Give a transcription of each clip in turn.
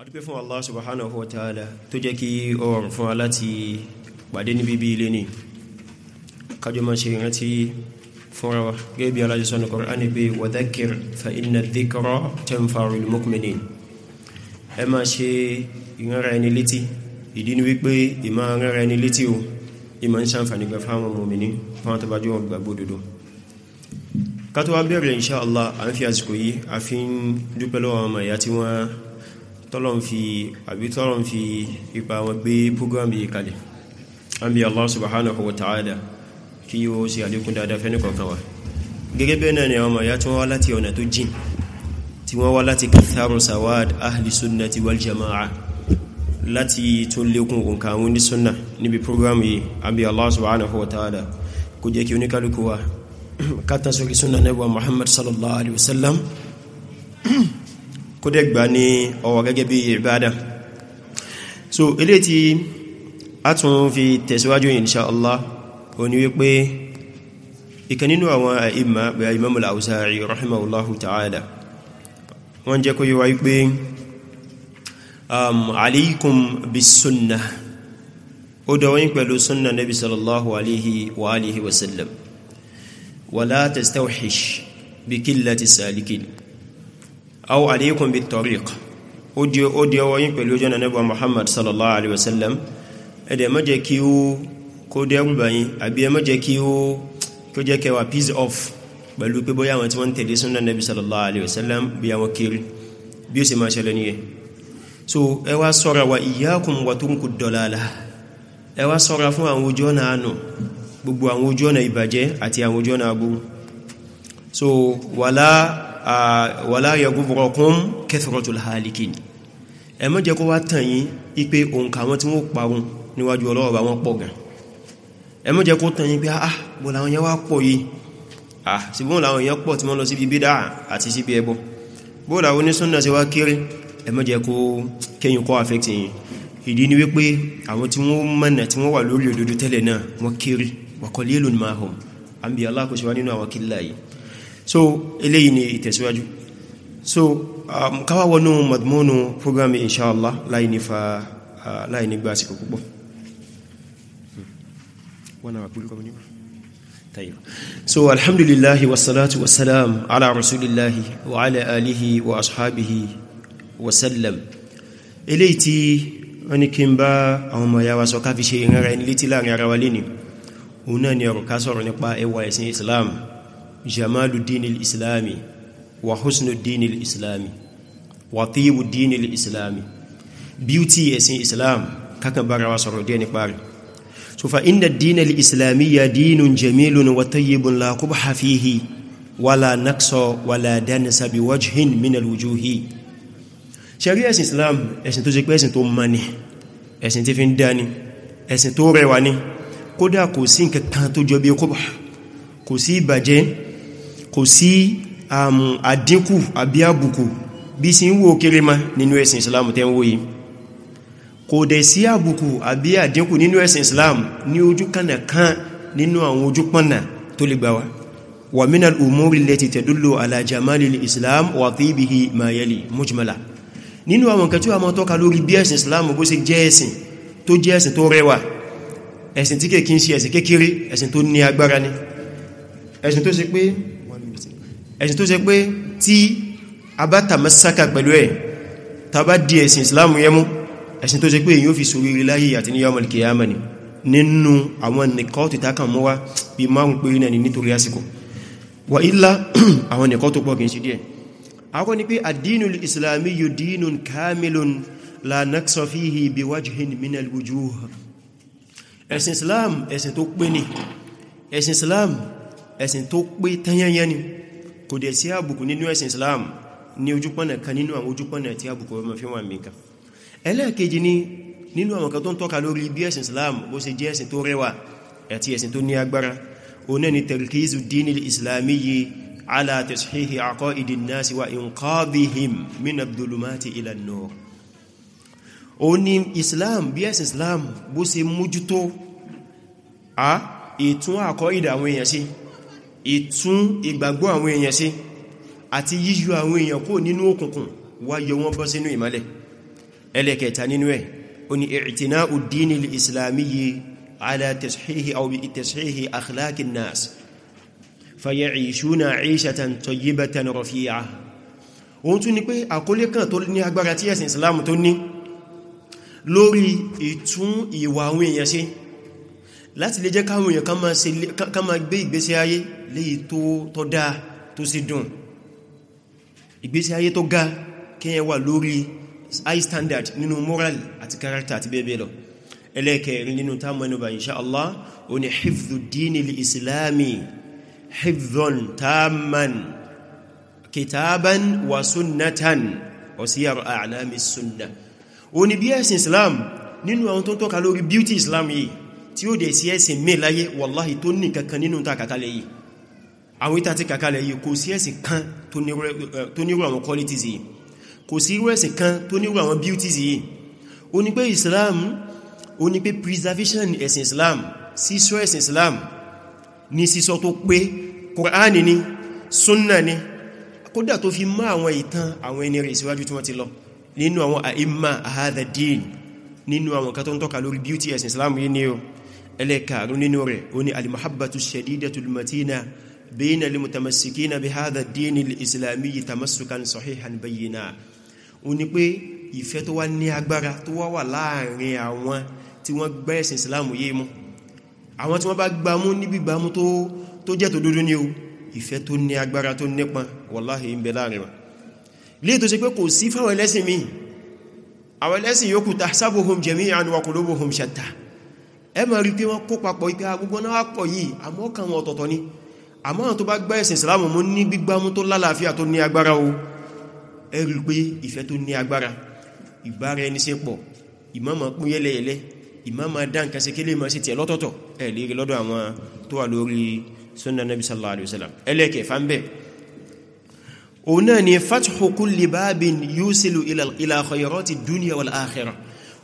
adúpẹ́ fún Allah subhanahu wa ta'ala tó jẹ́ kí ó rọrùn fún wa láti pàdé níbi bí ilé ni kájọ máa ṣe ìrántí fúnra wa gẹ́gẹ́ bí alájọ́ sọ́nà Qur'ani pé wa dhakir fa inna dhikra tanfa'ul mu'minin ẹ máa ṣe ìrànra ẹni létí ìdí ni wípé ìmọ̀ ìrànra ẹni létí tọ́lọ́n fi àbí tọ́lọ́n fi ipa wọn gbé program yìí kalẹ̀ an bí Allah subhanahu wa ta'ala kí yíó sí àlékún dáadáa fẹ́ nìkan kan wa gẹ́gẹ́ bẹ́ẹ̀ náà ni àwọn ọmọ ya tí wọ́n wá láti ọ̀nà tó jìn tí wọ́n wá láti katharun sawad ahli jama'a láti tún lékún òǹkà àwọn onísúnnà níbi program yìí Allah subhanahu wa ta'ala kó jẹ́ kí oníkálukú wa kátà sórí súnnà nẹ́bà Muhammad sallallahu alaihi wasallam kó dẹ̀gbà ní ọwọ́ gẹ́gẹ́ bí ìbádà so ilé tí a tún fi tẹ̀síwájú insha Allah ó ní wípé ìkan nínú àwọn àìmà bí i Imam al-Awza'i rahimahullahu ta'ala wọ́n jẹ́ kó yíwa wípé um, alaikum bis sunnah ó dọ̀wọ́yìn pẹ̀lú sunnah nabi sallallahu alaihi wa alihi wasallam wala tastawhish bi qillati salikin aw alaykum bit tariq ó di ó di ọwọ́ yín pẹ̀lú ọjọ́ nànẹ́bà muhammad sallallahu alayhi wa sallam ẹ̀dẹ̀ má jẹ́ kí ó kó dẹ́rù báyìí àbí ẹ má jẹ́ kí ó kó jẹ́ kẹwàá peace off pẹ̀lú pé bóyá àwọn tí wọ́n ń tẹ̀lé súnà sallallahu alayhi wa sallam bí àwọn kiri bí ó sì so ẹ wá sọ́ra wa iyyakum wa turkud dalalah ẹ wá sọ́ra fún àwọn ojú ọ̀nà àánú gbogbo àwọn ojú ọ̀nà ìbàjẹ́ àti àwọn ojú ọ̀nà aburú so wàlá wàlá yagúbùrọ̀kún kẹfìrọ̀tul halikin ẹ má jẹ́ kó wá tàn yín ipé òǹkà wọn tí wọ́n parun níwájú Ọlọ́run wọn pọ̀ gan ẹ jẹ́ kó tàn yín pé ah, ah bọ́ làwọn yẹn wá pọ̀ yìí ah sí bọ́ làwọn yẹn pọ̀ tí wọ́n lọ síbi bídá àti síbi ẹbọ bọ́ làwọn onísúnnà sí wá kéré ẹ ni wípé àwọn tí wọ́n mọ̀nà tí wọ́n wà lórí òdodo tẹ́lẹ̀ náà wọ́n kéré wa so eléyìí ni ìtẹ̀síwájú so káwà wọnú madmúnù program inshallah láì ní gbá àsìkò púpọ̀ so alhamdulillahi wasalatu wasalam ala rasulillahi wa ala alihi wa ashabihi wasallam eléyìí tí wọ́n ni kí n bá àwọn ọmọ yàwá sọ káfí ṣe ìrìnrìn létí láàrin ara lé ni òun náà ni ọ̀rọ̀ ká sọ̀rọ̀ nípa ẹwà ẹ̀sìn islam jamalu dinil islami wa husnu dinil islami wa tibu dinil islami beauty ẹ̀sìn islam kakan bara wa sọ̀rọ̀ díẹ̀ nípa rẹ̀ so fa inna dinil islamiyya dinun jamilun wa tayyibun la qubha fihi wala naqsa wala danasa bi wajhin min al wujuhi shari ẹ̀sìn islam ẹ̀sìn tó jẹ́ pé ẹ̀sìn tó mani ẹ̀sìn tí fi ń dání ẹ̀sìn tó rẹwà ni kódà kò sí nǹkan kan tó jọ bí qubha kò sí ìbàjẹ́ kò sí um, àdínkù àbí àbùkù bí sí ń wò kéré ma nínú ẹ̀sìn islam tẹ́ ń wò yìí kò dẹ̀ sí àbùkù àbí àdínkù nínú ẹ̀sìn islam ní ojú kànà kan nínú àwọn ojú pọ̀nà tó lè gbà wa minal umuri lati tadullu ala jamalil islam wa tibihi ma yali mujmala nínú àwọn nǹkan tí a máa tọ́ka ẹ̀sìn islam bó ṣe jẹ́ ẹ̀sìn tó jẹ́ ẹ̀sìn tó rẹwà tí kèkí ń ẹ̀sìn kékeré ẹ̀sìn tó ní agbára ni ẹ̀sìn tó ṣe pé ẹ̀sìn tó ṣe pé tí a bá tàmásàkà pẹ̀lú ẹ̀ tàbá di ẹ̀sìn islam yẹmú ẹ̀sìn tó ṣe pé èyàn fi sórí láyé àti ní yọmọlì kìyàmà ni nínú àwọn nìkọ́ ti tákà mọ́ bí márùn pé náà ni ẹ̀sìn islam ẹ̀sìn tó pé ni ni kò dẹ̀ sí àbùkù nínú ẹ̀sìn Islam ní ojúpọ̀nà kan nínú àwọn ojúpọ̀nà tí àbùkù ọmọ fi wà mìíkà ẹlẹ́ẹ̀kejì ni nínú àwọn kan tó ń tọ́ka lórí bí ẹ̀sìn Islam bó ṣe jẹ́ ẹ̀sìn tó rẹwà àti ẹ̀sìn tó ní agbára oná ni tarkizu dínì islami yi ala tashihi aqaidi nasi wa inqadhihim min ìtún àkọ́ ìdà àwọn èèyàn sí ìtún ìgbàgbọ́ àwọn èèyàn sí àti yíyọ àwọn èèyàn kó nínú òkùnkùn wá yọ wọ́n bọ́ sínú ìmọ́lẹ̀ ẹlẹ́kẹta nínú ẹ̀ o ni ìrìtìná òdíni islamiyi ala tashihi aw bi tashihi akhlaqi nas fayishuna 'ishatan tayyibatan rafi'a ohun tún ni pé àkọlé kan àwọn èèyàn láti lè jẹ́ káwọn èèyàn ká máa gbé ìgbésí ayé léyìí tó dáa tó sì dùn ìgbésí ayé tó ga kíyàn wà lórí high standard nínú moral àti character àti bẹ́ẹ̀ bẹ́ẹ̀ lọ ẹlẹ́ẹ̀kẹrin nínú támọ́nubà insha Allah o ni hifdhu dini l-islami hifdhon tamman kitaban wa sunnatan islam yìí tí ó dẹ̀ sí ẹ̀sìn mẹ́ láyé wàláhì tó ní kankan nínú ta kàkálẹ̀ yìí àwọn ìta ti kàkálẹ̀ yìí kò sí ẹ̀sìn kan tó nírú eh, àwọn qualities yìí kò sí irú ẹ̀sìn kan tó nírú àwọn beauties yìí ó ní pé Islam ó ní pé preservation ẹ̀sìn Islam sísọ ẹ̀sìn Islam ni sísọ tó pé Kùránì ni súnnà ni kódà tó fi má àwọn ìtàn àwọn ẹni rẹ̀ síwájú tí wọ́n ti lọ nínú àwọn àìmà àhádà nínú àwọn kan lórí beauty ẹ̀sìn Islam yìí ni o ẹlẹ́kàrún nínú rẹ̀ ó ní alimahabbatu shadidatul matina bayna almutamassikina bi hadha ad-din al-islami tamassukan sahihan bayyina ó ní pé ìfẹ́ tó wà ní agbára tó wà wà láàrin àwọn tí wọ́n gbà ẹ̀sìn islam yé mú àwọn tí wọ́n bá gbámú níbi gbámú tó tó jẹ́ tó dúdú ní o ìfẹ́ tó ní agbára ẹ máa rí pé wọ́n kó papọ̀ ipé agbogbo náà pọ̀ yìí àmọ́ kan wọn ọ̀tọ̀tọ̀ ni àmọ́ àwọn tó bá gbá ẹ̀sìn ìsìlámù mú ní gbígbámú tó lálàáfíà tó ní agbára o ẹ rí pé ìfẹ́ tó ní agbára ìbára ẹni ṣe pọ̀ ìmáàmà pín yẹ́lẹ́yẹ́lẹ́ ìmáàmà dá nǹkan sí kélé máa sí tiẹ̀ lọ́tọ̀tọ̀ ẹ lè rí lọ́dọ̀ àwọn tó wà lórí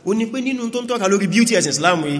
ó ní pé nínú tó ń tọ́ka lórí beauty ẹ̀sìn ìsìlámù yìí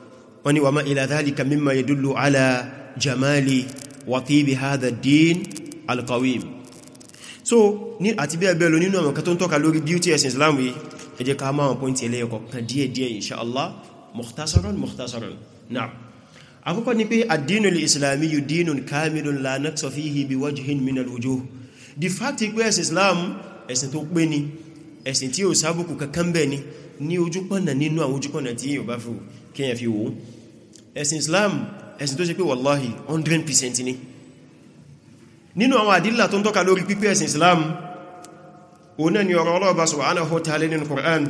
wọ́n ni wà má ila dhalika mimma yadullu ala jamali wa tibi hadha ad-din al-qawim so ní àti bẹ́ẹ̀ bẹ́ẹ̀ lọ nínú àwọn kan tó ń tọ́ka lórí beauty ẹ̀sìn Islam yìí ẹ jẹ́ ká máa wọn pọ́ntì ẹlẹ́yọkọ̀ kan díẹ̀ díẹ̀ inṣáàlá mukhtasaran mukhtasaran náà akọ́kọ́ ni pé ad the fact pé ẹ̀sìn Islam ẹ̀sìn tó pé ni ẹ̀sìn tí ò sábùkù kankan bẹ́ẹ̀ ni ní ojúpọ̀nà nínú àwọn ojúpọ̀nà tí yóò bá fò kíyàn fi wò ó ẹ̀sìn Islam ẹ̀sìn tó ṣe pé wàláhì 100% ni nínú àwọn àdílà tó ń tọ́ka lórí pípẹ́ ẹ̀sìn Islam òun náà ni ọ̀rọ̀ ọlọ́ọ̀bá subhanahu wa ta'ala nínú Qur'an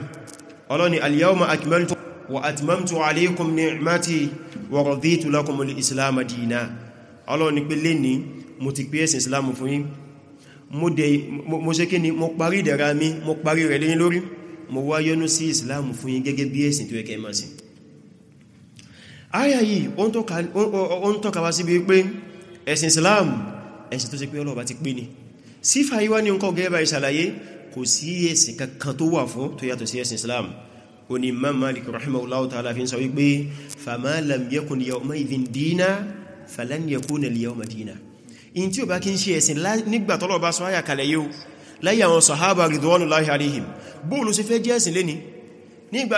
ọlọ́ni al-yawma akmaltu wa atmamtu alaykum ni'mati wa raditu lakum al-islam dina ọlọ́ni pé lè ní mo ti sí Islam fún yín gẹ́gẹ́ bí ẹ̀sìn tó ẹkẹ́ máa sìn àyà yìí wọ́n tọ́ka wá síbi pé ẹ̀sìn Islam ẹ̀sìn tó ṣe pé ọlọ́ọ̀bá ti pín ni sífà yíwá ní nǹkan gẹ́gẹ́ bá ìṣàlàyé kò sí ẹ̀sìn kankan tó wà fún tó yàtọ̀ sí ẹ̀sìn Islam ó ní Imam Malik rahimahullahu ta'ala fi ń sọ wípé fama lam yakun yawma idhin dina falan yakuna al-yawma dina in tí ó bá kí ń ṣe ẹ̀sìn nígbà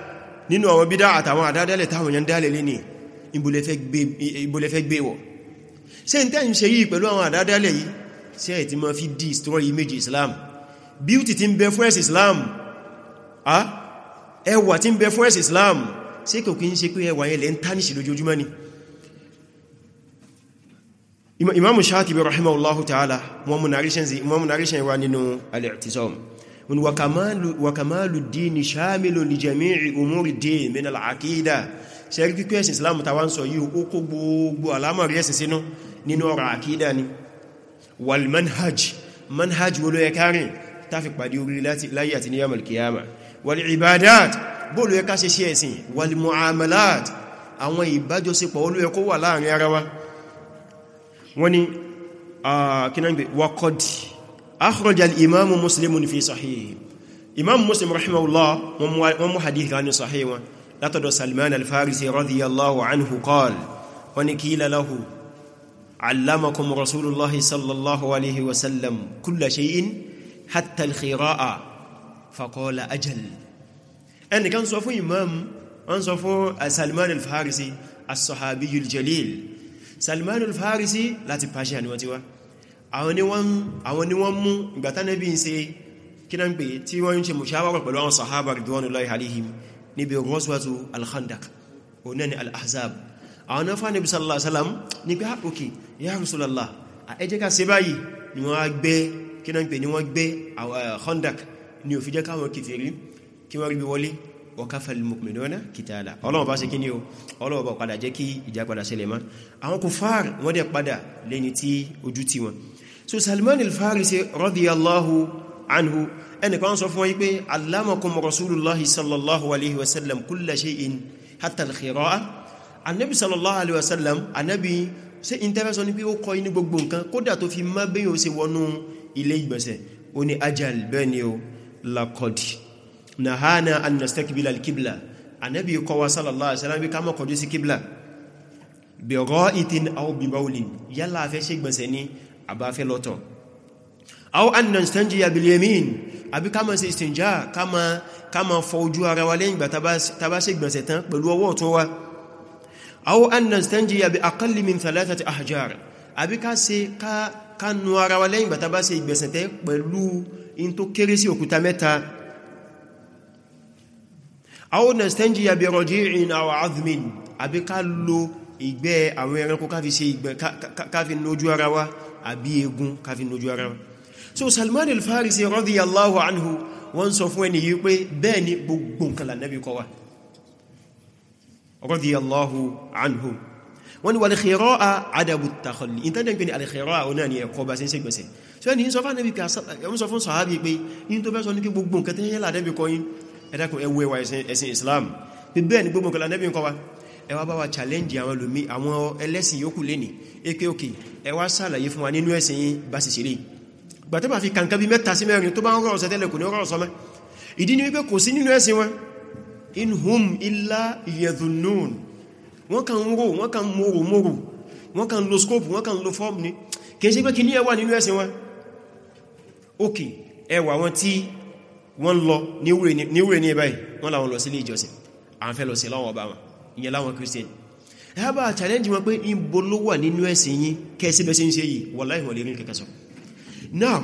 nínú àwọn bídá àtàwọn àdádálẹ̀ táwọn yẹn dálẹ̀ lé ní ìbòlẹ̀fẹ́ gbé wọ̀ ṣe n tẹ́yìn ṣe yìí pẹ̀lú àwọn àdádálẹ̀ yìí ṣe ẹ̀ tí ma fi destroy image Islam beauty ti ń bẹ fún ẹ̀sì Islam ẹwà ti ń bẹ fún ẹ̀sì Islam ṣe kò kí ń ṣe pé ẹwà yẹn lẹ́ wakamalu dini shamilun li jami'i umuri dini min al-aqida ṣe rí pípẹ́ ẹ̀sìn islam tàwọn sọ yìí ó kó gbogbo alámọ̀rí ẹ̀sìn sínú nínú ọ̀rọ̀ àkídà ni wal manhaj manhaj wọ́n ló yẹ kárin tàfi pàdé orí láyé àti níyàmà kìyàmà wal ibadat bó ló yẹ ká ṣe ṣe ẹ̀sìn أخرج الإمام مسلم في صحيح إمام مسلم رحمه الله ومحديث عن صحيح لقد سلمان الفارسي رضي الله عنه قال ونكيل له علمكم رسول الله صلى الله عليه وسلم كل شيء حتى الخراء فقال أجل أن كان صفو إمام أن صفو سلمان الفارسي الصحابي الجليل سلمان الفارسي لا تباشي عن وتوه àwọn ni wọ́n mú ìgbàtà nẹ́bí ń ṣe kíná ń pè tí wọ́n ń ṣe mùsáwàrà pẹ̀lú àwọn sahaba ridwanullahi alaihim níbi ghazwatu al-khandaq oní ni al-ahzab àwọn náà fánibí sallallahu alaihi wasallam ní pé òkè ah, ya rasulallah a ẹjẹ́ ká ṣe báyìí ni wọ́n gbẹ́ kíná ń pè ní wọ́n gbẹ́ eh, khandak ni ò fi jẹ́ káwọn kìfèrí kí wọ́n dẹ̀ padà lẹ́ni tí ojú ti wọn so Salman al-Farisi radiyallahu anhu ẹnìkan sọ fún wípé allamakum rasulullahi sallallahu alaihi wasallam kulla shay'in hatta al-khira'a annabi sallallahu alaihi wasallam annabi ṣe intervention ni pé ó kọ́ inú gbogbo nǹkan kódà tó fi má bẹ́yàn ṣe wọnú ilé ìgbọ̀nsẹ̀ ó ní ajal bẹ́ni o laqad nahana an nastakbila al-qibla annabi kọ́ wa sallallahu alaihi wasallam bí ká má kọjú sí qibla bi ra'itin aw bi bawlin yálà fẹ́ ṣe ni àbáfẹ́ lọ́tọ̀ aw an nastanjiya bil yamin àbí ká máa kama istinja ká máa ká máa fọ ojú ara wa lẹ́yìn ìgbà bá ṣe gbọ̀nsẹ̀ tán pẹ̀lú ọwọ́ ọ̀tún wa aw an nastanjiya bi aqalli min thalathati ahjar àbí ká ṣe ká ká nu ara wa lẹ́yìn ìgbà tá bá ṣe ìgbẹ̀nsẹ̀ tán pẹ̀lú in tó kéré sí òkúta mẹ́ta aw nastanjiya bi raji'in aw azmin àbí ká lo ìgbẹ́ àwọn ẹranko káfi ṣe ìgbẹ́ káfi nójú ara wa àbí egun káfi nójú ara wa so Salman al-Farisi radiyallahu anhu wọ́n sọ fún ẹni yìí pé bẹ́ẹ̀ ni gbogbo nǹkan lànàbí kọ́ wa radiyallahu anhu wọ́n ni wà lèkèrọ́ a adabu takhalli ni gbogbo nǹkan tẹ́yẹ́ lànàbí ẹ bá wa challenge àwọn ẹlòmí àwọn ẹlẹ́sìn yòókù lẹ́ni eke òkè ẹ wá sàlàyé fún wa nínú ẹ̀sìn yìí bá sì ṣe lè gbàtẹ́ bá fi kànkan bí mẹ́ta sí mẹ́rin tó bá ń rọrọ̀ sẹ tẹ́lẹ̀ kò ní rọrọ̀ sọmẹ́ ìdí ni wípé kò sí nínú ẹ̀sìn wọn in hum illa yadhunnun wọ́n kan rò wọ́n kan mòrò mòrò wọ́n kan lo scope wọ́n kan lo form ni kìí ṣe pé kí ní ẹwà nínú ẹ̀sìn wọn òkè ẹwà wọn tí wọ́n lọ níwúrẹ̀ ní ẹbáyìí ìyẹn láwọn christian ẹ̀hábà challenge wọn pé ìbò ló wà nínú ẹ̀sìn yìí kẹsí bẹ́sí ń ṣe yìí wallahi wọ́n lè rí kẹkẹsọ náà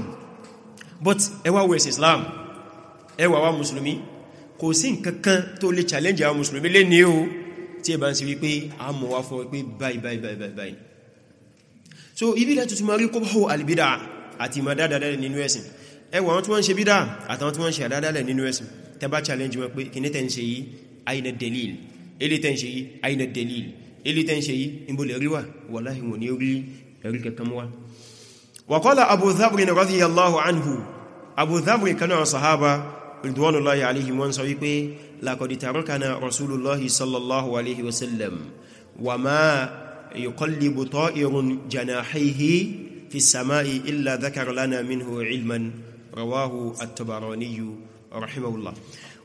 but ẹwà west islam ẹwà wa musulmi kò sí nkankan tó lè challenge àwọn musulmi lè ní o tí ẹ bá ń ṣe wípé a mọ̀ wá fún wípé báyìí báyìí báyìí báyìí so ibi láti tún máa rí kọ́bọ̀ albida àti ìmọ̀ dáadáa nínú ẹ̀sìn ẹwà wọn tí wọ́n ń ṣe bídá àtàwọn tí wọ́n ń ṣe àdáadáa nínú ẹ̀sìn tẹ́bá challenge wọn pé kìnnítẹ̀ ń ṣe yìí àìnà delil ilé tẹ́ ń ṣe yìí àìnà dẹ̀lì ilé tẹ́ ń ṣe yìí ìbòlẹ̀ ríwà wallahi wọn ni ó rí ẹ̀rí kankan wá wa qala Abu Dhabr radiyallahu anhu Abu Dhabr kanú àwọn sahaba ridwanullahi alaihi wọn sọ wípé laqad tarakana rasulullahi sallallahu alaihi wasallam wa ma yuqallibu ta'irun janahayhi fi samai illa rahimahullah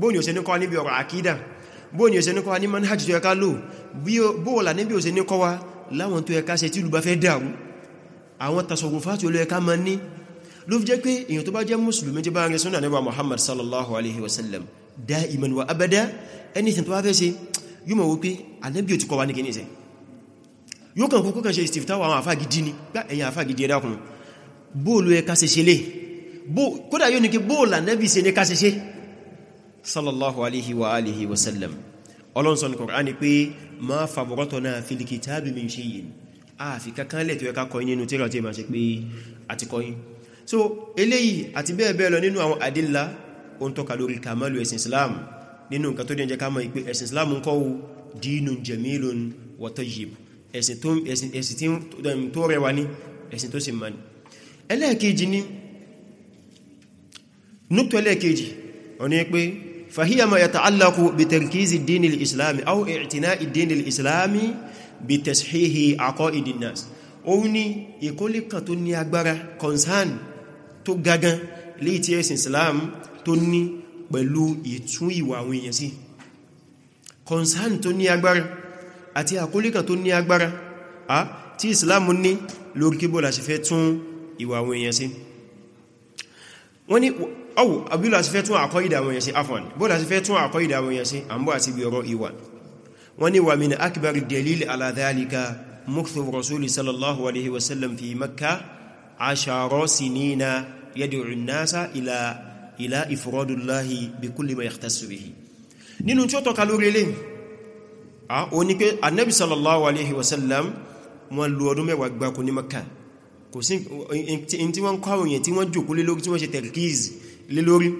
bóòni òsẹ́ ní kọ́ níbi ọ̀rọ̀ àkídà bóòni òsẹ́ ní kọ́ ní manhajj tó ẹka lò bóòlà níbi òsẹ́ ní kọ́ wa láwọn tó ẹka ṣe tí lù bá fẹ́ dàrú àwọn tasọ̀gùfà tí olú ẹka ma ní ló fi jẹ́ pé èyàn tó bá jẹ́ mùsùlùmí Muhammad sallallahu alaihi wasallam da'iman wa abada anything tó bá fẹ́ ṣe yóò mọ̀ wípé alẹ́bí ò ti kọ́ wa istifta wa àwọn àfá gidi ni gbá ẹ̀yìn àfá gidi ẹ̀dàkùn bóòlù ẹka ṣe ṣe lè kódà yóò ní kí bóòlù ànẹ́bí ṣe ní ká ṣe ṣe sallallahu alaihi wa alihi wa sallam ọlọ́n sọ ní Kùránì pé ma faburatona fil kitabi min shay'in a fi kankan lẹ̀ tí ó ká kọ́ nínú tíra tí ma ṣe pé àti kọ́ yín so eléyìí àti bẹ́ẹ̀ bẹ́ẹ̀ lọ nínú àwọn àdílá o ń tọ́ka lórí kamalu ẹ̀sìn Islam nínú nǹkan tó dẹ̀ jẹ́ ká mọ̀ ìpé ẹ̀sìn Islam ń kọ́ dinun jamilun wa tayyib ẹ̀sìn فهي ما يتعلق بتركيز الدين الإسلامي أو اعتناء الدين الإسلامي بتصحيح عقائد الناس أوني يقول لك تني أكبر concern tó gagan léyìí tí ẹ̀sìn Islam tó ní pẹ̀lú ìtún ìwà àwọn èèyàn sí concern tó ní agbára àti àkólíkàn tó ní agbára a tí Islam ní lórí kíbọ̀lá ṣe fẹ́ tún ìwà àwọn èèyàn sí wọ́n ni ọwọ́ abúlá sí fẹ́ tún àkọ́ ìdàwọn yẹn sí afọn bọ́lá sí fẹ́ tún àkọ́ ìdàwọn yẹn sí àmbọ́ àti bí ọ̀rọ̀ ìwà wọ́n ni wà min akbar dalil ala dhalika muktu rasuli sallallahu alaihi wasallam fi makka asharo sinina yad'u an-nasa ila ila ifradullahi bi kulli ma yahtassu bihi nínú tí ó tọ́ka lórí ilé a ó ní pé annabi sallallahu alaihi wasallam wọ́n lu ọdún mẹ́wàá gbáko kò sí in tí wọ́n kọ́ tí wọ́n jòkó lé lórí tí wọ́n ṣe tẹ̀kíìzì lé lórí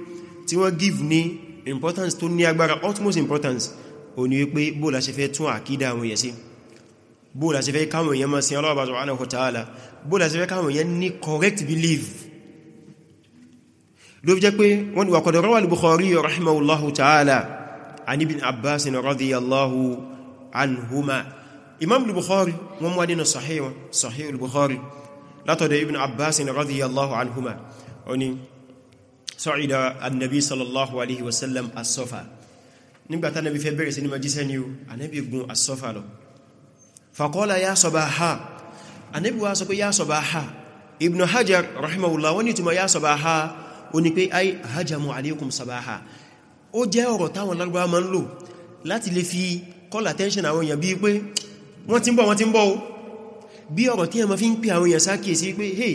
tí wọ́n give ní importance tó ní agbára utmost importance ó ní wípé bó la ṣe fẹ́ tún àkídà àwọn èèyàn sí bó la ṣe fẹ́ káwọn èèyàn máa sin Allah subhanahu wa ta'ala bó la fẹ́ káwọn èèyàn ní correct belief ló fi jẹ́ pé wọ́n wà qad rawa al-Bukhari rahimahullahu ta'ala an ibn Abbas radiyallahu anhuma imam al-Bukhari wọ́n wá nínú al-Bukhari látọ̀dọ̀ ibn Abbas radiyallahu anhuma ó صعد النبي صلى الله عليه وسلم الصفا نبقى النبي في بيرس نما جسنيو النبي يقول الصفا له فقال يا صباحا النبي واسق يا صباحا ابن حجر رحمه الله ونتما يا صباحا ونبي أي هجموا عليكم صباحا ó jẹ́ ọ̀rọ̀ táwọn lágbàá máa ń lò láti lè fi call attention àwọn èèyàn bí pé wọ́n ti ń bọ̀ wọ́n ti ń bọ̀ bí ọ̀rọ̀ tí ẹ ma fi ń pè àwọn èèyàn sákìí sí pé hey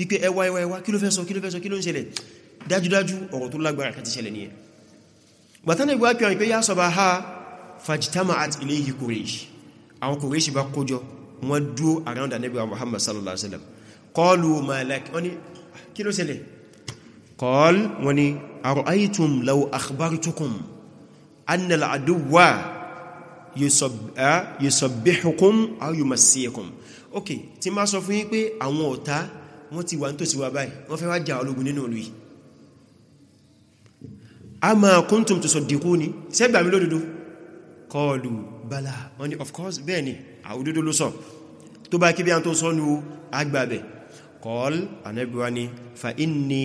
wípé ẹwà eh, ẹwà ẹwà kí ló fẹ́ sọ kí ló fẹ́ sọ kí ló ń ṣẹlẹ̀ dájúdájú ọ̀rọ̀ tó lágbára kan ti ṣẹlẹ̀ nìyẹn gbàtánà ìgbà pẹ̀rẹ̀ pé yá sọba ha fajtama'at ilayhi Quraysh àwọn Quraysh bá kójọ wọ́n dúó around anabi Muhammad sallallahu alaihi wasallam qalu ma lak wọ́n ní ah, kí ló ṣẹlẹ̀ qal wọ́n ní tí ma sọ fún yín pé àwọn ọ̀tá wọ́n ti wà ń tòsí wa báyìí wọ́n fẹ́ wá jà ológun nínú olùí ama kuntum tusaddiquni sẹ́gbà mi lódodo qalu bala wọ́n of course bẹ́ẹ̀ ni àwòdodo ló sọ tó bá kí bí an tó sọ nú agbábẹ̀ qal anẹ́bíwá ni fa inni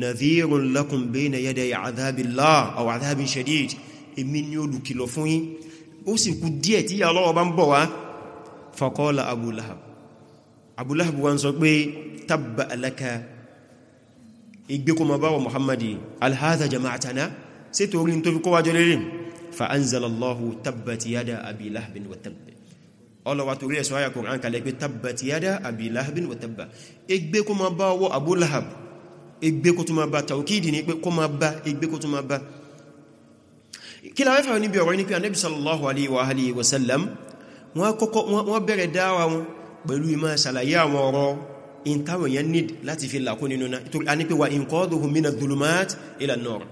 nadhirun lakum bayna yaday adhabillah aw adhabin shadid èmi abúláhàbù wa ń sọ pé tabba alaka igbe kó ma bá wa muhammadi alhaza jama'atana sí torí tó fi kówájọ́ lérí fa'anzalallahu tabbati yada abi lahabin wa tabbi ọlọ́wà torí ẹ̀sọ́ ayà kòrán kalẹ̀ pé tabbati yada abi lahabin wa tabba igbe kó ma bá wa abúláhàbù igbe kó tó ma bá taukidi ni pé kó ma bá igbe kó tó ma pẹ̀lú ìmọ̀ ṣàlàyé àwọn ọ̀rọ̀ in táwọn yẹn need láti fi làkó nínú náà ìtorí a ní pé wà inqadhuhum mina dhulumat ila an-nur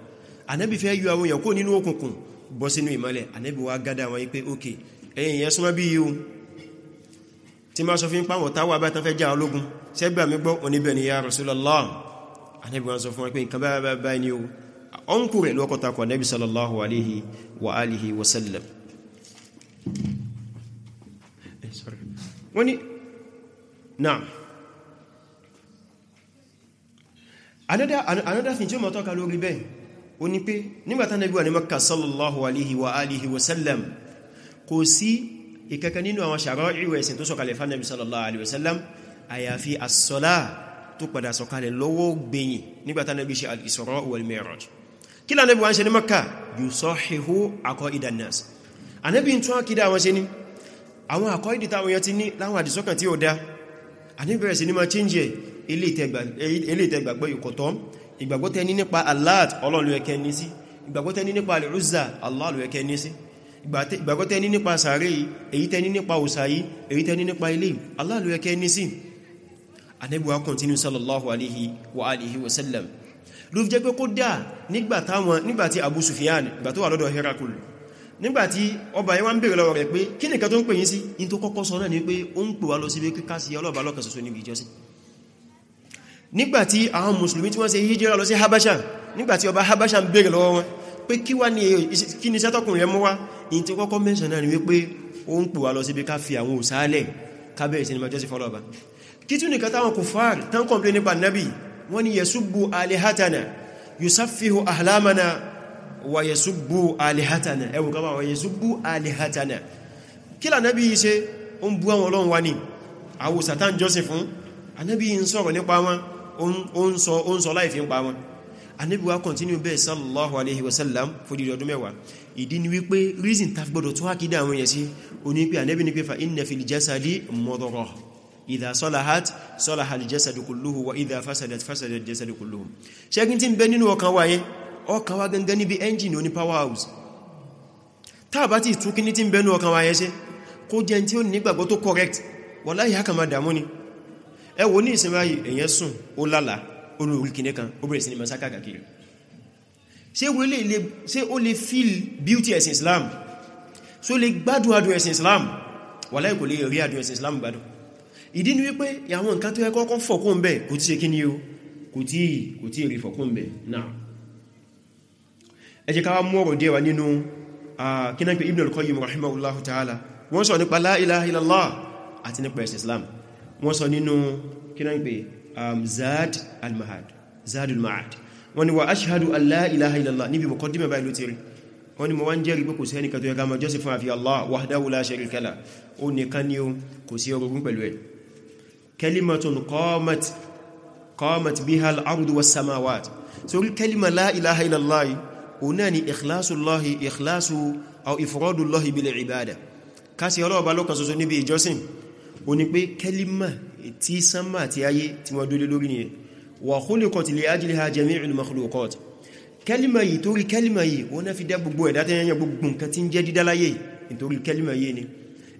Ànábì fẹ́ yọ àwọn èèyàn kó nínú òkùnkùn bọ́ sínú ìmọ́lẹ̀ Ànábì wá gádà wọn pé ok ẹ̀yin yẹn súnmọ́ bí yíò tí máa sọ fi ń pàwọ̀ táwà bá tán fẹ́ já ológun sẹ́gbà mi gbọ́ oníbẹ̀ ni ya Rasulullah wọ́n ni Now, Another another thing tí mo tọ́ka lórí bẹ́ẹ̀ ó ní pé nígbàtá Nábì wà ní sallallahu alaihi wa alihi wa sallam kò sí ìkankan nínú àwọn shara'i wa ẹ̀sìn tó sọ̀kalẹ̀ fún Nábì sallallahu alaihi wasallam, sallam àyàfi as-salah tó padà sọ̀kalẹ̀ lọ́wọ́ gbẹ̀yìn nígbàtá Nábì ṣe al-Isra wal Mi'raj kí la Nábì wá Makka yusahihu aqaida an-nas Ànábì ń tún àkídà àwọn ṣe ní àwọn àkọ́ìdì táwọn yẹn ti ní láwọn àdìsọ́kàn tí àníbẹ̀rẹ̀ sí ní máa change ilé ìtẹgbàgbọ́ ìkọ̀tọ́ ìgbàgbọ́ tẹni nípa Allah Ọlọ́run ló yẹ kẹ́ ní sí ìgbàgbọ́ tẹni nípa Al-Uzza Allah ló yẹ kẹ́ ní sí ìgbàgbọ́ tẹni nípa sàárè èyí tẹni nípa òsàyí èyí tẹni nípa ilé Allah ló yẹ kẹ́ ní sí anẹ́bùwá continue sallallahu alaihi wa alihi wa sallam ló fi jẹ́ pé kó dà nígbàtí Abu Sufyan ìgbà tó wà lọ́dọ̀ Herakul nígbàtí ọba yíwa ń bèèrè lọ́wọ́ rẹ̀ pé kí nìkan tó ń pè yín sí in tó kọ́kọ́ sọ náà ni pé ó ń pè wá lọ sí kíká sí ọlọ́ọ̀bá lọ́kan ṣoṣo níbi ìjọsìn nígbàtí àwọn mùsùlùmí tí wọ́n ṣe hijira lọ sí habasha nígbàtí ọba habasha ń bèèrè lọ́wọ́ wọn pé kí wá ní kí ni sẹ́tọ́kùnrin rẹ̀ wàyẹ̀súgbò alihatana ẹwù kama wàyẹ̀súgbò alihatana kí lànàbí ṣe o ń bú àwọn ọlọ́run wa ní àwò satan joseph fún anábí ń sọ̀rọ̀ nípa wọn o ń sọ láìfí ń pa wọn anábí wa continue bẹ́ẹ̀ sallallahu alaihi wasallam fòdìdì ọdún mẹ́wàá ìdí ni wípé reason ta gbọdọ̀ tó hákídá àwọn èèyàn sí oní pé anábí ni pé fa inna fil jasadi mudghah idha salahat salaha al jasadu kulluhu wa idha fasadat fasada al jasadu kulluhu tí ń bẹ nínú ọkàn wáyé ọkàn wa gangan níbi engine oní power house tàbá tí ìtún kíní tí ń bẹnu ọkàn wa yẹn ṣe kó jẹ́ tí ó nígbàgbọ́ tó correct wallahi haka ma dàmú ni ẹ wo ní ìsinmi ayé èyàn sùn ó lálàá olórí kìnnì kan ó feel beauty ẹ̀sìn Islam ṣé ó lè gbádùn adùn Islam wallahi kò lè rí adùn Islam gbádùn ìdí ni wípé àwọn nǹkan tó yẹ kọ́kọ́ fọ̀kún bẹ́ẹ̀ kò tí ṣe kí ni o náà ẹ jẹ́ ká wá mú ọ̀rọ̀ díẹ̀ wá nínú kínáà pé Ibn al-Qayyim rahimahullahu ta'ala wọ́n sọ nípa la ilaha illallah àti nípa ẹ̀sìn Islam wọ́n sọ nínú kínáà pé um, zad al-mahad zad al-ma'ad wọ́n ní wa ashhadu an la ilaha illallah níbi muqaddima báyìí ló ti rí wọ́n ní mo wá ń jẹ́rìí pé kò sí ẹnìkan tó òun náà ni ikhlasullahi ikhlasu aw ifradullahi bil ibada kásí ọlọ́ọ̀bá lọ́kan ṣoṣo níbi ìjọsìn o ni pé kẹlímà tí sánmà àti ayé tí wọ́n dúlé lórí ni wa khuliqat li ajliha jami'ul makhluqat kẹlímà yìí torí kẹlímà yìí wọ́n náà fi dá gbogbo ẹ̀dá tẹ́yẹn gbogbo nǹkan tí ń jẹ́ dídáláyé nítorí kẹlímà yìí ni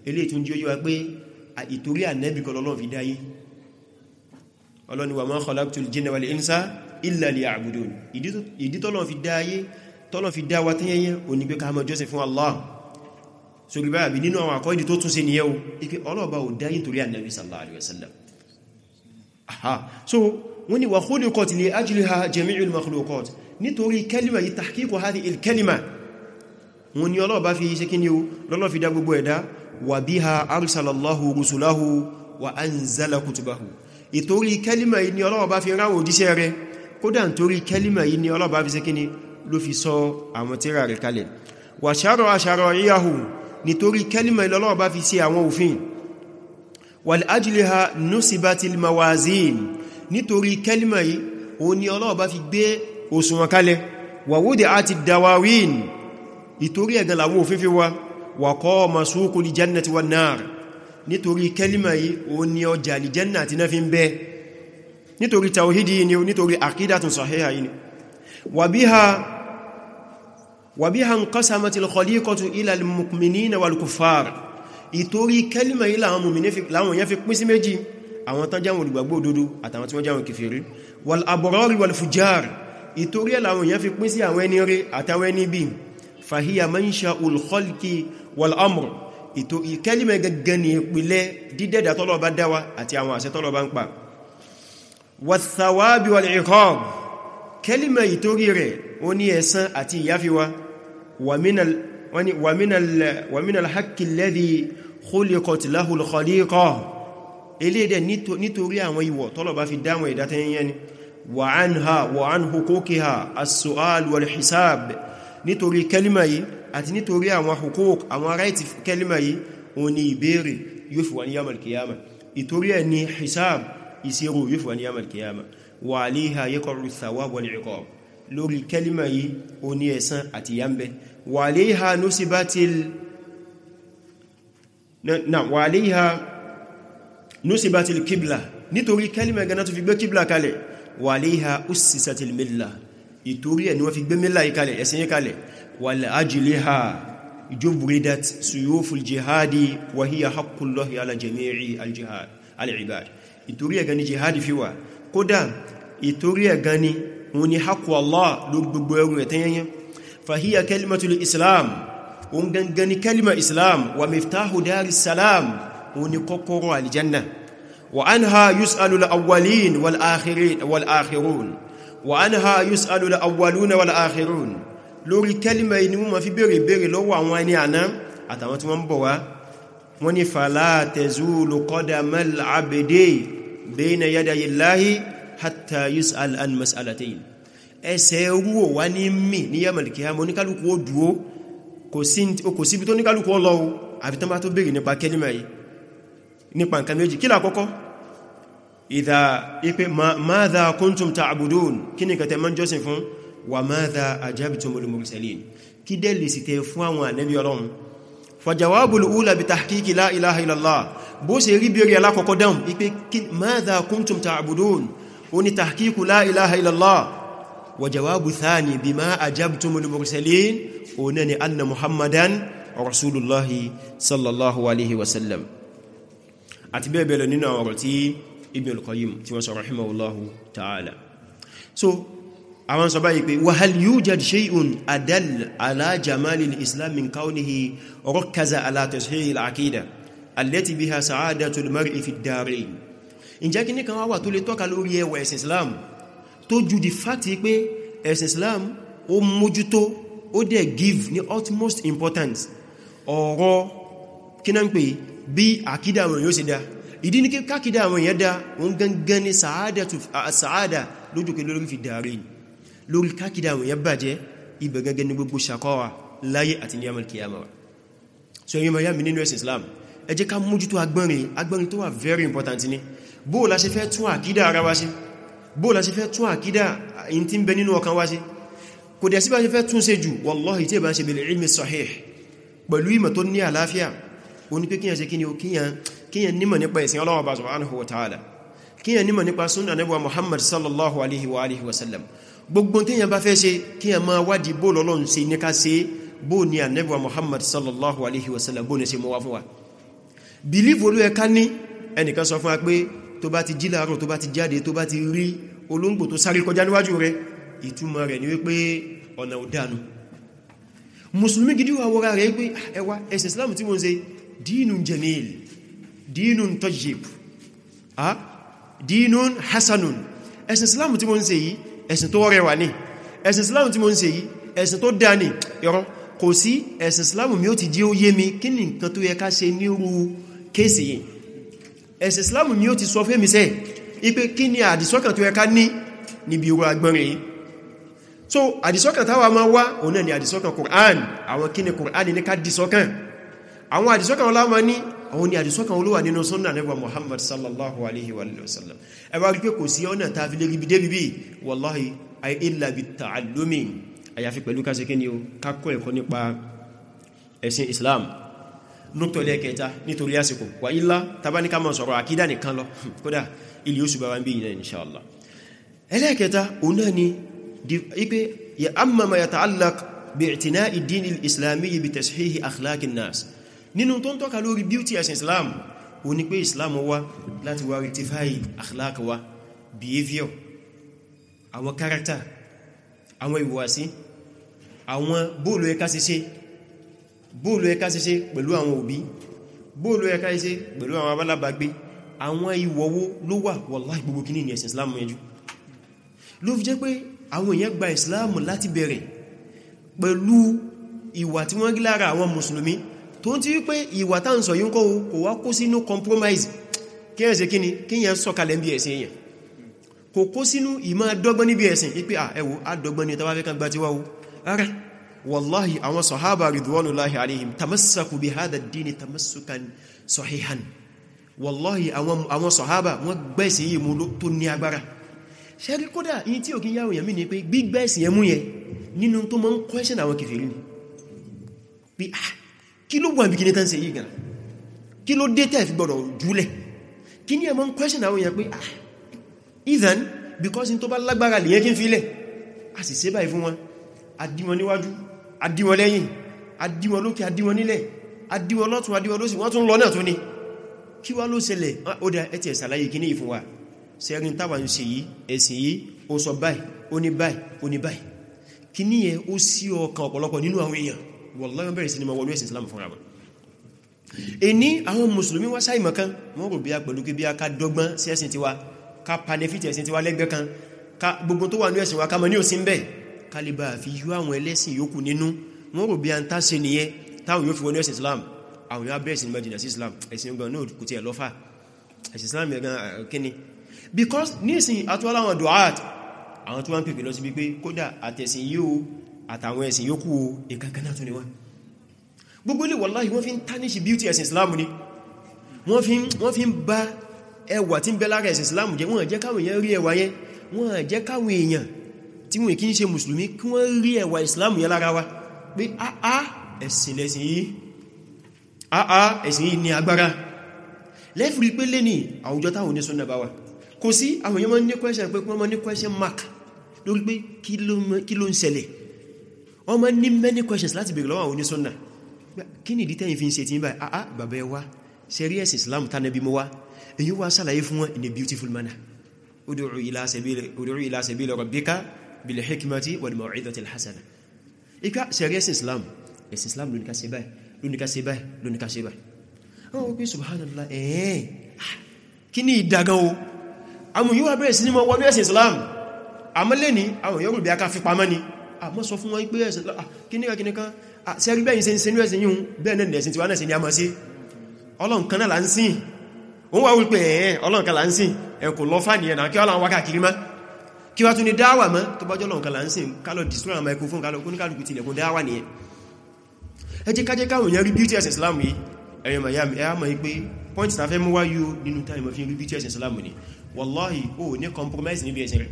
eléyìí tún jẹ́ yíwa pé ìtorí ànẹ́bì kọ́ lọ́lọ́ fi dáyé ọlọ́ni tọ́lọ̀ fi dáwà tí yẹn yẹn o ní pé ká mọ́ jọ́sẹ̀ fún Allah so bí báyàbí nínú àwọn àkọ́ìdì tó tún sí nìyẹn o ike ọlọ́ọ̀bá ò dáyé torí ànàbí sallallahu alaihi wasallam aha so wọ́n ni wa khuliqat li ìtorí kalima yìí ni ọlọ́ọ̀bá fi ráwọ̀ òjíṣẹ́ rẹ̀ kódà nítorí kalima yìí ni ọlọ́ọ̀bá fi ṣe ló fi sọ àwọn tírà rẹ̀ kalẹ̀ wà ṣàrọ̀ àṣàrọ̀ ríyàhù nítorí kẹ́límẹ̀ lọ́lọ́wọ́ bá fi sí àwọn òfin wà láàjílẹ̀ ha nusibatil mawazin nítorí kẹ́límẹ̀ yìí o ní ọlọ́wọ́ bá fi gbé òṣùwọ̀n kalẹ̀ wà wúdẹ̀ àti dawawin ìtorí ẹ̀gàn làwọn òfin fi wa wà nítorí kẹ́límẹ̀ yìí o ní ọjà li وبها انقسمت الخليقة إلى المؤمنين والكفار ìtorí kẹ́lìmọ̀ yìí láwọn mùmí láwọn èèyàn fi pín sí méjì àwọn tán jáwọn olùgbàgbọ́ òdodo àtàwọn tí wọ́n jáwọn kìfèrí wal abrari wal fujar ìtorí ẹ̀ láwọn èèyàn fi pín sí àwọn ẹni rí àtàwọn ẹni bí fahiya mansha'ul khalqi wal amr ìtò ìkẹ́lìmọ̀ gẹ́gẹ́ ní ìtorí rẹ̀ ó ní ẹ̀san àti ìyáfíwá ومن الحق الذي خلقت له الخليقة إليه ده نتوري عن ويوة طلب في الدام ويداتين وعنها وعن حقوقها السؤال والحساب نتوري كلمة أتي نتوري عن حقوق عن رأيت كلمة ونيبيري يفوى يوم القيامة إتوري أني حساب يسيروا يفوى يوم القيامة وعليها يقر الثواب والعقاب lórí kẹlímà yìí ó ní ẹ̀san àti ìyà ń bẹ wàléhà nusibatil na wàléhà nusibatil kíblà nítorí kẹlímà gana tó fi gbé kíblà kalẹ̀ wàléhà ussisatil milla ìtorí ẹ̀ ni wọ́n fi gbé milla yìí kalẹ̀ ẹ̀sìn yìí kalẹ̀ wàlẹ̀ ajíléhà juburidat suyuful jihadi wàhíyà haqqullahi ala jami'i al-jihad al-ibad ìtorí ẹ̀ gani jihadi fi wà kódà ìtorí ẹ̀ gani wọn ni haqqu Allah ló gbogbo ẹrù ẹ̀ tẹ́yẹnyẹn fahiya kalimatul islam wọn gangan ni kalima islam wa miftahu dari salam wọn ni kọ́kọ́rọ̀ aljanna wa anha yus'alu al-awwalin wal akhirin wal akhirun wa anha yus'alu al-awwaluna wal akhirun lórí kalima hatta yus'al an mas'alatayn ẹsẹ̀ ru o wa ni mi ni yamal kiyam oni kálukú o duo kò sí o kò sí bi tó ní kálukú o lọ o àbí tán bá tó béèrè nípa kelima yìí nípa nǹkan méjì kila kọ́kọ́ idha ipe madha kuntum ta'budun kíni kan tẹ́ man jọ́sìn fún wa madha ajabtumul mursalin kide le si tẹ́ fún àwọn ànábì Ọlọ́hun فجواب الاولى بتحقيق لا اله الا الله بو سي ري بيري لا كوكو دام ايبي ماذا كنتم تعبدون oni tahqiqu la ilaha illallah wa jawabu thani bima ajabtum lil mursalin onani anna muhammadan rasulullah sallallahu alaihi wasallam àti bẹ́ẹ̀ bẹ́ẹ̀ lọ nínú àwọn ọ̀rọ̀ tí ibn al-qayyim tí wọ́n sọ ta'ala so àwọn sọ báyìí pé wa hal yujad shay'un adall ala jamali al-islam min kawnihi rakaza ala tashhih al-aqida allati biha sa'adatu al-mar'i fi ad-darain ǹjẹ́ kí ní kan wà tó lè tọ́ka lórí ẹwà ẹ̀sìn Islam tó ju di fàtí pé ẹ̀sìn Islam ó mójútó ó dẹ̀ give ní utmost importance ọ̀rọ̀ kí náà ń pè bí àkídà àwọn èèyàn ṣe dá ìdí ní kákídà àwọn èèyàn dá wọn gangan ní sàádà lójúkẹ lórí fi dàrí lórí kákídà àwọn èèyàn bàjẹ́ ibẹ̀ gangan ní gbogbo ṣàkọ́wà láyé àti ní amàlkiyama so yíma yá mi nínú ẹ̀sìn Islam ẹ jẹ́ ká mójútó agbọ́nrin agbọ́nrin tó wà very important ni bó la ṣe fẹ́ tún àkídà ara wa ṣe bó la ṣe fẹ́ tún àkídà in tí ń bẹ nínú ọkàn wa ṣe kò dẹ̀ sí bá ṣe fẹ́ tún ṣe jù wallahi tí ẹ bá ṣe bil ilmi sahih pẹ̀lú ìmọ̀ tó ní àlàáfíà o ní pé kíyàn ṣe kíni o kíyàn nímọ̀ nípa ẹ̀sìn Ọlọ́run bá subhanahu wa ta'ala kíyàn nímọ̀ nípa sunna nabi Muhammad sallallahu alaihi wa alihi wa sallam gbogbo ni ànábì Muhammad sallallahu olú ẹ̀ká ní ẹnìkan sọ fún wa pé tó bá ti jí láàárọ̀ tó bá ti jáde tó bá ti rí olóńgbò tó sáré kọjá níwájú rẹ̀ ìtumọ̀ rẹ̀ ni wípé ọ̀nà òdánù mùsùlùmí gidi wà wọ́ra rẹ̀ pé ah, ẹwà ẹ̀sẹ̀ islam tí wọ́n ṣe dínun jamil dínun tajib dínun hasanun ẹ̀sẹ̀ Islamu tí wọ́n ṣe yìí ẹ̀sẹ̀ tó rẹwà ní ẹ̀sẹ̀ islam tí wọ́n ṣe yìí ẹ̀sẹ̀ tó dá ní kò sí ẹ̀sẹ̀ islam mi ó ti jẹ́ ó yé mi kí ni nǹkan tó yẹ ká ṣe nírú kéèsì yìí ẹ̀sẹ̀ islam ni ó ti sọ fẹ́ mi sẹ́ ipé kí ni àdìsọ́kàn tó ẹka ní níbi ìwọ agbọ́nrin so àdìsọ́kàn táwa máa wá òun náà ni àdìsọ́kàn Qur'an àwọn kí ni Qur'an ní ká dìsọ́kàn àwọn àdìsọ́kàn ọlá ma ní àwọn ni àdìsọ́kàn olówà nínú sunna nẹ́bà Muhammad sallallahu alaihi wa sallam ẹwà rí pé kò sí ọ̀nà ta fi wallahi ay illa bi ta'allumi àyàfi pẹ̀lú káṣe kí ni ó kákọ́ ẹ̀kọ́ Islam nukutọlẹ kẹta nítorí àsìkò wà ilá tabaníká ma sọ̀rọ̀ àkídà nìkan lọ hmm, kódà ilé oṣù bá wá ń bí ìyẹn inṣáàlá ẹlẹ́ẹ̀kẹta òun náà ni ipé ya amma ma yata'allaq bi i'tina'i ad-din al-islami bi tashihi akhlaqi an-nas nínú tó ń tọ́ka lórí behavior àwọn character àwọn ìwàsí àwọn bóòlù ẹka bóòlù ẹka ṣe ṣe pẹ̀lú àwọn òbí bóòlù ẹka ṣe pẹ̀lú àwọn abálábàgbé àwọn ìwọ̀wó ló wà wàláhì gbogbo kí ní ẹ̀sìn islamu yẹjú ló fi jẹ́ pé àwọn èèyàn gba islamu láti bẹ̀rẹ̀ pẹ̀lú ìwà tí wọ́n rí lára àwọn mùsùlùmí tó ń ti rí pé ìwà tá ń sọ yínkọ́ kò wá kó sínú compromise kí ẹ̀ ṣe kíni kí yẹn sọ̀kalẹ̀ bí wallahi àwọn sahaba ridwanullahi alaihim tamassaku bi hadha ad-din tamassukan sahihan wallahi àwọn àwọn sahaba wọ́n gbẹ́sìn yìí mú tó ní agbára ṣẹ́rí kódà yìí tí òkín yáwó yẹn mí ní pé gbígbẹ́sìn yẹn mú yẹn nínú tó mọ́ ń kọ́ṣẹ́ àwọn kèfèrí ni pé ah kí ló gbọ́n bikini tán ṣe yìí gan kí ló dé tẹ́ẹ̀fì gbọ́dọ̀ jùlẹ̀ kí ní ẹmọ́ ń kọ́ṣẹ́ àwọn ah even because in tó bá lágbára lè yẹ kí ń filẹ̀ a sì ṣe báyìí fún wọn adímọ̀ níwájú adíwọn lẹ́yìn adíwọn lókè adíwọn nílẹ̀ adíwọn lọ́tún adíwọn lósì wọ́n tún lọ náà tún ní kí wá ló ṣẹlẹ̀ ó dá ẹ̀tì ẹ̀sàlàyé kí ní ìfún wa sẹ́rin táwà ń ṣe yìí ẹ̀sìn yìí ó sọ báyìí ó báyìí ó báyìí kí ní yẹn ni mọ̀ wọnú ẹ̀sìn Islam fúnra wọn ẹni àwọn mùsùlùmí wá sáì mọ̀kan wọ́n rò bí a pẹ̀lú kí bí a ká dọ́gbọ́n sí ẹ̀sìn tiwa ká panẹ́fìtì kan gbogbo tó wà ní wa ká mọ̀ kálíbà fi yú àwọn ẹlẹ́sìn yòókù nínú wọ́n rò bí a ń tàṣe nìyẹn táwọn yóò fi wọnú ẹ̀sìn Islam àwọn yóò abẹ́ẹ̀sìn imagine Islam ẹ̀sìn gan náà kò eh, tí ẹ̀ lọ́fà Islam yẹ gan because nísìn àtúwálà àwọn duat àwọn tó wá ń pèpè lọ sí bí pé kódà àtẹ̀sìn yóò àtàwọn ẹ̀sìn yòókù nǹkan kan náà gbogbo lè wàláhì wọ́n fi ń tarnish beauty ẹ̀sìn Islam ni wọ́n fi ń bá ẹwà tí ń bẹ lára ẹ̀sìn Islam jẹ́ wọ́n jẹ́ káwọn èèyàn rí ẹwà yẹn wọ́n jẹ́ káwọn èèyàn tí wọ́n kí ń ṣe mùsùlùmí kí wọ́n rí ẹwà ìsìláàmù yẹ lára wa pé àá ah, ah, ẹ̀sìn yìí àá ah, ẹ̀sìn yìí ni agbára lẹ́fìrí pé lé ní àwùjọ táwọn ní sọ́nà bá wa kò sí àwọn èèyàn máa ní many questions láti bèèrè lọ́wọ́ àwọn onísọ́nà kí ni ìdí tẹ́yìn fi Islam tánàbí mọ́ wá èyí wá ṣàlàyé fún wọn in a beautiful manner ud'u ila sabili rabbika bil hikmati wal mau'izati al hasana ika serious islam es islam ló ní ká ṣe báyìí ló ní ká ṣe báyìí ló ní ká ṣe báyìí o bi subhanallah eh ah, kíni idagan o amu yo abere sinimo wọnú es islam amale ni àwọn yo bi aka fi pamọ́ ni a mo sọ fún wọn pé es kíni ka kíni kan se ri beyin se se nu ẹ̀sìn yun be na ẹ̀sìn ti wa na se ni a ma se Ọlọ́hun kan náà la ńsìn o wa wí pé eh Ọlọ́hun kan la ńsìn e ko lo fa ni e na ki Ọlọ́hun wa kí wá tún ní dáwà mọ́ tó bá jọ́lọ̀ nǹkan láńsìn kálọ̀ destroy àwọn microphone kálọ̀ kún kálùkù ti lẹ̀kùn dáwà ní ẹ ẹ jẹ́ kájẹ́ káwọn èèyàn rí beauty as Islam yìí ẹ̀yẹ miami ẹ mọ̀ pé point ta fẹ́ mú wá yóò nínú time of rí beauty as Islam ni wallahi o ní compromise níbi ẹ̀sìn rẹ̀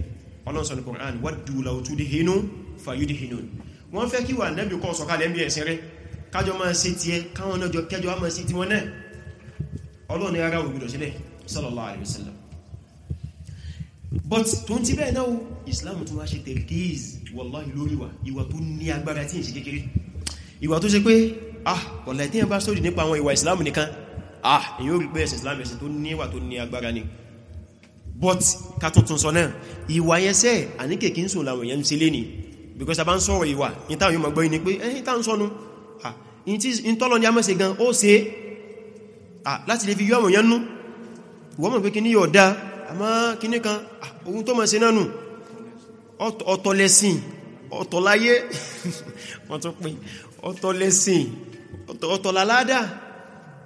ọlọ́sọ̀ ní Quran waddu law tudhinu fayudhinun wọ́n fẹ́ kí wà nẹ́bì kọ́ sọ kalẹ̀ níbi ẹ̀sìn rẹ̀ kájọ máa ṣe tiẹ̀ káwọn náà jọ kẹjọ máa ṣe tiwọn náà ọlọ́run ní ara òbí lọ sílẹ̀ sallallahu alaihi wasallam but tó ń ti bẹ́ẹ̀ náà islam tó wá ṣe tẹ̀kíz wallahi lórí wa ìwà tó ní agbára tí ń ṣe kékeré ìwà tó ṣe pé ah wallahi tí ẹ bá sórí nípa àwọn ìwà islam nìkan ah èyí ò rí pé islam ẹ̀sìn tó ní ìwà tó ní agbára ni but ká tuntun sọ náà ìwà yẹn sẹ́ àníkèkí ń sùn làwọn èèyàn ń ṣe ni because a bá ń sọ̀rọ̀ ìwà ní táwọn yóò mọ̀ gbọ́ eh, ní pé ẹ̀yìn táwọn sọ́nu ah, in tọ́lọ ni a mẹ́sẹ̀ gan ó se ah, láti lè fi yọ́ àwọn èèyàn nú wọ́n mọ̀ pé kí ní yọ̀ dáa àmá kíní kan ohun tó ma ṣe nánú ọ̀tọ̀lẹ́sìn ọ̀tọ̀láyé wọ́n tó pín ọ̀tọ̀lẹ́sìn ọ̀tọ̀láládà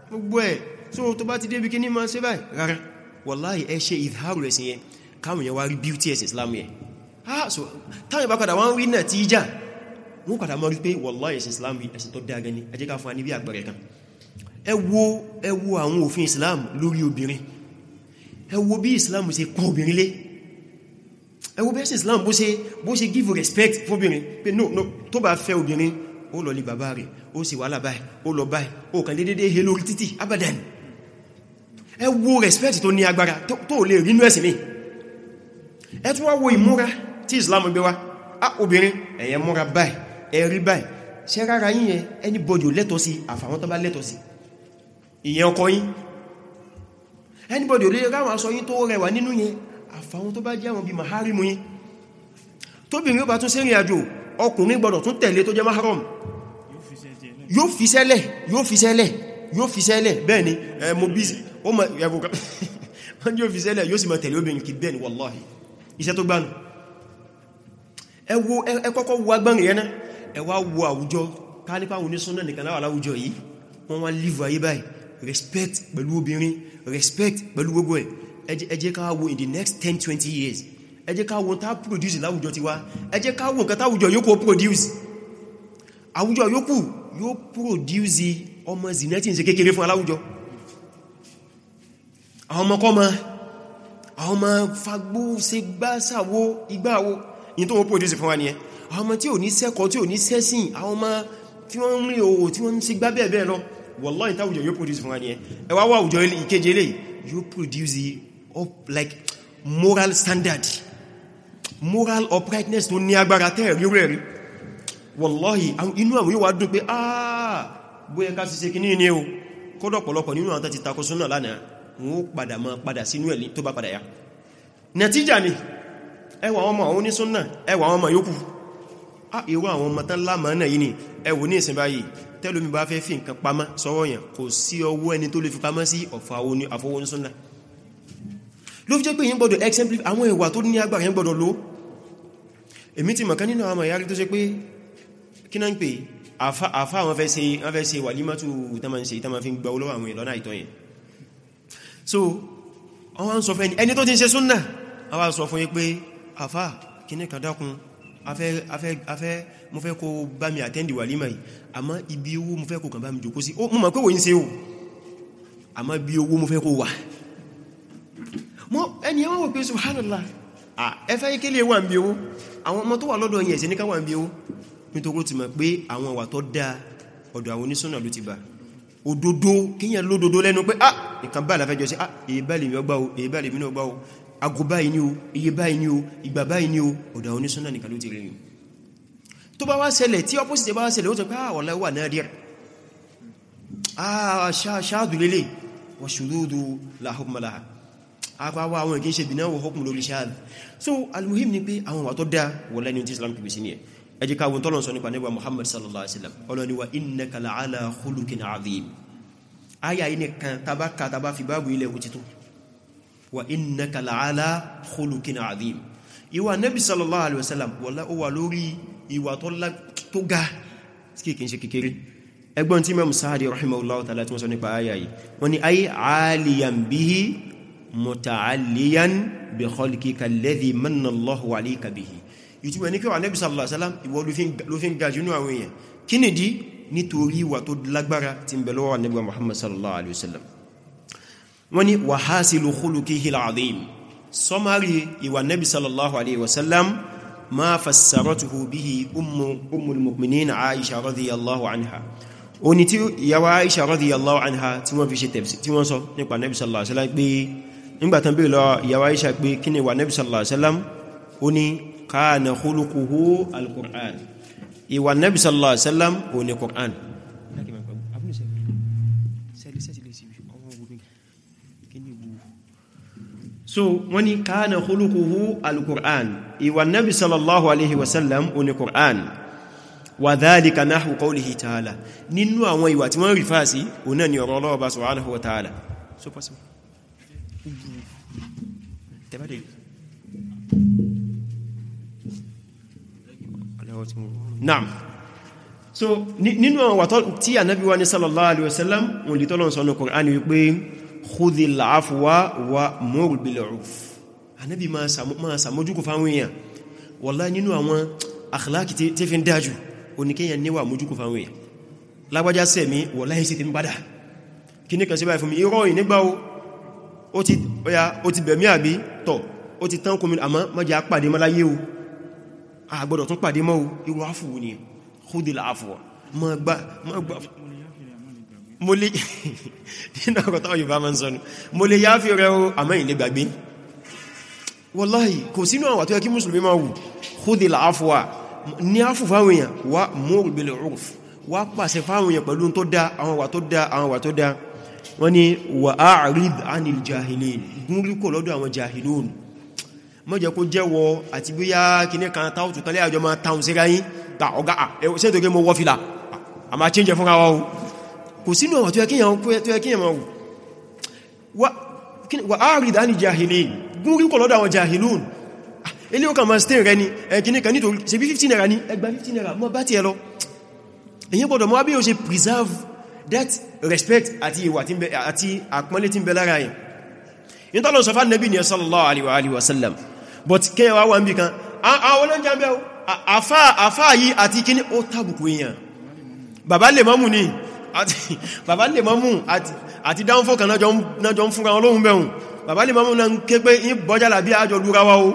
gbogbo ẹ̀ tí ó tó bá ti débi kíní ma ṣe báyìí rárá wàláhì ẹ ṣe ìdáàrù ẹ̀sìn yẹn káwọn yẹn wá rí beauty ẹ̀sìn Islam yẹn táwọn ìbá padà wọ́n rí náà ti ìjà wọ́n padà mọ́ rí pé wàláhì ẹ̀sìn Islam ẹ̀sìn tó dáa gẹni ẹ jẹ́ ká fún wa ní bí àpẹẹrẹ kan ẹ wo ẹ wo àwọn òfin Islam lórí obìnrin ẹ wo bí islam ṣe kún obìnrin lé ẹ wo bí ẹ̀sìn islam bó ṣe bó ṣe give respect fóbìnrin pé no no tó bá fẹ́ obìnrin ó lọ lè bàbá rẹ̀ ó sì wà lábáyì ó lọ báyì ó kàn dédé he lórí títì abadan ẹ wo respect tó ní agbára tó lè rínú ẹ̀sìn mi ẹ tún wá wo ìmúra tí islam gbé wá á ah, obìnrin ẹ̀yẹ múra báyì ẹ̀rí báyì ṣe rárá yíyẹn anybody lẹ́tọ̀ sí àfàwọn tó bá lẹ́tọ̀ sí ìyẹn ọkọ yín anybody ò lè ráwọn aṣọ yín tó rẹwà nínú yẹn àfàwọn tó bá jẹ́ àwọn bí maharimu yín tóbìnrin ó bá tún sẹ́rìn àjò ọkùnrin gbọdọ̀ tún tẹ̀lé tó jẹ́ maharam yóò fi sẹ́lẹ̀ yóò fi sẹ́lẹ̀ yóò fi sẹ́lẹ̀ bẹ́ẹ̀ ni mo bí ó mọ̀ ẹ̀bùn kan wọ́n yóò fi sẹ́lẹ̀ yóò sì mọ̀ tẹ̀lé obìnrin kì bẹ́ẹ̀ ni wallahi iṣẹ́ tó gbánu ẹ kọ́kọ́ wo agbárin yẹn náà ẹ wá wo àwùjọ kánípáwọn onísúnnà nìkan láwà láwùjọ respect pẹ̀lú obìnrin respect pẹ̀lú gbogbo ẹ̀ ẹ ká wo in the next 10 20 years ẹ jẹ́ ká wo tá produce láwùjọ tiwa ẹ jẹ́ ká wo nǹkan táwùjọ yóò produce àwùjọ yóò yóò produce ọmọ zinetin ṣe kékeré fún aláwùjọ àwọn ọmọkọ́mọ àwọn ọmọ fagbó ṣe gbáṣàwó igbáwó ní tó wọ́n produce fún wa ní ẹ àwọn ọmọ tí ò ní sẹ́kọ̀ọ́ tí ò ní sẹ́sìn àwọn ọmọ tí wọ́n ń rí òwò tí wọ́n ń ṣe gbábẹ̀ẹ̀bẹ̀ẹ̀ lọ wallahi táwùjọ you produce fún wa ní ẹ ẹwà wà àwùjọ ìkeje lè produce up like moral standard moral uprightness tó ní agbára tẹ́ẹ̀rí rẹ̀ rí wallahi inú àwọn yóò wá dùn pé ah bóyẹ ká sí ṣe kí ní ní o kódọ̀ pọ̀lọpọ̀ nínú àwọn tàti takó súnà lánàá wọ́n padà mọ́ padà sínú ẹ̀lì tó bá padà yá nẹtíjà ni ẹwà ọmọ àwọn onísúnà ẹwà ọmọ yókù ah irú àwọn ọmọ tán lámàá náà yìí ni ẹwò ní ìsìn báyìí tẹ́lómi bá fẹ́ fi nǹkan pamọ́ sọ́wọ́ yẹn kò sí ọwọ́ ẹni tó lè fi pamọ́ sí ọ̀fà àfọwọ́nisúnà ló fi jẹ́ pé yẹn gbọ́dọ̀ exemplify àwọn ìwà tó ní agbára yẹn gbọ́dọ̀ ló èmi ti mọ̀kan nínú àwọn ìyárí tó ṣe pé kí náà ń pè àfá àwọn fẹ́ ṣe wà límátù tánmà ń ṣe tánmà fi ń gba olówó àwọn ìlọ́nà ìtọ́ yẹn so wọ́n wá ń sọ fún ẹni tó ti ń ṣe súnnà wọ́n wá sọ fún yí pé àfá kí ní kàdákun afẹ́ afẹ́ afẹ́ mo fẹ́ kó bá mi àtẹ́ndì wàlímà yìí àmọ́ ibi owó mo fẹ́ kó kàn bá mi jòkó sí mo mọ̀ pé wòyí se o àmọ́ ibi owó mo fẹ́ kó wà mọ́ ẹni ẹwọ́n wò pé subhanallah ẹfẹ́ ikele wà ń bí owó àwọn ọmọ tó wà lọ́dọ̀ yẹn ah nǹkan bá làfẹ́jọ sí ah èyí bá o èyí bá o ago báyìí ni o iye báyìí ni o ìgbà báyìí ni o ọ̀dọ̀ àwọn onísúnnà nìkan ló ti rí yìí tó bá wá ṣẹlẹ̀ tí opposite bá wá ṣẹlẹ̀ ó tẹ́ pé àwọ̀lá wà náà díẹ̀ ṣáàdù lélẹ̀ wà ṣùdúdú láhùkmàláhà àpapọ̀ àwọn ìkíṣẹ́ bìnà wọ hókùn lórí ṣáàdù so almuhim ni pé àwọn wà tó dá wọlá ní Islam kìbì sí ni ẹ ẹjí káwọn tọ́lọ̀ sọ nípa nípa Muhammad sallallahu alaihi wasallam ọlọ́ni wa innaka la'ala khuluqin azim aya yìí nìkan tabaka tabafi báàbù ilẹ̀ òtítọ́ wa innaka la'ala khuluqin azim ìwà nabi sallallahu alaihi wasallam wala ó wà lórí ìwà tó la tó ga tí kìí ṣe kékeré ẹgbọ́n tí imam sahadi rahimahullahu ta'ala tí wọ́n sọ nípa ayá yìí wọ́n ni ay aliyan bihi muta'alliyan bi khalqika alladhi manna allahu alayka bihi ìtumọ̀ ní kí wà nabi sallallahu alaihi wasallam ìwọ ló fi ń ga jùnú àwọn èèyàn kí nìdí nítorí ìwà tó lágbára tí ń bẹ lọ́wọ́ nabi muhammad sallallahu alaihi wasallam wọ́n ní wàhásílù khuluqihi al-azim sọmárì ìwà nabi sallallahu alaihi wasallam ma fassaratuhu bihi ummul mu'minin aisha radiyallahu anha ó ní tí ìyàwó aisha radiyallahu anha tí wọ́n fi ṣe tafsir tí wọ́n sọ nípa nabi sallallahu alaihi ìwà nabi sallallahu alaihi wasallam ó ní kana khuluquhu al-qur'an so wọ́n ní kana khuluquhu al-Qur'an ìwà nabi sallallahu alaihi wasallam oní Qur'an wa dhalika nahwu qawlihi ta'ala nínú àwọn ìwà tí wọ́n rí fásí oní ni ọ̀rọ̀ Ọlọ́run Ọba subhanahu wa ta'ala so possible na'am so nínú àwọn wà tí ànábí wa ní sallallahu alaihi wasallam òun lè tọ́lọ̀ sọ́nà Qur'an wípé khudhil afwa wa mur bil urf Ànábì ma sa ma sa mojuko fáwọn èyàn wallahi nínú àwọn akhlaq tí tí fin dájú oni kéyàn ní wà mojuko fáwọn èyàn lágbájá se mi wallahi se tin bada kíni kan ṣe báyìí fún mi irọ́ yin nígbà o ó ti oya ó ti bẹ̀ mí àbí tó ó ti tán ko mi àmọ́ má jẹ́ apàdé mọ́ láyé o a gbọ́dọ̀ tún pàdé mọ́ o irú afu ni khudhil afwa ma gba ma gba mo lè nínú ọ̀rọ̀ta Yorùbá ma ń sọ mo lè yá fi rẹ̀ àmẹ́yìn lè gbàgbé wallahi kò sínú àwọn àtúyẹ kí mùsùlùmí máa wù khudhil afwa ní áfù fáwọn èèyàn wá mur bil urf wá pàṣẹ fáwọn èèyàn pẹ̀lú tó dá àwọn wà tó dá àwọn wọ́n ni wa a'rid 'anil jahilin gúnríkò lọ́dọ̀ àwọn jahilun mọ́jẹ kó jẹ́wọ́ àti bí yá kìní kan táwùtù tọ́lẹ́ àjọ máa táwùn síra yín ta ọgá ẹ̀wọ́ sẹ́tọ̀gẹ́ mo wọ́ fìlà a máa change fúnra wọ́n kò sínú ọ̀wà tó yẹ kíyàn wò wà áàrìdá ní jahilin gúnrí kọ̀ lọ́dọ̀ àwọn jahilun ilé ah, ọkà máa stain rẹ ni ẹ̀kìní kan nítorí ṣe bí 15 naira ní ẹgbà 15 naira mọ́ bá ti ẹ lọ èyí gbọ́dọ̀ mọ́ bí o ṣe preserve that respect àti ìwà àti àpọ́nlé tí ń bẹ lára ẹ̀ ni sallallahu alaihi wa but kẹwàá wà ń bí kan àwọn ọlọ́njẹ́ ń bẹ́ àfáà yìí àti kíní ó ni àti bàbá lè mọ́mù àti dáúnfò kan nájọ ń fúnra olóhun bẹ̀hùn bàbá lè mọ́mù náà ń ké pé in bọ́jà làbí àjọ lúrawa o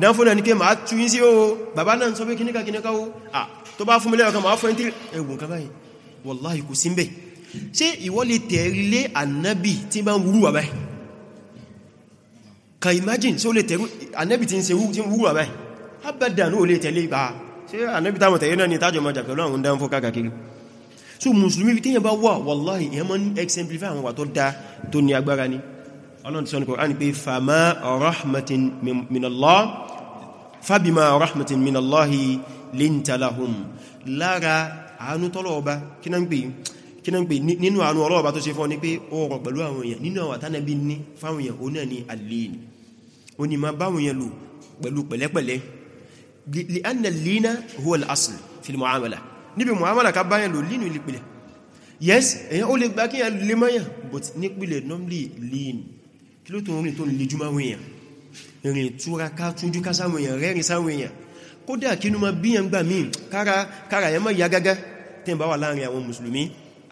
dáúnfò náà ní pé máa tún sí o bàbá náà sọ pé kíníkà kíníkà o à tó bá fún mi lẹ́yọ̀kan máa fún wallahi kò sí ń bẹ̀ ṣé ìwọ lè tẹ̀rí lé ànábì tí bá ń wúrú wà báyìí ka imagine ṣé o lè tẹ̀rí ànábì tí ń ṣe wúrú wà báyìí abadan ó lè tẹ̀lé bá ṣé ni tájọ mọjà pẹ̀lú àwọn so musulmi bí tíyàn bá wà wallahi ìyẹn mọ́ ní exemplify àwọn wà tó dá tó ní agbára ní ọlọ́run ti sọ ní Kùránì pé fama rahmatin minallah fabima rahmatin minallahi lintalahum lára àánú tọ́lọ́ọba kí náà ń pè nínú àánú ọlọ́ọba tó ṣe fọ́ ní pé ọrọ̀ pẹ̀lú àwọn èèyàn nínú àwọn àtánẹ́bí ní fáwọn èèyàn oní àní àlèèni o ni níbi muhammadu ká báyàn lò lean ìlìpìlẹ̀ yes èyàn ó lè gbá kí yàn lè mọ́yàn but nípìlẹ̀ normally lean kí ló tó rìn tó lè jùmọ́ àwọn èèyàn rìn túra ká túnjú ká sáwọn èèyàn rẹ́rìn sáwọn èèyàn kódà kí ní ma bí yàn gbà míì kára kára yẹn mọ́ ya gágá tẹ́ bá wà láàrin àwọn mùsùlùmí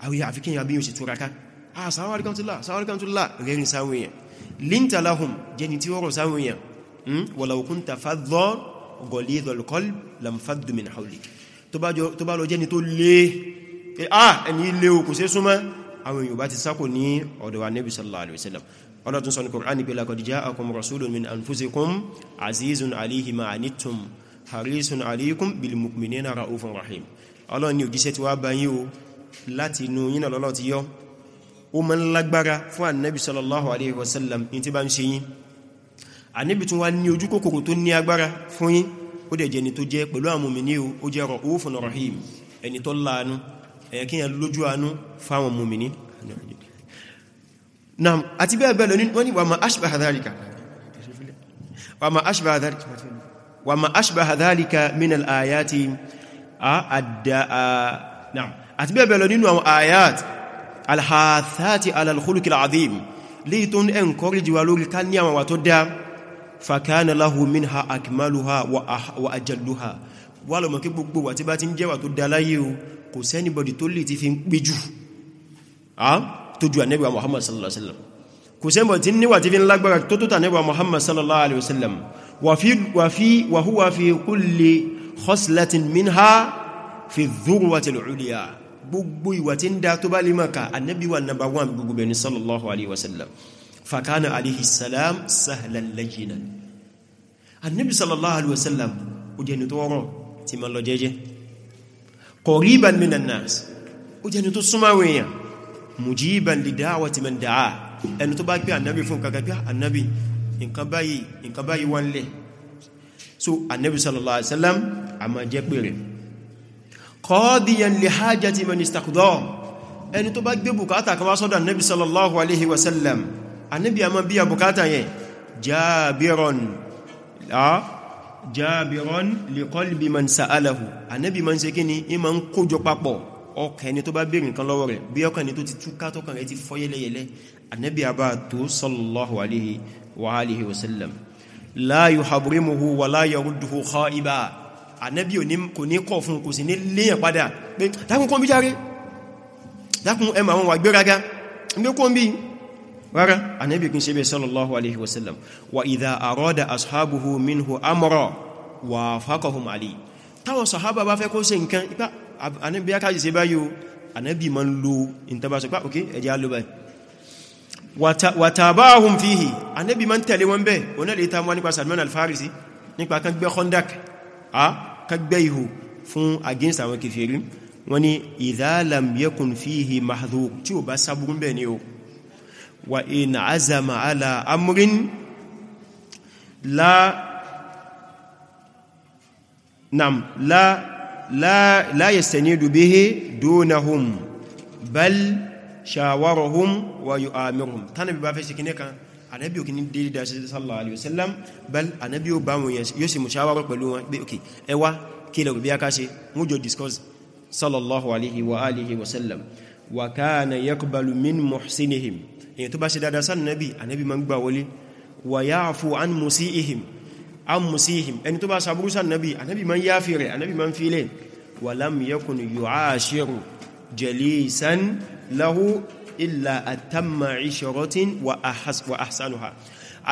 àwọn àfikín yà bí yóò sì túra ká ah, assalamu tó bá lọ jẹ́ni tó lé ah, ẹni ilé o kò sí súnmọ́ àwọn èèyàn bá ti sákò ní ọ̀dọ̀ wa Nabi sallallahu alaihi wasallam Allah tún sọ ní Kùránì pé laqad ja'akum rasulun min anfusikum azizun alayhi ma anittum harisun alaykum bil mu'minina ra'ufun rahim Allah ní òjíṣẹ́ tí wá bá yín o láti inú yín náà lọ́lọ́ ti yọ ó mọ́ lágbára ó dẹ̀ jẹ́ ẹni tó jẹ́ pẹ̀lú àwọn mùmìnì o ó jẹ́ ra'ufun rahim ẹni tó láàánú ẹ̀yẹ kí yẹn lójú àánú fáwọn mùmìnì naam àti bẹ́ẹ̀ bẹ́ẹ̀ lọ ní wọ́n ni wà máa ashbaha dhalika wà máa ashbaha dhalika wà máa ashbaha dhalika min azim léyìí tó ń encourage wa lórí ká ní àwọn wà tó dáa fakana lahu minha akmaluha wa ajalluha wà lọ mọ̀ kí gbogbo wà tí bá ti ń jẹ́wà tó dáláyé o kò sẹ́nibọ̀dì tó lè ti fi ń pé jù tó ju ànẹ́bà Muhammad sallallahu gbogbo ìwà tí ń dá tó bá lè maka ànẹ́bí wà nàbà gbogbo bẹni sallallahu alaihi wasallam fakana alayhi salam sahlan lajina annabi sallallahu alaihi wasallam ó jẹ́ ni tó ro tí man lọ jẹ́jẹ́ qariban minan nas ó jẹ́ ni tó súnmọ́ weyan mujiban li da'wati man da'a ẹni tó bá gbé annabi fún kaga gbé annabi nǹkan báyìí nǹkan báyìí wà nle so annabi sallallahu alaihi wasallam ama je pere qadiyan li hajati man istaqda ẹni tó bá gbé bùkátà kan wá sọ́dọ̀ annabi sallallahu alaihi wasallam anábi a mọ́ bí àbùkátà yẹn jábírọ̀n jábírọ̀n lèkọ́lìbí man sa'alahu anábi ma ń ṣe kíni in ma ń kójọ papọ̀ ọkàn ẹni tó bá bèèrè nǹkan lọ́wọ́ rẹ̀ bí ọkàn ẹni tó ti túká tọ́kàn rẹ̀ ti fọ́yẹ́lẹ́yẹlẹ́ anábi a tó sallallahu alaihi wa alihi wasallam la yuhabrimuhu wa la yarudduhu khaiba anábi kò ní kọ̀ fún kò sí ní léyàn padà rárá ànábì kìí ṣe bẹ́ẹ̀ sallallahu alaihi wasallam wa idha arada ashabuhu minhu amra wafaqahum ali táwọn sàhábà bá fẹ́ kó ṣe nǹkan ipá ànábì akájì ṣe báyìí o ànábì ma ń lo ìntàbàṣọpá òkè ah, ẹjẹ́ alóbáyìí wa tabaahum fihi ànábì ma ń tẹ̀lé wọn bẹ́ẹ̀ onílẹ̀ ìtàmọ́ nípa Salman al-Farisi nípa kan gbẹ́ Khandak a kan gbẹ́ ihò fún against àwọn kèfèrí wọ́n idha lam yakun fihi mahdhur tí ó bá sábúrú bẹ́ẹ̀ ni o wa in azama ala amrin la nam la la la yastanidu bihi dunahum bal shawarahum wa yu'amiruhum tanabi bá fẹ́ ṣe kini kan anabi o kini deli da sallallahu alaihi wasallam bal anabi o bá wọn yo mushawara pẹ̀lú wọn pé okay ẹ wá kí ló bí aka mu jo discuss sallallahu alaihi wa alihi wasallam wa kana yaqbalu min muhsinihim èyàn tó bá ṣe dáadáa sáà nẹ́bì ànẹ́bì ma ń gbà wọlé wà yáàfù an musihim an musihim ẹni tó bá sàbúrú sáà nẹ́bì ànẹ́bì ma ń yáàfi rẹ̀ ànẹ́bì ma ń filẹ̀ wà lam yakun yu'ashiru jalisan lahu illa atamma isharatin wa ahsanuha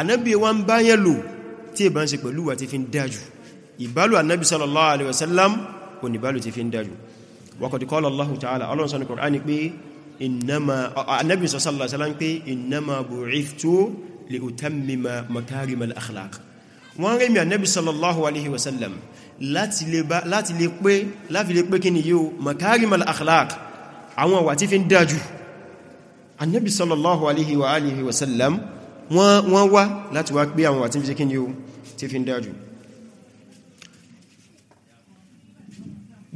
ànẹ́bì wa ń bá yẹn lò tí ì fi ń dájú ìbálò ànẹ́bì sallallahu alaihi wasallam innama annabi sallallahu alaihi wasallam pé innama bu'ithtu li utammima makarim al akhlaq wọ́n re mi annabi sallallahu alaihi wasallam láti lè bá láti lè pé láti lè pé kíni yo makarim al akhlaq àwọn wa tí fin dájú annabi sallallahu alaihi wa alihi wasallam wọ́n wá láti wá pé àwọn wa tí fin kíni dájú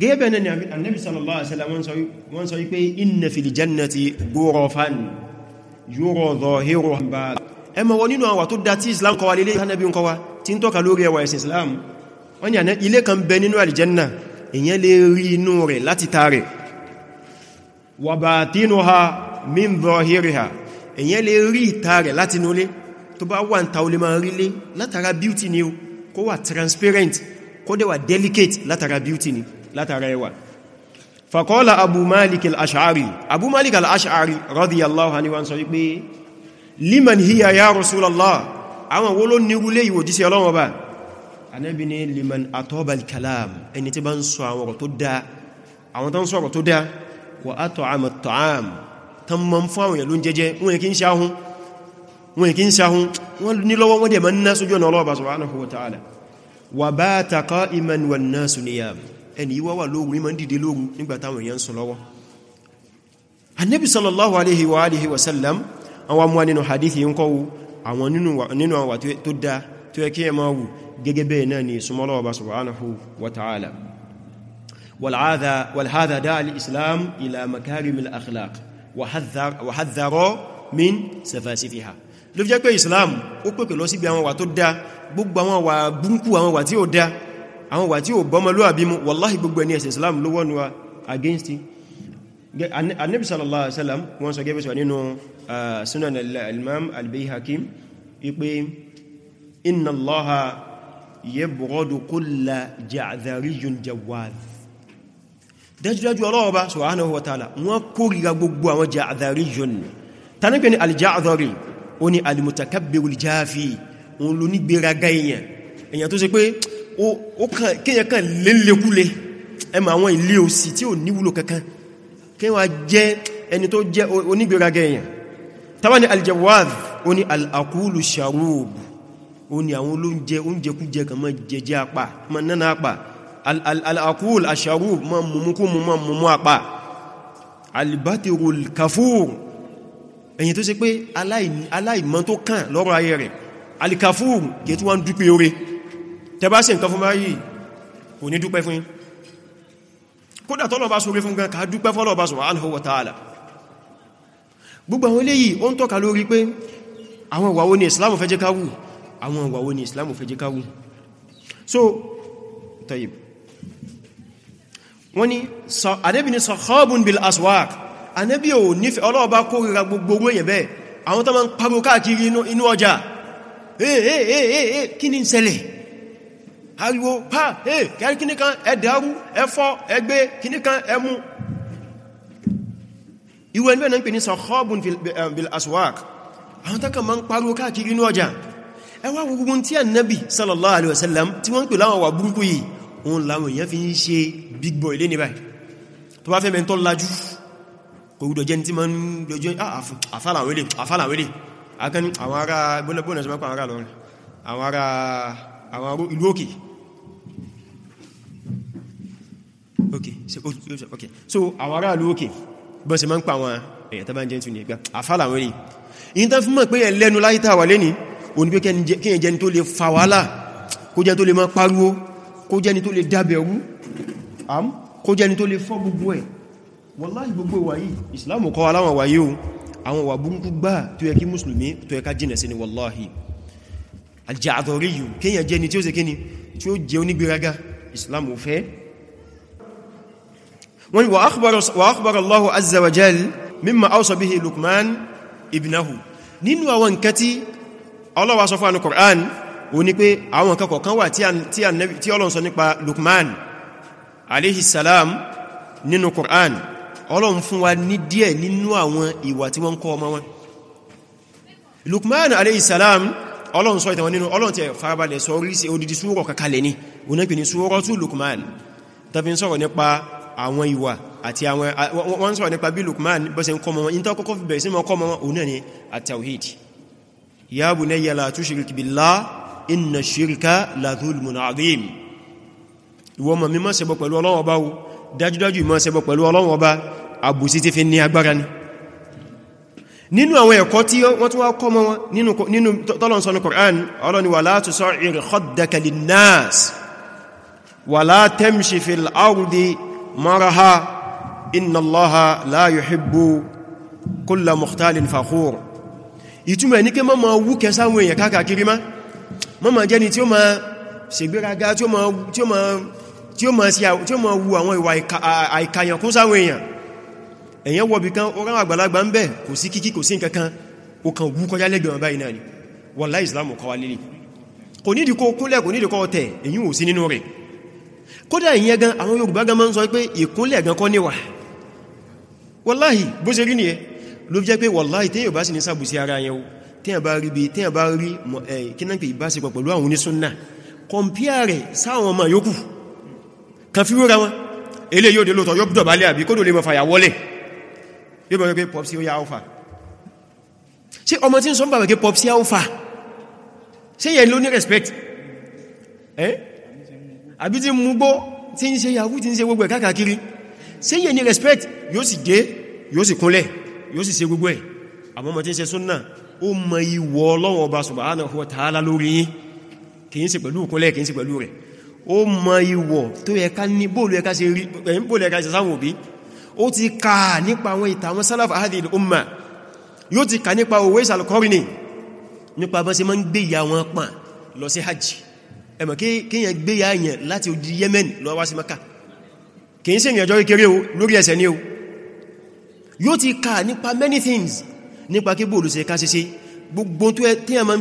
gẹ́gẹ́ bẹ́ẹ̀ ni annabi sallallahu alaihi wasallam wọ́n sọ wípé inna fil jannati ghurafan yura zahiruha ba ẹ ma wọ nínú àwọn tó dá tí islam kọwa lélé ìhànàbí ń kọwa tí ń tọ́ka lórí ẹwà ẹ̀sìn islam wọ́n yà ilé kan bẹ nínú alìjẹ́nà èyàn lè rí inú rẹ̀ láti ta rẹ̀ wa batinuha min zahiriha èyàn lè rí bá kó wà delicate látara beauty ni látara ẹwà faqala abu malik al-ash'ari abu malik al-ash'ari radiyallahu anhu wọ́n sọ wípé liman hiya ya rasulallah àwọn wọ́n ló nírúlé ìwò jísẹ́ ọlọ́wọ́ bá anẹ́bí ni liman atọ́bal kalam ẹni tí bá ń sọ àwọn ọ̀rọ̀ tó dá àwọn tán sọ̀rọ̀ tó dá wa at'ama at-ta'am tán mọ́ fún àwọn ìlú jẹjẹ wọ́n kí ń sáhún wọ́n kí ń sáhún ẹni ìwọ́ wà lóòrùn ní dìde lóòrùn nígbà èèyàn sùn lọ́wọ́ annabi sallallahu alaihi wa alihi wa sallam àwọn amuwa nínú hadithi ń kọ́wọ́ àwọn nínú àwà tó dá tó yẹ kí ẹ máa wù gẹ́gẹ́ bẹ́ẹ̀ náà ni súnmọ́lọ́wọ́ subhanahu wa ta'ala walhada da al'islam ila makarim al'akhlaq wa hadharo min safasifiha ló fi jẹ́ pé islam ó pèpè lọ sí bí àwọn wà tó dá gbogbo àwọn wà burúkú àwọn wà tí ó dá àwọn wà tí ó bọ́mọlúwàbí mú wallahi gbogbo ẹni ẹ̀sẹ̀ islam ló wọ́n wa against annabi sallallahu alaihi wasallam wọ́n sọ gẹ́bẹ̀sọ̀ nínú uh, sunan al-imam al-bayhaqi wípé inna allaha yabghadu kulla ja'dhariyun jawaz dájúdájú ọlọ́wọ́ bá subhanahu wa ta'ala wọ́n kórìíra gbogbo àwọn ja'dhariyun tanípe ni al-ja'dhari ó ní al-mutakabbir al tó ṣe pé kíyàn kan lélekúlé ẹmọ àwọn ilé òsì tí ò níwúlò kankan kíwà jẹ́ ẹni tó jẹ́ onígbéraga èèyàn tàbí ni aljawaz ó ní al'akúlù sharub ó ní àwọn olóúnjẹ oúnjẹ kú jẹ kàmọ́ jẹjẹ apá ma nánà apá al'akúlù asharub ma mumukú ma mumu apá albatirul kafur èyí tó ṣe pé aláìmọ́ tó kàn lọ́rọ̀ ayé tẹbá sí ǹkan fún báyìí kò ní dúpẹ́ fún kódà tọ́lọ̀ bá sórí fún gan dúpẹ́ fọ́lọ̀ bá subhanahu wa ta'ala gbogbo àwọn eléyìí ó ń tọ́ka lórí pé àwọn ìwàwó ni Islam fẹ́ jẹ́ káwù àwọn ìwàwó ni Islam fẹ́ jẹ́ káwù so tayyib wọ́n ni adébìnì sọ̀họ́bùn bil aswak anẹ́bí ò nífẹ́ ọlọ́ọ̀bá kórìíra gbogbo èyẹ̀ bẹ́ẹ̀ àwọn tó ma ń pariwo káàkiri inú ọjà eh eh eh kí ni ń ṣẹlẹ̀ ariwo pa hey kẹrin kíní kan ẹ̀dẹ̀rú ẹfọ́ ẹgbẹ́ kíní kan ẹmú irú ẹni bẹ́ẹ̀ na ń pè ní sahobun bil eh, aswak àwọn takà ma ń pariwo káàkiri inú ọjà ẹwà gbogbo tí a nabi sallallahu alaihi wasallam tí wọ́n ń pè láwọn big boy lé ní báyìí tó bá fẹ́ mẹ́ntọ́ lájú kò gbọdọ̀ jẹ́ tí ma ń lọ́jọ́ ah, àfàlàwélé àfàlàwélé akẹni àwọn ará gbọ́nà gbọ́nà sí àwọn ará ìlú òkè okay okay so àwọn ará ìlú man bọ́n ṣe máa ń pa àwọn èèyàn tó bá ń jẹ́ tún ní ẹgbẹ́ àfàlà àwọn èèyàn yìí tán fún mọ̀ pé yẹn lẹ́nu láyé tàwà lẹ́ni òní pé kíyàn jẹni tó lè fa wàhálà kó jẹ́ tó lè máa pariwo kó jẹ́ni tó lè dábẹ̀wú kó jẹ́ni tó lè fọ́ gbogbo ẹ̀ wàláhì gbogbo wà yìí Islam kọ́ aláwọn wà yìí àwọn wà burúkú gbà tó yẹ kí mùsùlùmí tó yẹ ká jìnà sí ni wàláhì al-Ja'dhari yìí kíyàn jẹ́ni tí ó ṣe kíni tí ó jẹ́ onígbéraga Islam ò fẹ́ wọ́n ni wa akhbara Allahu azza wa jal mimma awsa bihi Luqman ibnahu nínú àwọn nǹkan tí Allah wá sọ fún anu Qur'an ó ní pé àwọn nǹkan kọ̀ọ̀kan wà tí Ọlọ́run sọ nípa Luqman alayhi nínú Qur'an Ọlọ́run fún wa ní díẹ̀ nínú àwọn ìwà tí wọ́n kọ́ ọmọ wọn àwọn ìwà àti àwọn wọ́n sọ nípa bí Lukman bó ṣe ń kọ́ mọ́ in tó kọ́kọ́ fi bẹ̀rẹ̀ sí mọ́ kọ́ mọ́ òun náà ni at-tawhid ya bunayya la tushrik billah inna shirka la dhulmun adhim ìwọ mọ̀ mímọ́ ṣẹbọ pẹ̀lú Ọlọ́run Ọba dájúdájú ìmọ́ ṣẹbọ pẹ̀lú Ọlọ́run Ọba àbùsí ti fi ní agbára ni nínú àwọn ẹ̀kọ́ tí wọ́n tún wá kọ́ mọ́ wọn nínú tọ́lọ̀n sọ́nà Qur'an Ọlọ́run ni wala tusa'ir khaddaka linnas wala tamshi fil ardi maraha inna allaha la yuhibbu kulla mukhtalin fakhur ìtumọ̀ ní kí mọ́mọ̀ wúkẹ sáwọn èèyàn káàkiri má mọ́mọ̀ jẹ́ni tí ó ma ṣègbéraga tí ó ma wu àwọn ìwà àìkàyàn kún sáwọn èèyàn èèyàn wọ́bi kan ọ̀rọ̀ àgbàlagbà ń bẹ kò sí kíkí kò sí nǹkankan ó kàn wú kọjá lẹ́gbẹ̀rẹ̀ báyìí náà ni wallahi Islam kọwa lélẹ̀ kò nídìí kó kúnlẹ̀ kò nídìí kó tẹ̀ èyí ò sí nínú rẹ̀ kódà ìyẹn gan àwọn Yorùbá gan máa ń sọ pé ìkúnlẹ̀ gan kọ́ níwà wọláhì bó ṣe rí nìyẹn ló fi jẹ́ pé wọláhì téèyàn bá sì ní sàbùsí ara yẹn o téèyàn bá rí bí téèyàn bá rí kíná pé ìbáṣepọ̀ pẹ̀lú àwọn onísúnnà kọmpíà rẹ̀ sáwọn ọmọ yòókù kan fi wúra wọn ilé yóò dé lóòtọ́ yóò dọ̀bálẹ̀ àbí kódò lè mọ̀ fàyà wọlé yóò bẹ̀rẹ̀ pé pọ̀psí ó yá alfa ṣe ọmọ tí ń sọ ń bàbẹ̀ pé pọ̀psí alfa ṣe yẹ ló ní respect eh àbí tí mú gbó tí ń ṣe yahoo tí ń ṣe gbogbo ẹ̀ káàkiri ṣe yẹ ní respect yóò sì dé yóò sì kúnlẹ̀ yóò sì ṣe gbogbo ẹ̀ àmọ́mọ́ tí ń ṣe súnnà ó mọ ìwọ Ọlọ́run Ọba subhanahu wa ta'ala lórí yín kìí ṣe pẹ̀lú kúnlẹ̀ kìí ṣe salaf hadhihi umma yóò ti kà nípa òwe ìsàlùkọ́rin nípa bọ́n ṣe máa ń gbé ìyá lọ sí hajji ẹmọ̀ kíyàn gbé ya èyàn láti odi Yemen lọ wá sí Maka kìí sí ìrìnàjò kékeré o lórí ẹsẹ̀ ní o yóò ti ká nípa many things nípa kí bóòlù ṣe ká ṣe ṣe gbogbo tó ẹ tí a máa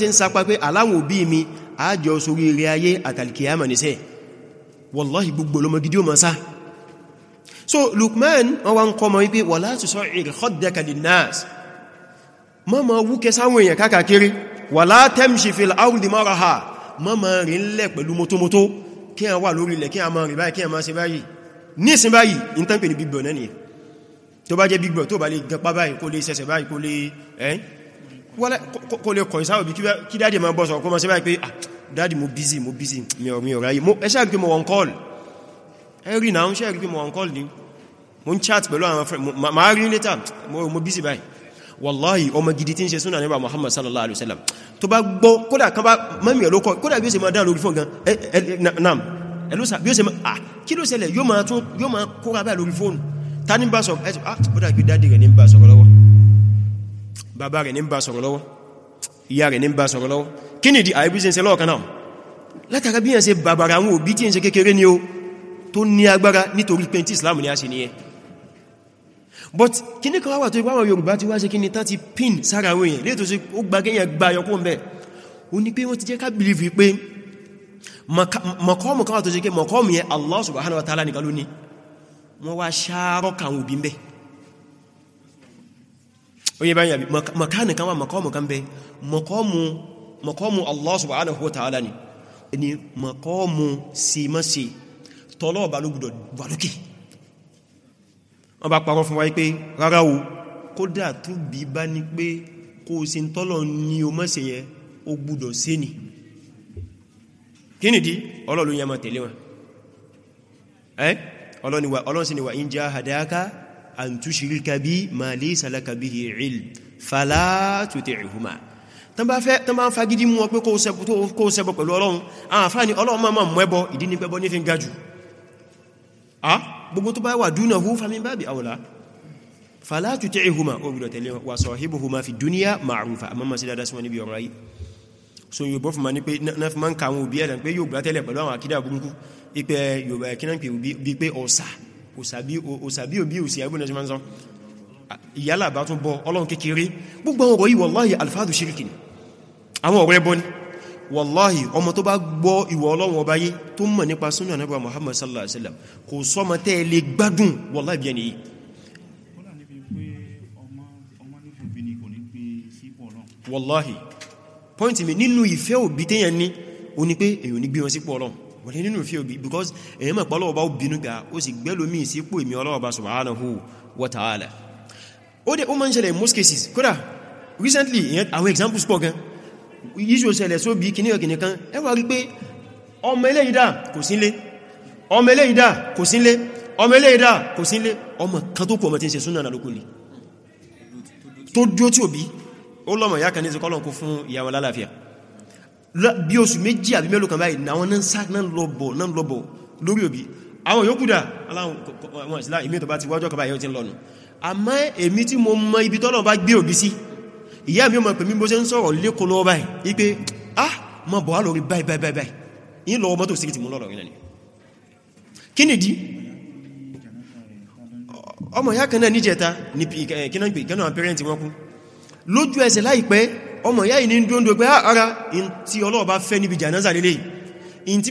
ṣe ń sapa pé aláwọ̀ òbí mi àjọ sórí rẹ ayé àtàlìkìyàmà nìṣẹ́ wallahi gbogbo lọmọ gidi so Luqman wọ́n wá ń kọ́ mọ́ wípé wala tusa'ir khaddaka linnas mọ́ mọ́ wúkẹ sáwọn èèyàn káàkiri wala tamshi fil ardi maraha mọ́ ma rìn lẹ̀ pẹ̀lú mọ́tómọ́tó kí a wà lórí ilẹ̀ kí a ma rìn báyìí kí a ma ṣe báyìí ní ìsìn báyìí in tán pè ní bígbọ̀ náà nìyẹn tó bá jẹ́ bígbọ̀ tó bá lè gapa báyìí kó lè sẹsẹ̀ ah, mo busy mo busy mi ò mi ò ráyè mo on call ẹ rí náà mo on ni mo chat pẹ̀lú àwọn friend ma mo busy báyìí wallahi ọmọ gidi tí ń ṣe súnà nígbà Muhammad sallallahu alaihi wasallam tó bá gbọ́ kódà kan bá mọ́mí ẹ̀lọ́kọ́ kódà bí ó ṣe máa dáa lórí fún gan nam ẹlọ́sà bí ó ṣe máa ah kilo sele ṣẹlẹ̀ yóò máa tún yóò máa kóra bá lórí fóònù ta ní bá sọ ẹ̀sùn ah ó dàbí dáadì rẹ̀ ba bá sọ̀rọ̀ lọ́wọ́ bàbá rẹ̀ ní bá sọ̀rọ̀ lọ́wọ́ ìyá rẹ̀ ní bá sọ̀rọ̀ lọ́wọ́ kí ni di àìbí ṣe ń ṣe lọ́ọ̀kan náà látara bí yẹn ṣe bàbàrà àwọn òbí tí ń ṣe kékeré ni ó tó ní agbára nítorí pé Islam ni a ṣe nìyẹn but kíní kan wà tó ipá àwọn Yorùbá ti wá ṣe kíní tán ti pin sára àwọn èèyàn léètò sí ó gba kéèyàn gba ayọkún bẹ́ẹ̀ ó ní pé wọ́n ti jẹ́ ká bìlìfì pé mọ̀kọ́mù kan wà tó ṣe ké mọ̀kọ́mù yẹn Allah subhanahu wa ta'ala nìkan ló ní wọ́n wá ṣàárọ̀ kàwọn òbí bẹ́ẹ̀ ó yẹ báyìí àbí mọ̀kánì kan wà Allah subhanahu wa ta'ala ni mọ̀kọ́mù sí mọ́ sí tọ́lọ́ ọba ló wà lókè wọ́n bá parọ́ fún wa pé rárá o kódà tó bí bá ní pé kó o ṣe ń tọ́lọ̀ ní o mọ́ yẹn ó gbúdọ̀ sí ni kí nìdí ọlọ́lù wa in jahadaka an tushrika bi ma laysa laka bihi ilm fala tuti'huma tán bá fẹ́ tán bá ń fagidi mú wọn pé kó sẹ́bọ̀ pẹ̀lú ọlọ́run ni ọlọ́run máa gbogbo tó bá wà dunahu famin babi aula fala tuti'huma o gbọ́dọ̀ tẹ̀lé wa sahibuhuma fi dunya ma'rufa amma ma sí dáadáa sí wọn níbi ọ̀rọ̀ ayé so yóò bọ́ fún ma ní pé náà fi ma ń ka àwọn òbí wàláhì ọmọ tó bá gbọ́ ìwọ̀ ọlọ́run ọba yé tó mọ̀ nípa súnà nípa Muhammad sallallahu alaihi wasallam kò sọ́mọ tẹ́ lè gbádùn wàláhì bí ẹni yìí wàláhì point mi nínú ìfẹ́ òbí tẹ́yàn ní o ní pé èyàn ní gbé wọn sípò ọlọ́run wọ̀lẹ́ nínú ìfẹ́ òbí because èyàn mọ̀ pọ́lọ́wọ́ bá obìnrin gbà ó sì gbẹ́lómi sípò ìmì ọlọ́wọ́ bá subhanahu wa ta'ala ó dẹ̀ ó mọ́ ń ṣẹlẹ̀ most cases kódà recently àwọn examples pọ̀ gan yíṣò ṣẹlẹ̀ só bí kìníyàn kìníkan ẹ wá rí pé ọmọ eléyìndà kò sínlé ọmọ eléyìndà kò sínlé ọmọ eléyìndà kò sínlé ọmọ kan tó kù ọmọ tí ń ṣe súnà lókù ni tó dúó tí ò bí ó lọ́mọ̀ ìyá kan ní ìsìnkọ́lọ̀ kó fún ìyàwó lálàáfíà bí oṣù méjì àbí mélòó kan báyìí náwọn náà sá náà lọ́bọ̀ náà lọ́bọ̀ lórí òbí àwọn yóò kúdà ìyá mi mọ̀ pé mi bó ṣe ń sọ̀rọ̀ lékò lọ́wọ́ báyìí ipé ah mọ̀ bọ̀ lórí báyìí báyìí báyìí yí lọ́wọ́ mọ́tò sí ti mú lọ́rọ̀ ìrìnlẹ̀ kí ni dí ọmọ ìyá kan náà níjẹta ní kínáàgbé gánà pẹ́rẹ́ntì wọn kú lójú ẹsẹ̀ láìpẹ́ ọmọ ìyá yìí ní dúndú ah, ara in tí Ọlọ́run bá fẹ́ níbi jànáza lélẹ̀ in tí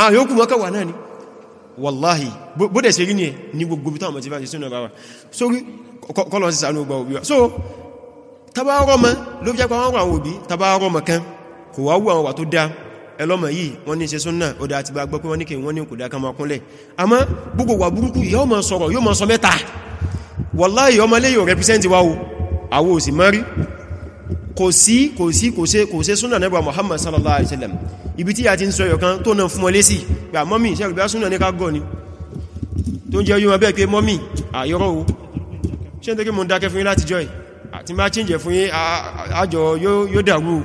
àwọn yóò kù mọ́kà náà ni wallahi bó dẹ̀ ṣe rí ní ẹ ní gbogbo bí táwọn mọ̀tífà ṣe sínú ọba wa so rí kọ́lọ̀ sí sàánú ọgbà òbí wa so tàbá rọ́mọ ló fi jápa wọn àwọn òbí tàbá rọ́mọ kan kò wá wú àwọn wà tó dá ẹlọ́mọ yìí wọ́n ní ṣe súnnà ó dá àti bá gbọ́ pé wallahi ọmọ lè yóò represent wa o àwọ òsì mọ́rí kò sí kò sí kò sí súnnà alaihi wasallam ibi tí a ti ń sọ ẹ̀yọ̀kan tó náà fún ọ lésì pé à mọ́mí iṣẹ́ ìgbà súnà ní ká gọ́ ni tó ń jẹ́ yóò bẹ́ẹ̀ pé mọ́mí àyọ́rọ̀ o ṣe ń tẹ́kẹ́ mọ́ dákẹ́ fún yí láti jọ ẹ̀ àti máa chíǹjẹ̀ fún yí àjọ yóò dàrú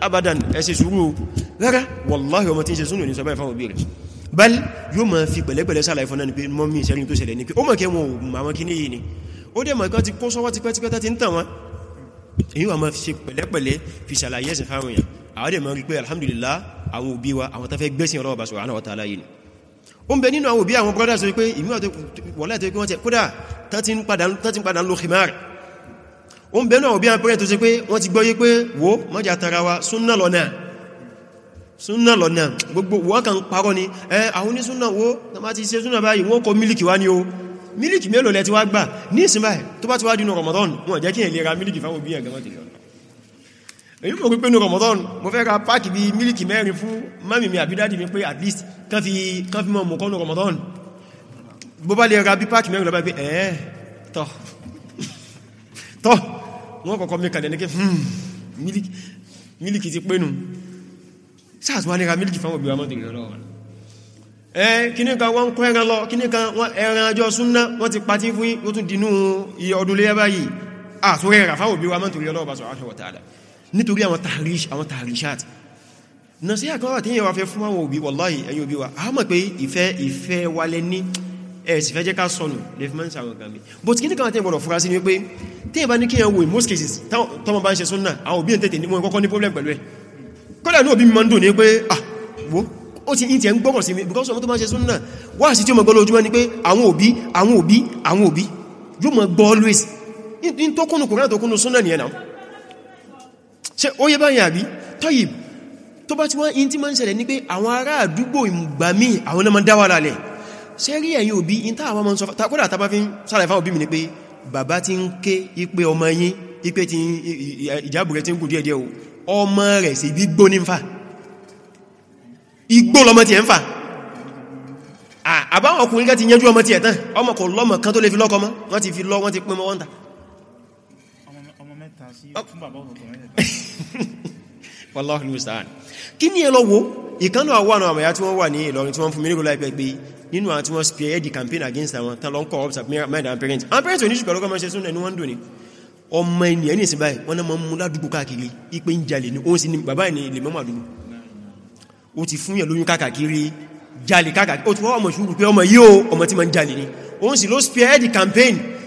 abadan ẹ ṣe sùúrù rárá wàláhì ọmọ tí ń ṣe súnà bal yóò máa ni pé mọ́mí ìṣẹ́rin tó ni ó dẹ̀ mọ̀ kan ti kó sọ́wọ́ tipẹ́tipẹ́ta ti ń tàn wọn èyí wà máa fi ṣe pẹ̀lẹ́pẹ̀lẹ́ fi sàlàyé ẹ̀sìn fáwọn àwọn dẹ̀ rí pé alhamdulillah àwọn òbí wa àwọn tafẹ́ gbẹ́sìn ọ̀rọ̀ ọba subhanahu wa ta'ala yìí o ń bẹ nínú àwọn òbí àwọn brothers wípé ìmúwàtí pé wọ́n tẹ kódà tán ti ń padà ń lo khimar o ń bẹ náà òbí àwọn parent tó ṣe pé wọ́n ti gbọ́yé pé wo mọ́jà tara wa súnnà lọ́nà súnnà lọ́nà ni ẹ àwọn ní súnnà ti ṣe súnnà Ramadan wọ́n jẹ́ kí ẹ̀ lè ra mílìkì gamatiyo èyí mọ̀ pípé ní Ramadan mo fẹ́ ra páàkì bí mílìkì mẹ́rin fún mami mi àbí dádì mi pé at least kán fi mọ́ mọ̀kọ́ ní Ramadan bó bá lè ra bí páàkì mẹ́rin lọ bá pé ẹ̀ẹ́ tọ́ tọ́ wọ́n kọ̀kọ́ mi kàlẹ̀ ní kí hmm, mílìkì ti pé nù sáàtù wá ní ra mílìkì fáwọn obìnrin ọmọdé lọ ẹ kíní kan wọ́n kọ́ ẹran lọ kíní kan wọ́n ẹran ajọ́ súnná wọ́n ti patí fún yí ó tún dínú iye ọdún léyà báyìí nítorí àwọn tahrish àwọn tahrishat nasiha kan wà tí yẹn wá fẹ́ fún àwọn òbí wallahi ẹ̀yin òbí wa a mọ̀ pé ìfẹ́ ìfẹ́ wa ní ẹ̀ fẹ́ jẹ́ ká sọnù but kí ní kan tí yẹn gbọ́dọ̀ fura sí in most cases tọ́mọ bá ń ṣe súnnà àwọn òbí tètè ní wọn problem pẹ̀lú ẹ̀ kọ́dà ní òbí mi ah wo ó ti ń tiẹ̀ ń gbọ́kàn sí mi because ọmọ tó máa ń ṣe súnnà wá sí tí ó mọ̀ gbọ́ lójúmọ́ ni pé àwọn òbí àwọn òbí àwọn òbí yóò mọ̀ gbọ́ always in tó kúnnù kòrán tó kúnnù súnnà nìyẹn náà ṣe ó yẹ báyìí àbí tọ́yì tó bá ti wá in tí ma ń ṣẹlẹ̀ ní pé àwọn ará àdúgbò ìgbà míì àwọn náà ma ń dáwà lálẹ̀ ṣe rí ẹ̀yin òbí in táà wọ́n sọ takọ́dà tàbá fi ń sàlẹ̀ òbí mi ni pé bàbá ti ń ké ipé ọmọ yín ipé ti ìjábùrẹ́ ti ń kù díẹ̀díẹ̀ o ọmọ rẹ̀ sí gbígbó ní fa igbó lọmọ ti ẹ̀ ń fa àbáwọn ọkùnrin ká ti yanjú ọmọ ti ẹ̀ tán ọmọ kò lọ́mọ kan tó lè fi lọ́kọ mọ́ wọ́n wàláhùn oh. mùsàn kí ní ẹlọ wo ìkánà àwọn àwọn àmàyà tí wọ́n wà ní Ìlọrin tí wọ́n fún mílíkù láìpẹ́ pé nínú àwọn tí wọ́n spearhead the campaign against àwọn tán lọ́n corrupt mind and parents and parents oníṣù pẹ̀lú kọmọ̀ ṣe sún ẹni wọ́n dùn ní ọmọ ènìyàn ní ìsinbáyì wọ́n náà mú ládùgbò káàkiri ipé ń jalè ní òun sí ni bàbá ìní ilẹ̀ mọ́mà dùgbò ó ti fún yẹ̀ lóyún káàkiri jalè káàkiri ó ti fọ́ ọmọ ìṣúrù pé ọmọ yìí ó ọmọ tí ma ń jalè ní òun sì ló spearhead the campaign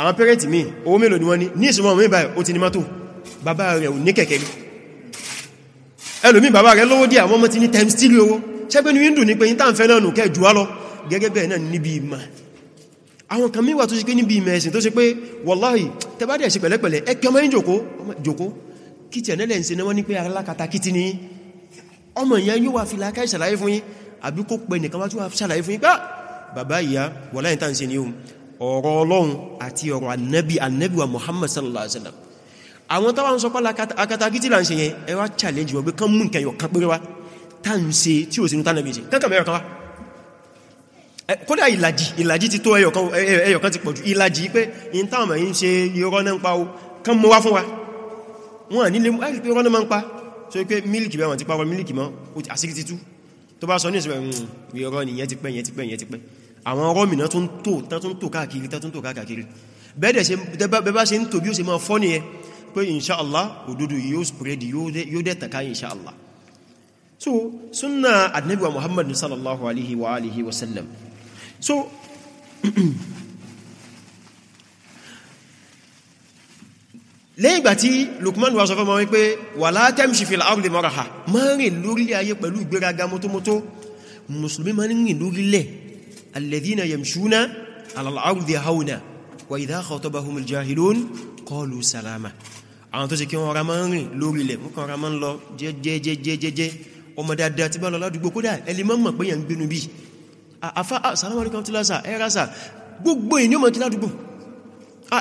àwọn pẹ́rẹ́tì mi owó mélòó ni wọ́n ní ní ìṣòwò mẹ́bà ó ti ní mọ́tò bàbá rẹ̀ ò ní kẹ̀kẹ́ rí ẹlòmí bàbá rẹ̀ lówó díẹ̀ àwọn ọmọ ti ní time still owó ṣẹ́gbẹ́ ní wíńdù ní pé yínta ń fẹ́ náà nù kẹ́ jù á lọ gẹ́gẹ́ bẹ́ẹ̀ náà níbi ìmọ̀ àwọn kan míwà tó ṣe pé níbi ìmọ̀ ẹ̀sìn tó ṣe pé wàláhì tẹbá ọ̀rọ̀ Ọlọ́run àti ọ̀rọ̀ annabi annabi wa Muhammad sallallahu alaihi wasallam àwọn tàbí àwọn sọpá akatagítí là ń ṣe yẹn ẹ challenge wọ́n pé kán mú nǹkan yọ̀kan péré wá tá ń ṣe tí ò sínú tánàbí ṣe kankan mẹ́rẹ̀ kan wá kódà ìlàjì ìlàjì ti tó ẹyọ̀kan ti pọ̀jù ìlàjì pé in táwọn mẹ́rin ṣe irọ́ náà ń pa o kán mọ́ wá fún wa wọ́n nílé pé irọ́ náà ń pa so pé mílìkì bẹ́ẹ̀ wọ́n ti pàwọ́ mílìkì mọ́ àsìkítítú tó bá sọ àwọn rọ́mìnà tó ń tò káàkiri tó ń tò káàkiri bẹ́bá ṣe ń tò bí ó ṣe máa fọ́ ní ẹ pé inṣáàlá òdodo yóò spread yóò dẹ̀ta ká inṣáàlá so súnnà àdínẹ́bíwa muhammad sallallahu alaihi wa alihi wasallam so lẹ́yìn ìgbà tí lukman wa sọ fẹ́ ma wípé wala tamshi fil ardi maraha máa rìn lórílẹ̀ ayé pẹ̀lú ìgbéraga mọ́tómọ́tó mùsùlùmí máa ń rìn lórílẹ̀ الذين يمشون على العرض هونا وإذا خاطبهم الجاهلون قالوا سلاما àwọn tó ṣe kí wọ́n ra máa ń rìn lórí ilẹ̀ wọ́n ra máa ń lọ jẹ́jẹ́jẹ́jẹ́jẹ́ ọmọ dáadáa ti bá lọ ládùúgbò kódà ẹlì mọ́mọ̀ pé yàn ń gbénu bí àfá assalamu alaikum lásà ẹ́rásà gbogbo ènìyàn mọ̀ tí ládùúgbò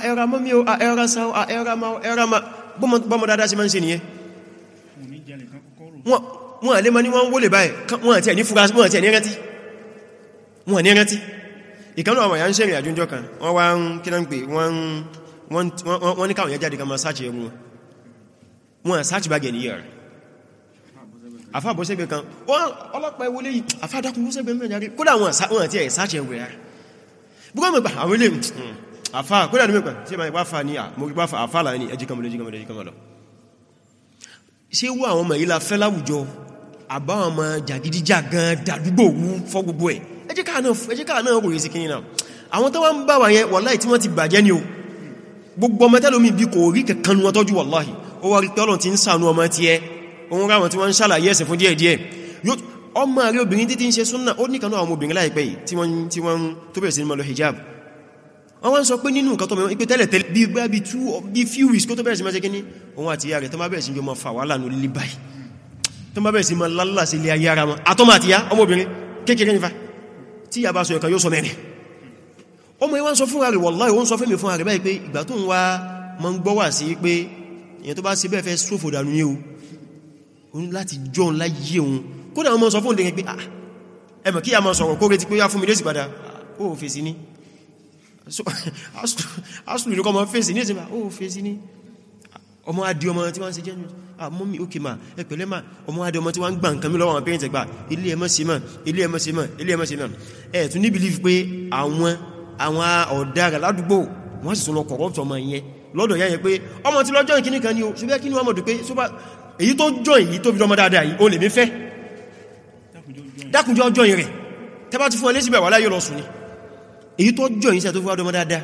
ẹ̀rà mọ́mí o ẹ̀rásà wọn ní rántí ìkanú àwọn ya ń ṣe ìrìnàjò ìjọ kan wọ́n wá ń kí náà ń pè wọ́n ní káwọn yẹ jáde kan máa sáàchì ẹmu wọn sáàchì bá gẹ̀ẹ́ níyàrá afá bọ́sẹ́gbẹ̀ kan ọlọ́pàá ìwọlé yìí afá dákùn bọ́sẹ́gbẹ̀ mẹ́rin jáde kódà ah, wọn hmm, àti ẹ̀ sáàchì ẹgbẹ̀ rá búkọ́ mẹ́gbà àwọn ilé afá kódà ní mẹ́gbà tí ma ìpáfà ní àmọ́gbáfà afá láàrin ní ẹjí kamọ́lẹ̀ ẹjí kamọ́lẹ̀ ẹjí kamọ́lẹ̀ ṣe ẹjẹ́ káà náà rò sí kìí náà àwọn tó wá ń bá wà yẹn wàláhì tí wọ́n ti bàjẹ́ ni o gbogbo ọmọ tẹ́lómi bí kò rí kankan wọn tọ́jú wàláhì ó wá rí pé Ọlọ́run ti wọ́n lo hijab wọ́n wọ́n sọ pé nínú nǹkan tó mẹ́wọ́n ipé tẹ́lẹ̀ bí gbá bí two bí few weeks kó tó bẹ̀rẹ̀ sí máa ṣe kíní òun àti ìyá rẹ̀ tó máa bẹ̀rẹ̀ sí jọ máa fà wàhálà ní lílì báyìí tó máa bẹ̀rẹ̀ sí máa lálà sí wọn àtọ́mà àti ìyá ọmọbìnrin kékeré nífà tí a bá sọ ẹ̀kan yóò sọ mẹ́rin ọmọ ìwọ́n sọ fún ààrẹ wallahi wọ́n sọ fún mi fún ààrẹ báyìí pé ìgbà tó ń wá mọ́ ń gbọ́wà sí pé èyàn tó bá sí bẹ́ẹ̀ fẹ́ sófò dànù ní o oní láti jọ láyé òun kódà wọ́n sọ fún ìdíyàn pé ah, ẹmọ̀ kí mi lésì padà ó fèsì ọmọ adì ọmọ tí wọ́n ṣe jẹ́ mọ́mí òkè ah, máa ẹ̀pẹ̀lẹ́ máa ọmọ adì ọmọ tí wọ́n ń gbà nǹkan mílọ́wọ́ àwọn parents ẹgbà ilé ẹmọ́ sí mọ́ ilé ẹmọ́ believe pé àwọn àwọn ọ̀dára ládùúgbò wọ́n sì tún lọ corrupt ọmọ yẹn lọ́dọ̀ o ṣùgbẹ́ kí ni wọ́n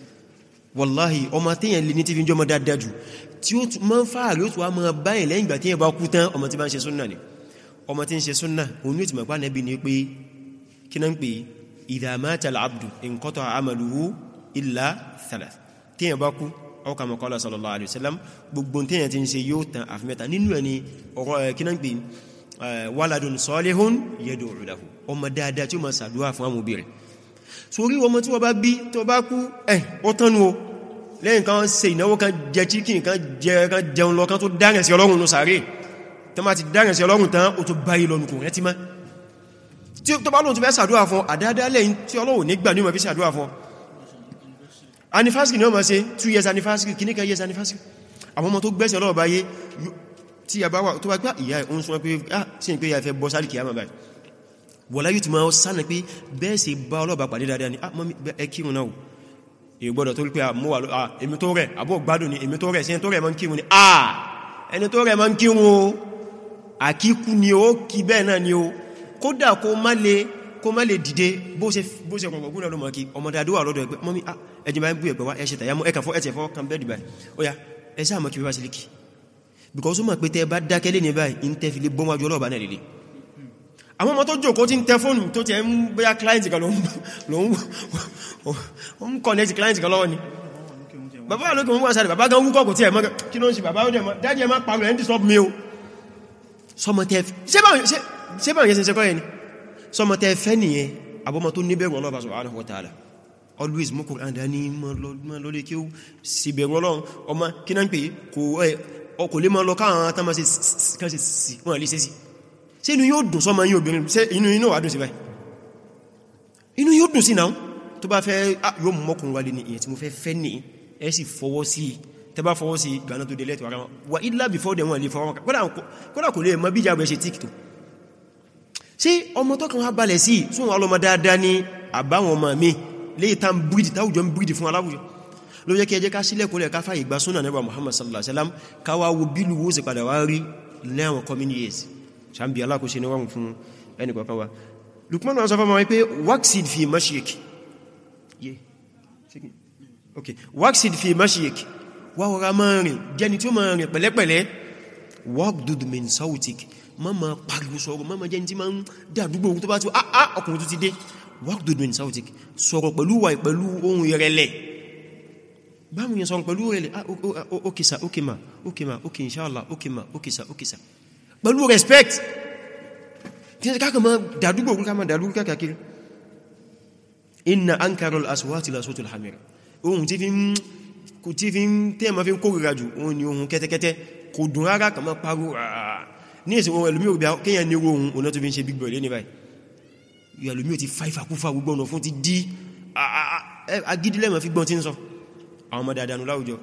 wàláhì ọmọ tíyàn lè ní tí fi jọmọ dáadáa jù tí ó ma ń fààrí ó tó wá mọ́ báyìí lẹ́yìn ìgbà tíyàn bá kú tán ọmọ tí bá ń ṣe súnnà ni ọmọ tí ń ṣe súnnà òun yóò ti mọ̀ pánẹ́bí ni pé kí náà ń pè idha mata al-abdu inqata amaluhu illa thalath tíyàn bá kú sórí ọmọ tí wọ́n bá bí tó bá kú ẹ̀ wọ́n tán nú o lẹ́yìn kan ṣe ìnáwó kan jẹ chicken kan jẹ kan jẹun lọ kan tó dárẹ̀ sí ọlọ́run ló sàárè tó má ti dárẹ̀ sí ọlọ́run tán ó tó bá ìlọ́nù kò rẹ́ ti má tí tó bá lóun tó fẹ́ sàdúwà fún àdádálẹ̀ tí ọlọ́run nígbà ní ọmọ fi sàdúwà fún anniversary ni wọ́n máa ṣe two years anniversary kìíní kan years anniversary àwọn ọmọ tó gbẹ́sẹ̀ ọlọ́run báyé tí a bá wà tó bá gbá ìyá ẹ̀ ń sọ pé ah sí ìpé ìyá ẹ̀ fẹ́ bọ́ sálì kìí wọ̀lá yóò ti máa sánà pé bẹ́ẹ̀ sì bá ọlọ́bàá pàdé dáadáa ni ah, ẹ kírun náà ìgbọ́dọ̀ tó rí pé àmúwà ah, ah, èmi tó rẹ̀ àbọ̀ gbádùn ni èmi tó rẹ̀ sí ẹni tó rẹ̀ máa ń kírun ni àà ẹni tó rẹ̀ máa ń kírun o àkíkú ni ó kí bẹ́ẹ̀ náà ni o kódà kó má lè kó má lè dìde bó ṣe kọ̀ọ̀kọ̀ gúnlẹ̀ ló mọ̀ kí ọmọdé adúwà lọ́dọ̀ ẹgbẹ́ mọ́mí ẹjìn máa ń bú ẹgbẹ́ wá ẹṣẹ́ tàyámọ́ ẹkà fọ́ ẹ̀tẹ̀ fọ́ kan bẹ́ẹ̀ dìbà ó ẹṣẹ́ àmọ́ kí bí sí líkì because ó mọ̀ pé tẹ bá dákẹ́lé ní báyìí ń tẹ́ fi lé bọ́nwájú ọlọ́ọ̀bá náà lélẹ̀ àwọn ọmọ tó jòkó tí ń tẹ fóònù tó ti ẹ ń bóyá client kan ló ń connect client kan lọ́wọ́ ni bàbá alókè wọ́n wọ́n sáré bàbá gan wúkọ́ kò tí ẹ mọ́ kí ló ń ṣe bàbá dájí ẹ má pàrọ̀ ẹ́ ń disturb mi o sọmọ tẹ ṣe báwọn yẹsẹ̀ sẹ́kọ́ yẹn ni sọmọ tẹ fẹ́ nìyẹn abọ́mọ tó níbẹ̀rù Ọlọ́run subhanahu wa ta'ala always mú Kùránì dání mọ́ lórí kí ó sì bẹ̀rù Ọlọ́run ọmọ kí náà ń pè kò lè mọ́ lọ káwọn tán máa ṣe sí wọ́n lè ṣe sí ṣé inú yóò dùn sọ́mọ yín obìnrin ṣé inú inú wà dùn sí báyìí inú yóò dùn sí náà tó bá fẹ́ yóò mú mọ́kùnrin wálé ní ìyẹn tí mo fẹ́ fẹ́ ní ẹ sì fọwọ́ sí i tẹ bá fọwọ́ sí ìgbàna tó délẹ̀ tó ara wọn wà ilá bí fọ́dẹ̀ wọn lè fọwọ́ kọ́dà kò lè mọ bí ìjàbẹ̀ ṣe tíkì tó ṣe ọmọ tọ́kàn wá balẹ̀ sí fún ọlọ́mọ dáadáa ní àbáwọn ọmọ mi léyìí tán bíìdì táwùjọ ń bíìdì fún aláwùjọ ló jẹ́ kí ẹjẹ́ ká sílẹ̀kùnlẹ̀ ká fàyè gba súnà nẹ́bà Muhammad sallallahu alaihi wasallam ká wá wo bílù wó sì padà wá rí lẹ́wọ̀n coming years ṣàbí alákòóṣe ní wọ́n fún ẹni kọ̀ọ̀kan wa Lukman wọ́n sọ fọ́mọ́ wípé waxid fi mashiyik okay waxid fi mashiyik wà wọ́ra máa rìn jẹni tí ó máa rìn pẹ̀lẹ́pẹ̀lẹ́ waqdud min sautik ma ma pariwo sọ̀rọ̀ ma ma jẹni tí ma ń dàdúgbò tó bá tí ó á ọkùnrin tó ti dé waqdud min sautik sọ̀rọ̀ pẹ̀lú wà pẹ̀lú ohun ìrẹ̀lẹ̀ báwọn pẹ̀lú respect tí ó káàkiri máa dàdúgbò kúrò máa dàdúgbò káàkiri inna ankarol aswati laswatul hamir ohun tí fi ń tẹ́ ma fi ń kórìíra jù ohun ni ohun kẹ́tẹ́kẹ́tẹ́ kò dùn rárá kà máa parú ní èsì ohun ẹlòmí òbí kíyàn ní ohun ọ̀nà tó fi ń ṣe big boy lé ní báyìí ẹlòmí ò ti fáìfà kúfà gbogbo ọ̀nà fún ti di agídílẹ̀ ma fi gbọ́n tí ń sọ àwọn ọmọ dáadáa nù láwùjọ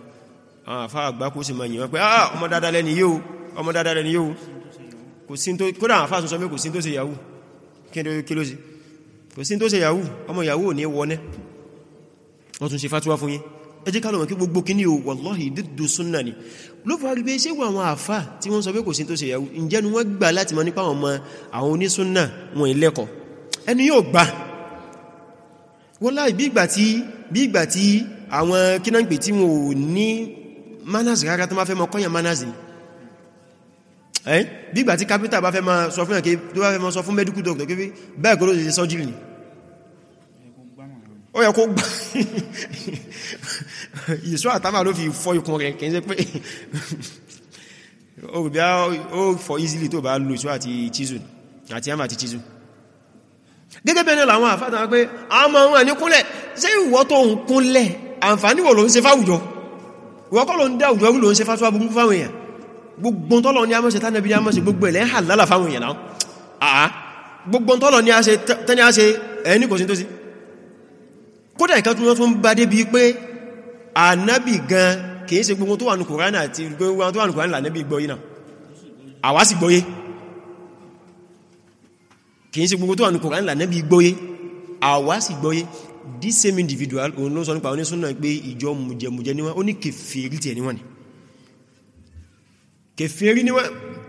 àwọn àfáà gbákó sì ma yìí wọ́n pé ọmọ dáadáa lẹ́ni yóò ọmọ dáadáa lẹ́ni yóò kò sí tó kódà àwọn fásún sọ mé kò sí tó ṣe yahoo kí gbogbo kí ní o wallahi dídò súnnà ni ló fà rí pé ṣé wà àwọn àfà tí wọ́n sọ pé kò sí tó ṣe yahoo ǹjẹ́ ni wọ́n gbà láti mọ̀ nípa ọmọ àwọn onísúnnà wọn ilẹ́kọ̀ ẹni yóò gbà wallahi bí ìgbà tí bí ìgbà tí àwọn kínàǹgbè tí wọn ò ní manners rárá tó máa ẹ́yìn bí ìgbà tí kápítà bá fẹ́ máa sọ fún ẹ̀kẹ́ tó bá fẹ́ máa sọ fún medical doctor kí bẹ́ẹ̀ kó ló ṣe surgery ni ó yẹ kó gbá ìṣọ́ àtàmà ló fi fọ́ ikùn rẹ̀ kìí ṣe pé ó rùbí ó fọ́ easily tó bá lò ìṣọ́ àti chisel àti hammer àti chisel gẹ́gẹ́ bẹ́ẹ̀ náà làwọn àfáàtà pé àmọ́ wọn ní kúnlẹ̀ ṣé ìwọ tó ń kúnlẹ̀ àǹfààní wo ló ń ṣe fáwùjọ ìwọ kọ́ ló ń dá àwùjọ ló ń ṣe fáwùjọ gbogbo tọ́lọ ní a mọ́ ṣe tánàbí ní a mọ́ ṣe gbogbo ẹ̀lẹ́ hàlálà fáwọn èèyàn náà gbogbo tọ́lọ ní a ṣe tẹ́ni a ṣe ẹni kò sí tó sí kódà ìkan tó tún bá débi pé ànábì gan kìí ṣe gbogbo tó wà ní Kùránì àti gbogbo tó wà ní Kùránì lànàbì gbọ́yé náà this same individual òun ló sọ nípa onísúnnà pé ìjọ mùjẹmùjẹ níwọ́n ó ní kèfèrí tiẹ̀ níwọ́n ni kèfèrí ni wọ́n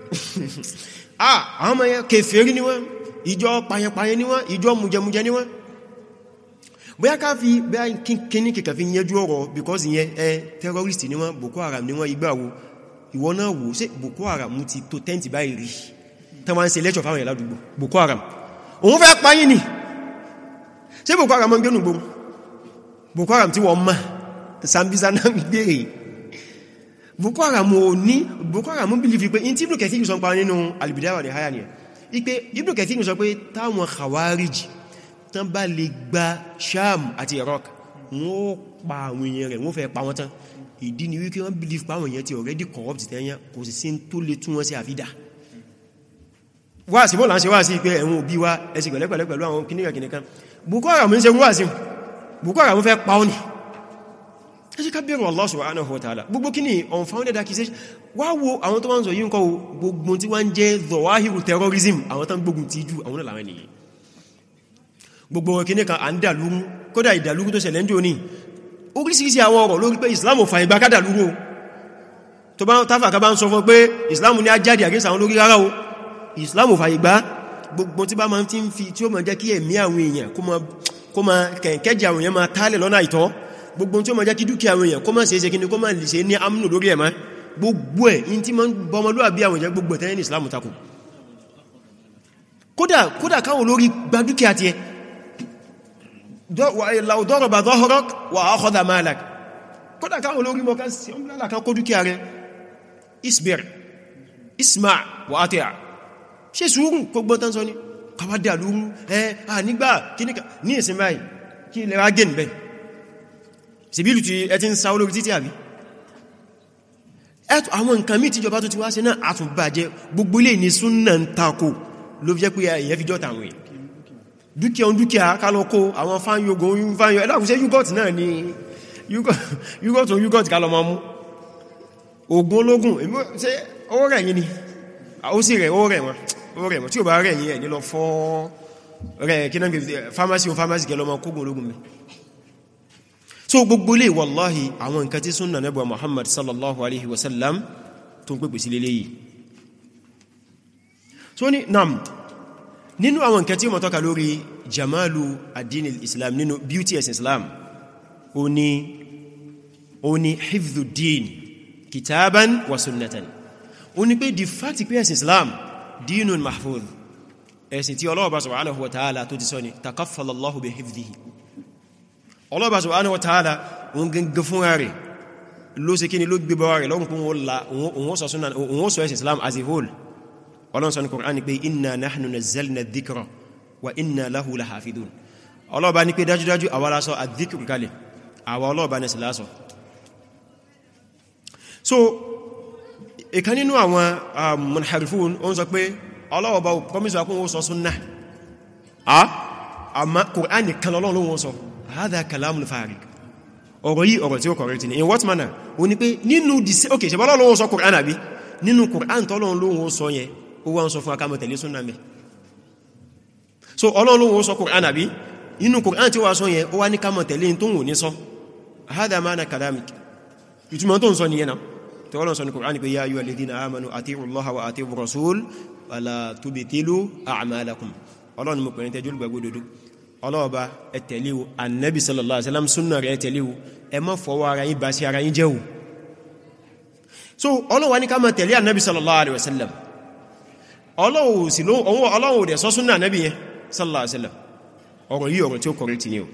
ah àwọn ọmọ yẹn kèfèrí ni wọ́n ìjọ payanpayan ni wọ́n ìjọ mujẹmujẹ ni wọ́n bóyá ká fi bóyá kíní kìkà fi yẹjú ọ̀rọ̀ because ìyẹn ẹ terrorist ni wọ́n Boko Haram ni wọ́n ìgbàwo ìwọ náà wò ṣé Boko Haram ti tó tẹ́ǹtì báyìí rí tán wá ń ṣe lẹ́tọ̀ fáwọn ni ṣé Boko Haram ń gbénú gbogbo Boko Haram tí wọ́n mọ́ Boko Haram ò ní Boko Haram believe pé in tí Ibn Kathir sọ pa nínú al wa nihaya ni ipe Ibn Kathir sọ pé táwọn Khawarij tán bá lè gba Sham àti Iraq wọ́n pa àwọn èèyàn rẹ̀ wọ́n fẹ́ pa wọ́n tán ìdí ni wípé wọ́n believe pa àwọn èèyàn ti already corrupt tẹ́yàn kò sì sí tó lè tún wọn sí àfídà wáàsí bọ́ọ̀lá ń ṣe wáàsí pé ẹ̀wọ̀n òbí wa ẹ̀sì pẹ̀lẹ́pẹ̀lẹ́ pẹ̀lú àwọn kìnnìkan kìnnìkan Boko Haram ń ṣe wáàsí Boko Haram fẹ́ pa ọ́ ẹjẹ́ ká bẹ̀rù Allah subhanahu wa ta'ala gbogbo kí ni unfounded accusation wá wo àwọn tó wá ń sọ yí ń kọ́ gbogbo tí wá ń jẹ́ zawahiru terrorism àwọn tán gbogbo ti jù àwọn láwọn ènìyàn gbogbo kí ní kan à ń dàlúrú kódà ìdàlúrú tó ṣẹlẹ̀ ń jò Islam ò fa ìgbà kádàlúrú tó bá táfà Islam ní ajáde àgẹ́sì àwọn lórí Islam ò fa ìgbà gbogbo tí bá máa ti ń fi tí ó máa jẹ́ kí gbogbo tí ó ma jẹ́ kí dúkìá àwọn èèyàn kó má ṣeéṣe kí ní kó má lè ṣe ní amúnù lórí ẹ̀mọ́ gbogbo ẹ̀ in tí ma ń bọmọlúwàbí àwọn èèyàn gbogbo tẹ́yìn Islam takò kódà kódà káwọn olórí gba dúkìá tiẹ̀ eh, law daraba dhahrak wa akhadha malak kódà káwọn olórí mọ́ kan sí ọmọlá kan kó dúkìá isma wa atia ṣe sùúrù kó gbọ́ tán sọ ni kàwádà lóru ẹ à kí ní ìsinmi báyìí kí ṣe bí lùtí ẹ ti ń sa olórí títí àbí ẹ̀tù àwọn nǹkan míì tíjọba tó ti wá ṣe náà àtúnbàjẹ́ gbogbo ilé ní súnnà ń takò ló fi jẹ́ pé ẹ̀yẹ́ fi jọta àwọn èèyàn dúkìá ń dúkìá kálọ́kó àwọn fáyọgọ ni yúgọ́tì oyún yúgọ́tì kálọ ma mú ogun ológun ṣe owó rẹ̀ yìí ni ó sì rẹ̀ owó rẹ̀ wọn owó rẹ̀ wọn tí ò bá pharmacy pharmacy kẹ lọ ma so gbogbo lè wallahi àwọn nǹkan tí súnnà nẹ́bọ̀ Muhammad sallallahu alaihi wasallam tó ń pèpè sí lélé yìí so ni nam nínú àwọn nǹkan tí ó mọ̀tọ́ka lórí jamalu adini islam nínú beauty as islam ó ní ó ní hifdhu din kitaban wa sunnatan ó ní pé di fact pé as islam dinun mahfuz ẹ̀sìn tí Ọlọ́hun Allah subhanahu wa ta'ala òun gẹ́gẹ́ fún rẹ̀ ló se kí ni ló gbébọ́ rẹ̀ lọ́nkún òun sọ ẹ̀sìn Islam as a whole Allah sọ ní Qur'an ni pé inna nahnu nazzalna dhikra wa inna lahu lahafidun Allah bá ní pé dájúdájú àwa so ìkan nínú àwọn munharifun ó ń sọ pé Allah bá promise akún ó sọ sunnah ah àmá nìkan lọ́lọ́run wọ́n sọ هذا كلام فارغ ọ̀rọ̀ yìí ọ̀rọ̀ tí ó correct ni in what manner ó ní pé nínú dìsí ok ṣe bọ́lọ́ lóòun sọ Qur'an àbí nínú Qur'an tọ́lọ́un lóòun sọ yẹn fún so Ọlọ́run lóòun sọ Qur'an àbí nínú Qur'an tí ó wá sọ yẹn ó wá ní kámọ̀ tẹ̀lé tó wù ní sọ hada mana kalamik ìtumọ̀ tó ń sọ nìyẹn náà tí Ọlọ́run sọ ní Qur'an pé ọlọ́ọ̀ba ẹ tẹ̀lé o annabi sallallahu alaihi wasallam súnà rẹ̀ ẹ tẹ̀lé o ẹ má fọwọ́ ara so ọlọ́wà ní ká má tẹ̀lé annabi sallallahu alaihi wasallam ọlọ́wò sí ló ọwọ́ ọlọ́wò dẹ̀ sọ súnà annabi yẹn sallallahu alaihi wasallam ọ̀rọ̀ yìí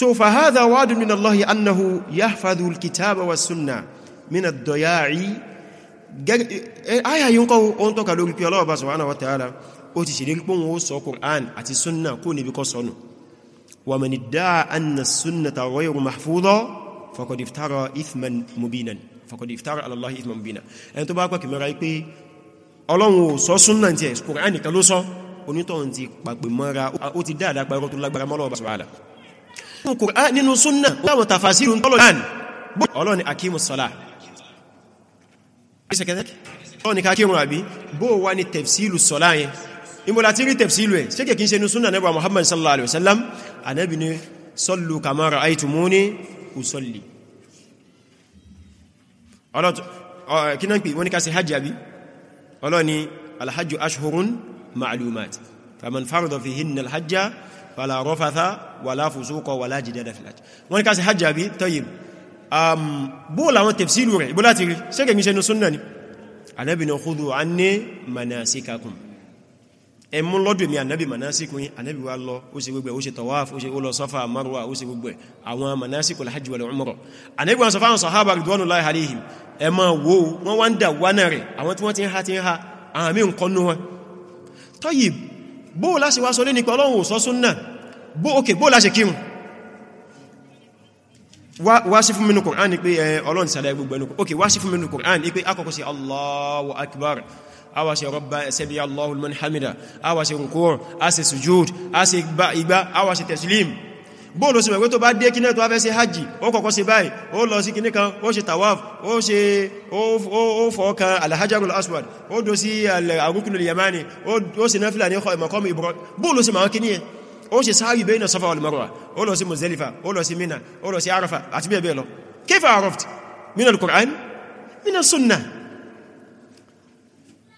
so fa hadha wa'dun min Allahi annahu yahfadhu al-kitaba wa sunna min ad-daya'i aya yìí ń kọ́ ohun tọ́ka lórí pé ọlọ́ọ̀ba subhanahu wa ta'ala ó ti ṣèlérí pé wọn ó sọ Qur'an àti sunna kó níbi kọ́ sọnù wa man idda'a anna sunnata ghayru mahfudha faqad iftara ithman mubinan faqad iftara ala Allahi ithman mubinan ẹni tó bá pàkì mẹ́ra pé ọlọ́run ò sọ sunna ti súnnà láwọn tàfàsírù tọ́lọ̀dán ọlọ́ni akímù sọ́lá ọlọ́ni kakímù àbí bó wá ní tẹ̀fsílù sọ́lá ìmọ̀lá tí rí tẹ̀fsílù ẹ̀ ṣe kèkí ṣe ní súnà nẹ́bà Muhammad sallallahu alaihi wasallam anẹ́bì ni sọ́lù kàmàrà aitumuni usolli kí náà pè wọ́n ni ká ṣe hajji àbí ọlọ́ni alhajju ashhurun ma'lumat faman farada fihinna alhajja fala rafatha wala fusuqa wala jidala fil bóòlà wọn tẹ̀fsílù rẹ̀ ìbólá ti rí ṣe kèkí ṣe ní súnà ni anẹ́bì ni khudhu anni manasikakum ẹmú lọ́dọ̀ mi ànábì manásíkù yí ànábì wa lọ ó ṣe gbogbo ó ṣe tawaf ó ṣe ó lọ sọ́fà marwa ó ṣe gbogbo àwọn manásíkù alhajj wal umra ànábì wọn sọfà àwọn sahaba ridwanullahi alaihim ẹ ma wo wọn wá ń dà wánà rẹ̀ àwọn tí wọ́n ti ń ha ti ń ha àwọn mí wọn tọ́yì bóò láṣe wá sọ lé nípa ọlọ́run ò sọ súnnà bó òkè bóò láṣe kírun wá sí fún mínú Kùrán ní pé ọlọ́run sàlẹ̀ gbogbo ẹnukù ok wá sí fún mínú Kùrán ní pé akọ́kọ́ sí Allahu Akbar a wá sí Rabbana sami'a Allahu liman hamida a wá sí rùkúrù a sí sujúd a sí igbá a wá sí tẹ̀sílìm bóòlù sí mẹ́gbẹ́ tó bá dé kínẹ́ tó wá fẹ́ sí hajji ó kọ́kọ́ sí báyìí ó lọ sí kíní kan ó ṣe tawaf ó ṣe ó fọ́ kan alhajarul aswad ó dó sí al yamani ó sì náfìlà ní ọkọ̀ ìmọ̀kọ́mù Ibrahim bóòlù sí mẹ́gbẹ́ kíní ó ṣe sáàrì bẹ́ iná Safa wal Marwa ó lọ sí Muzdalifa ó lọ sí Mina ó lọ sí Arafa àti bẹ́ẹ̀ bẹ́ẹ̀ lọ kayfa arafta min al-Qur'an min as-sunnah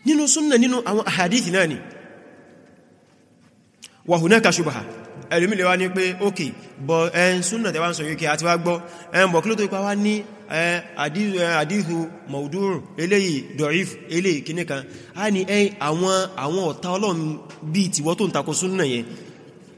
nínú súnnà nínú àwọn àhàdìtì náà ni wa hunaka shubha ẹlùmí lè wá ní pé ókè bọ̀ ẹn súnnà tẹwà ń sọ yókè àti wá gbọ́ ẹn bọ̀ kí ló tó ipa wá ní àdíhù maudur eléyìí dọ̀ríf eléyìí kìníkan a ní ẹn àwọn ọ̀tá Ọlọ́run bí tiwọ́ tó ń takò súnnà yẹn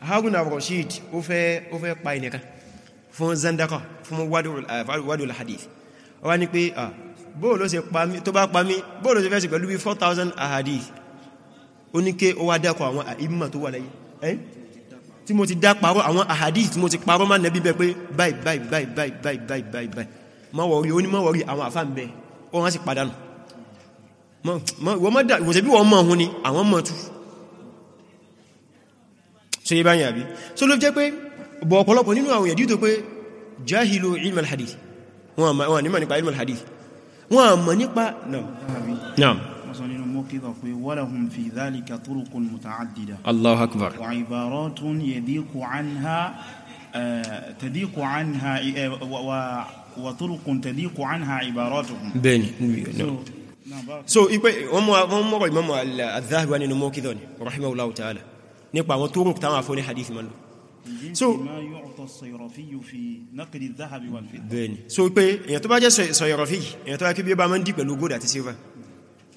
harun al-rashid ó fẹ́ pa ẹnìkan fún zandaka fún wádùl eh, hadith wá ní pé ah, bóòlò ṣe pa mí tó bá pa mí bóòlò ṣe fẹ́ sí pẹ̀lú bí 4,000 ahadith ó ní ké ó wá dákọ̀ àwọn àìmọ̀ tó wà láyé tí mo ti dá parọ́ àwọn ahadith tí mo ti parọ́ má nẹ́bí bẹ pé báyìí báyìí báyìí báyìí báyìí báyìí báyìí má wọ̀rí ó ní má wọ̀rí so yẹ báyìí àbí so ló jẹ́ pé bọ̀ ọ̀pọ̀lọpọ̀ nínú àwọn yẹ̀dí tó pé jahilu ilmal hadith wọn àmà nípa nípa ilmal hadith wọn àmà nípa naam ولهم في ذلك طرق متعددة الله أكبر وعبارات يضيق عنها تضيق عنها وطرق تضيق عنها عباراتهم بين so ipe wọn mọ́ ọ̀rọ̀ Imam al-Dhahabi nínú mọ́kídọ̀ ni rahimahullahu ta'ala nípa àwọn tó rùn táwọn afọ́ ní hadith ma so bẹ́ẹ̀ni so pé èyàn tó bá jẹ́ sọ̀yọ̀rọ̀fí èyàn tó bá kí bí ó bá máa ń dì pẹ̀lú gold àti silver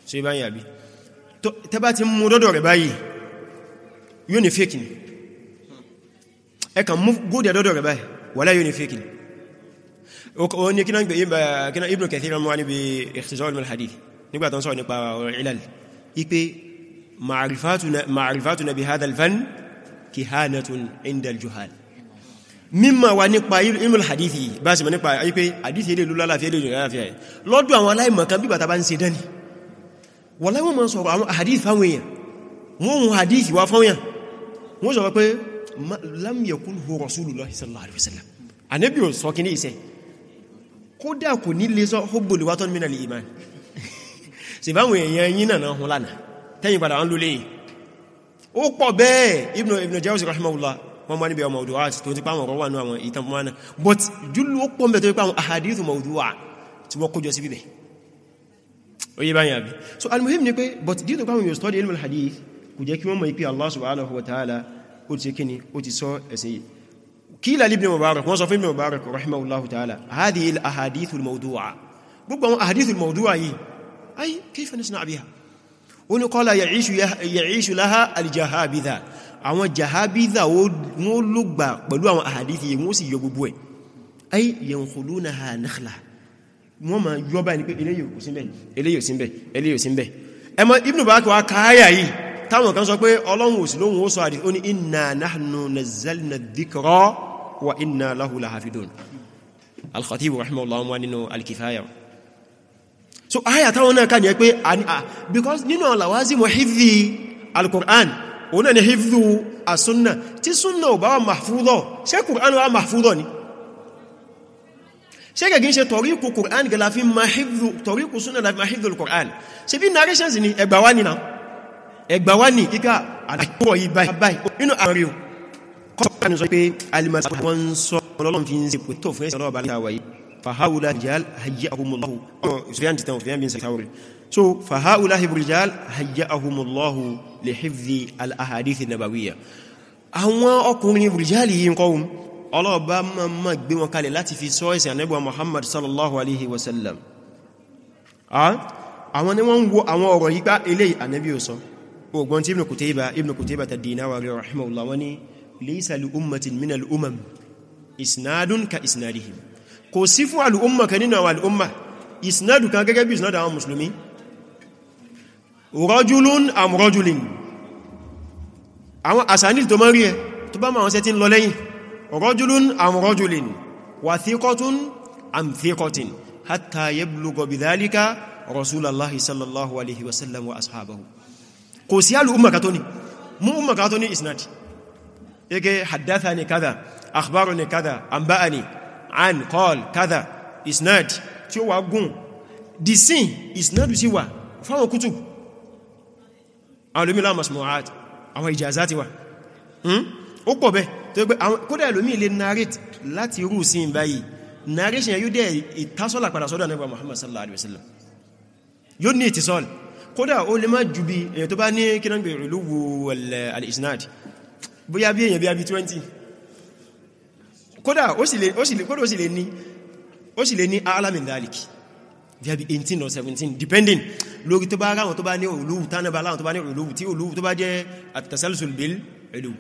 so ibá yàbí tẹ́ bá ti mú dọ́dọ̀ rẹ̀ báyìí yóò ní fake ni ẹ kàn mú gold dọ́dọ̀ rẹ̀ báyìí wà láyé yóò ní fake ni o ní kíná Ibn Kathir mú níbi Ikhtisar معرفتنا معرفتنا بهذا الفن كهانة عند الجهال mímọ̀ wa nípa ilmul hadithi bá sì mọ̀ nípa ayípe hadithi ilé ìlú lálàáfíà ilé ìlú lálàáfíà ẹ̀ lọ́dọ̀ àwọn aláìmọ̀kan bí bàtà bá ń ṣe dání wọ́n láwọn mọ́ sọ̀rọ̀ àwọn hadith fáwọn èèyàn wọ́n hun hadith wá fáwọn èèyàn wọ́n sọ̀rọ̀ pé lam yakunhu rasulullah sallallahu alaihi wasallam ànábì ò sọ kíní iṣẹ́ kódà kò tẹ́yìn padà ń lólé ó pọ̀ bẹ́ẹ̀ ibnu ibnu Jawzi rahimahullah wọ́n mọ́ níbi ọmọ òdúwà tí ó ti pàwọn ọ̀rọ̀ wà ní àwọn ìtàn fún but jùlọ ó pọ̀ mẹ́tọ́ pàwọn ahadithu mawdu'a tí wọ́n kójọ sí ó yé báyìí àbí so al-muhim ni pé but dìtò pàwọn yóò study ilmu al-hadith kò jẹ́ kí wọ́n mọ̀ ipi Allah subhanahu wa ta'ala ó ti kíni ó ti sọ ẹ̀sìn yìí kíla libni mubarak wọ́n sọ fún ibn mubarak rahimahullahu ta'ala hadhihi al-ahadithu al ó ní kọ́lá ya'ishu láha aljahabitha àwọn jahabitha wọ́n lùgbà pẹ̀lú àwọn àhàdìtì yìí wọ́n sì yọ gbogbo ẹ̀ ay yankhulunaha nakhla wọ́n ma yọ bá ní pé eléyìí ò sínbẹ̀ eléyìí ò sínbẹ̀ eléyìí ò sínbẹ̀ ẹmọ Ibn Barak wá káyà yìí táwọn kan sọ pé ọlọ́run al-Khatib rahimahullah wa nínú al-Kifaya so aya táwọn náà ká ní ẹ because nínú àlàwází mọ̀ hifzi al-Qur'an òun náà ni hifzi as-sunna tí sunna ò bá wà mahfúdọ̀ ṣe Qur'an wà mahfúdọ̀ ni ṣe gẹ̀gẹ́ ṣe tọ̀ríkù Qur'an gẹ̀lá fi ma hifzi tọ̀ríkù sunna la fi ma hifzi al-Qur'an ṣe bí narrations ni ẹgbàwá ni na ẹgbàwá ni kíkà àdàkọ́ yìí báyìí nínú àmàrí kọ́ فهؤلاء الرجال هيأهم الله سفيان تتاو سفيان بن سكاوري so فهؤلاء الرجال هيأهم الله لحفظ الأحاديث النبوية àwọn ọkùnrin rìjálì yìí kọ́wùn ọlọ́ọ̀bá máa ma gbé wọn kalẹ̀ láti fi sọ ẹ̀sìn ànẹ́bọ̀ Muhammad sallallahu alaihi wasallam àwọn ni wọ́n ń wo àwọn ọ̀rọ̀ yìí pá ilé ànẹ́bí ò sọ ogun tí Ibn Kutayba Ibn Kutayba ad-Dinawi rahimahullah wani laysa li ummatin min al-umam isnadun ka isnadihim kò sí fún al'umma kan nínú àwọn al'umma isnadu kan gẹ́gẹ́ bí isnadu àwọn musulmi rọ́júlún àmúrọ́júlín àwọn asanil tó mọ́rí ẹ tó bá máa ṣe tí ń lọ lẹ́yìn rọ́júlún àmúrọ́júlín wà thíkọtún àmthíkọtín hatta yablugha bidhalika rasulallahi sallallahu alaihi wasallam wa ashabahu kò sí al'umma ka tó ní mú umma ka tó an qal kadha isnad tí ó wà gùn the sin isnad sí wà fáwọn kútù àwọn olómi láàmà smu'at àwọn ijazati wà hmm? ó pọ̀ bẹ́ tó gbé kódà olómi ilé narrate láti rú sí báyìí narration yóò dẹ̀ ìtásọ́lá padà sọ́dọ̀ Ànábì Muhammad sallallahu alaihi wasallam yóò ní ìtìsọ́lá kódà ó lè má jù bí èyàn tó bá ní kí náà gbèrè lówó al-isnad bóyá bí èyàn bí i 20 kódà ó sì lè ó sì lè kódà ó sì lè ní ó sì lè ní alamin dalik there be 18 or 17 depending lórí tó bá ráwọn tó bá ní olówù tánàbà láwọn tó bá ní olówù tí olówù tó bá jẹ́ àtàsálùsùl bil olówù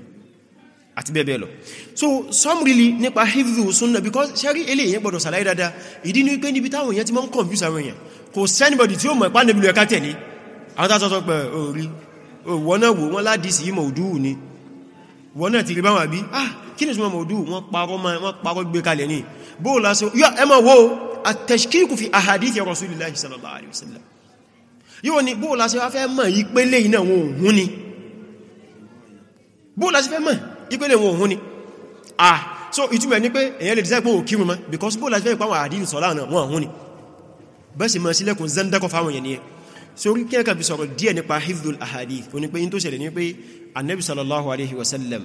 àti bẹ́ẹ̀bẹ́ẹ̀ lọ so summarily nípa hifdhu sunna because ṣẹ́rí ilé èyàn gbọdọ̀ sàlàyé dáadáa ìdí ní pé níbi táwọn èyàn ti mọ́ ń confuse àwọn èyàn kò sẹ́nibọ̀dì tí ó mọ̀ ìpánibí lọ ẹ̀ká tẹ̀lé wọ́n náà wọ́n ládìí sí ìmọ̀ òdúwù ni wọ́n náà ti rí báwọn àbí ah kí ni súnmọ́ mọ̀dú wọ́n parọ́ ma wọ́n parọ́ gbé kalẹ̀ ní bóòlá sí yọ ẹmọ wo àtẹ̀ṣkíkù fi àhàdíkì Rasulullahi sallallahu alaihi wasallam yóò ní bóòlá sí fẹ́ mọ̀ ìpele iná wọn òhun ni bóòlá sí fẹ́ mọ̀ so ìtumọ̀ ní pé èyàn lè dìsẹ́ pé òkí because bóòlá sí fẹ́ pàwọn àdínì sọ́lá náà wọn òhun ni bẹ́ẹ̀ sì mọ́ sílẹ̀kùn zandakọ fáwọn yẹn ni kí ẹ̀kà fi sọ̀rọ̀ díẹ̀ nípa hifdul ahadith oní pé in tó ṣẹlẹ̀ ní pé annabi sallallahu alaihi wasallam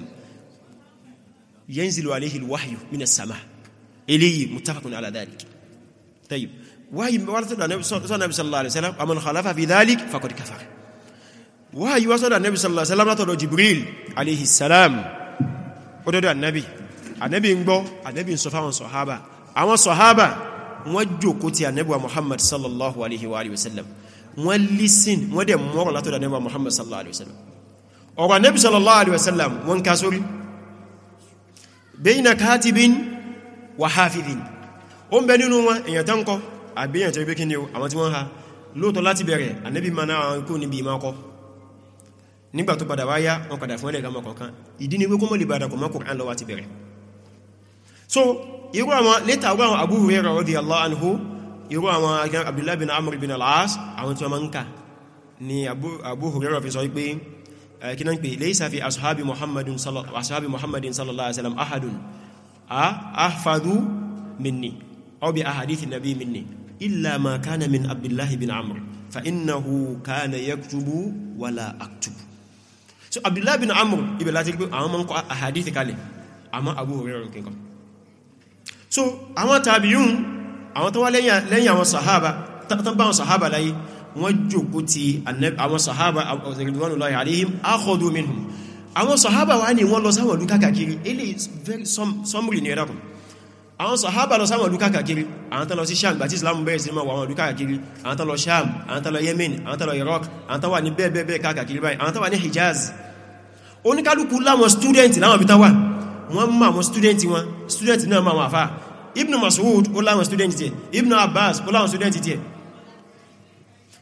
yanzilu alayhi alwahyu min as-sama ilayhi muttafaqun ala dhalik tayyib wahyi warata nabi sallallahu alayhi wasallam aman khalafa fi dhalik faqad kafara wahyi wasala nabi sallallahu alayhi wasallam látọ̀dọ̀ jibril alayhi salam ododo annabi annabi ń gbọ́ annabi ń sọ fáwọn sahaba àwọn sahaba wọ́n jókòó ti annabi wa muhammad sallallahu alayhi wa alihi wasallam wọ́n listen wọ́n dẹ̀ moro látọ̀dọ̀ annabi wa muhammad sallallahu alayhi wasallam ọ̀rọ̀ annabi sallallahu alayhi wasallam wọ́n ka sórí bayna katibin wa hafidhin ó ń bẹ nínú wọn èyàn tán kọ́ àbíyàn tẹ́ gbékíní àwọn tí wọ́n ha lóòtọ́ láti bẹ̀rẹ̀ ànábì ma náà kó níbi ìmá ọkọ́ nígbà tó padà wáyá wọn padà fún ẹlẹ́gàmọ́ kọ̀ọ̀kan ìdí ni pé kó mọ́ lè ti bẹ̀rẹ̀ so irú àwọn létà Abu Hurairah radiyallahu anhu irú àwọn agan Abdullah bin Amr bin al-As àwọn tí wọ́n ni Abu Hurairah fi sọ pé Eh, kínan pé laysa fi ashabi muhammadin sallallahu alaihi wasallam ahadun a ahfadhu minni aw bi ahadithi nabi minni illa ma kana min abdullahi bin amr fa innahu kana yaktubu wala aktubu so abdullahi bin amr ibẹ̀ láti pé àwọn man ko ahadithi kalẹ̀ àmọ́ abu hurairah kin kan so àwọn tabi'un àwọn tó wà lẹ́yìn lẹ́yìn àwọn sahaba tan bá sahaba láyé wọ́n jòkó ti àwọn sahaba ridwanullahi alayhim akhadhu minhum àwọn sahaba wá ní wọ́n lọ sáwọn ìlú kákàkiri ilé sọmúrì ní ẹ̀dàkùn àwọn sahaba lọ sáwọn ìlú kákàkiri àwọn tán lọ sí sham gbàtí islam bẹ̀rẹ̀ sí ma wà àwọn ìlú kákàkiri àwọn tán lọ sham àwọn tán lọ yemen àwọn tán lọ iraq àwọn tán wà ní bẹ́ẹ̀bẹ́ẹ̀ kákàkiri báyìí àwọn tán wà ní hijaz oníkálukú láwọn student láwọn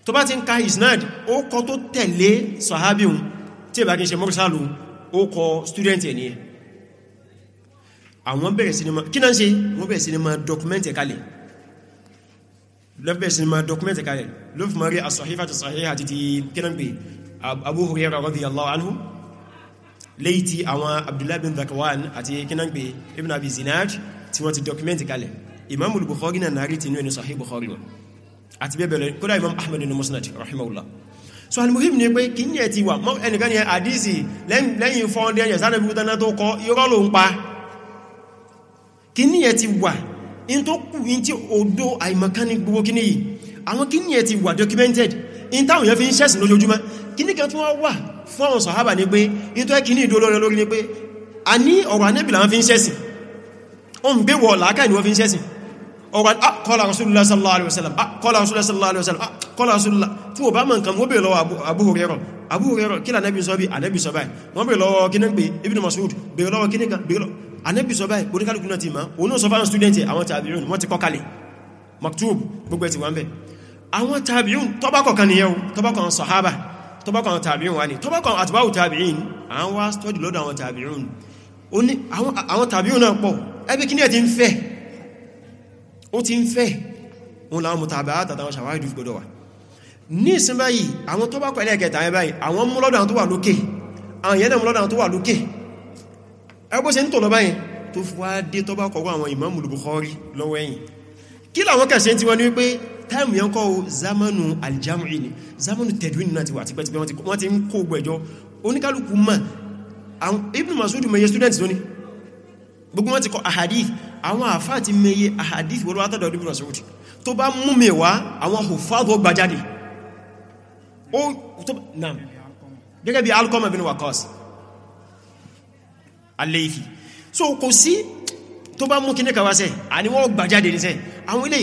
tó bá ti ń ka isnad ó kọ tó tẹ̀lé sahabiun tí ìbá kí n ṣe mọ́rúsálù ó kọ student ẹ̀ ní ẹ̀ àwọn bẹ̀rẹ̀ sinima kí náà ṣe wọ́n bẹ̀rẹ̀ sinima document ẹ̀ kalẹ̀ sinima document ẹ̀ ló fi mọ́rí as-sahiha tó ti kínan pé Abu Hurairah radiyallahu anhu léyìí ti àwọn Abdullah bin Dhakwan àti kínan Ibn Abi Zinad tí wọ́n ti document kalẹ̀ Imamul Bukhari náà náà rí tinú ẹni Sahih Bukhari wọn àti bẹ́bẹ̀rẹ̀ kódà imam ahmed ní musnad rahimahullah so almuhim ni pé kí ní ẹ̀tí wà mọ́ ẹnìkan ni àdísì lẹ́yìn 400 years sánàbí tánà tó kọ irọ́ ló ń pa kí ní ẹ̀tí wà in tó kù in tí odó àìmọ̀kání gbogbo kí ní yìí àwọn kí ní ẹ̀tí wà documented in táwọn yẹn fi ń ṣẹ̀sìn lójoojúmọ́ kí ní kan tí wọ́n wà ni pé in tó ẹkì ní ìdó lórí ni pé a ní ọ̀rọ̀ anẹ́bìlà wọn fi ń ṣẹ̀sìn gbé wọ̀ làákà ni fi ń ṣẹ̀sìn ọ̀rọ̀ kọ́lá ah, rasulullah sallallahu alaihi wasallam kọ́lá ah, rasulullah sallallahu alaihi wasallam kọ́lá ah, rasulullah tí wọ́n bá mọ̀ nǹkan wọ́n bèèrè lọ́wọ́ Abu Hurairah Abu Hurairah kí lànẹ́bí sọ bí ànẹ́bí sọ báyìí wọ́n bèèrè lọ́wọ́ kíní pé Ibn Mas'ud bèèrè lọ́wọ́ kíní kan bèèrè ànẹ́bí sọ báyìí oníkálùkù náà ti ma òun náà sọ fáwọn student àwọn tàbíyún wọ́n ti kọ́kalẹ̀ maktub gbogbo ẹ̀ ti wà ń bẹ̀ àwọn tàbíyún tọ́bákọ̀ kan nìyẹn tọ́bákọ̀ àwọn sahaba tọ́bákọ̀ àwọn tàbíyún wà ní tọ́bákọ̀ àtibáwò tàbíyún àwọn wá stọ́dì lọ́dọ̀ àwọn tàbíyún àwọn tàbíyún náà pọ̀ ẹbí kíní ẹ̀ ti ń fẹ́ ó ti ń fẹ́ òun làwọn mọ̀tàbà àtàtàwọn ṣàwárí gbọdọ̀ wà ní ìsin báyìí àwọn tó bá pẹ̀lẹ̀ ẹ̀kẹta ẹ báyìí àwọn múlọ́dọ̀ àwọn tó wà lókè àwọn yẹ́nà múlọ́dọ̀ àwọn tó wà lókè ẹgbó se ń tò lọ báyìí tó zamanu aljam'i zamanu tedwin náà ti wà tipẹ́tipẹ́ wọ́n ti ń kó gbẹ̀jọ oníkálukú mọ̀ Ibn Mas'ud mẹ́yẹ student gbogbo wọn ti kọ ahadith àwọn àfá ti meye ahadith wọ́n látọ̀dọ̀ Ibn Mas'ud tó bá mú mẹ́wàá àwọn hufadh gbà jáde gẹ́gẹ́ bí Alqama bin Waqqas al-Laythi so kò sí tó bá mú kíní kawasẹ́ àníwọ́ gbà jáde ní sẹ́ àwọn ilé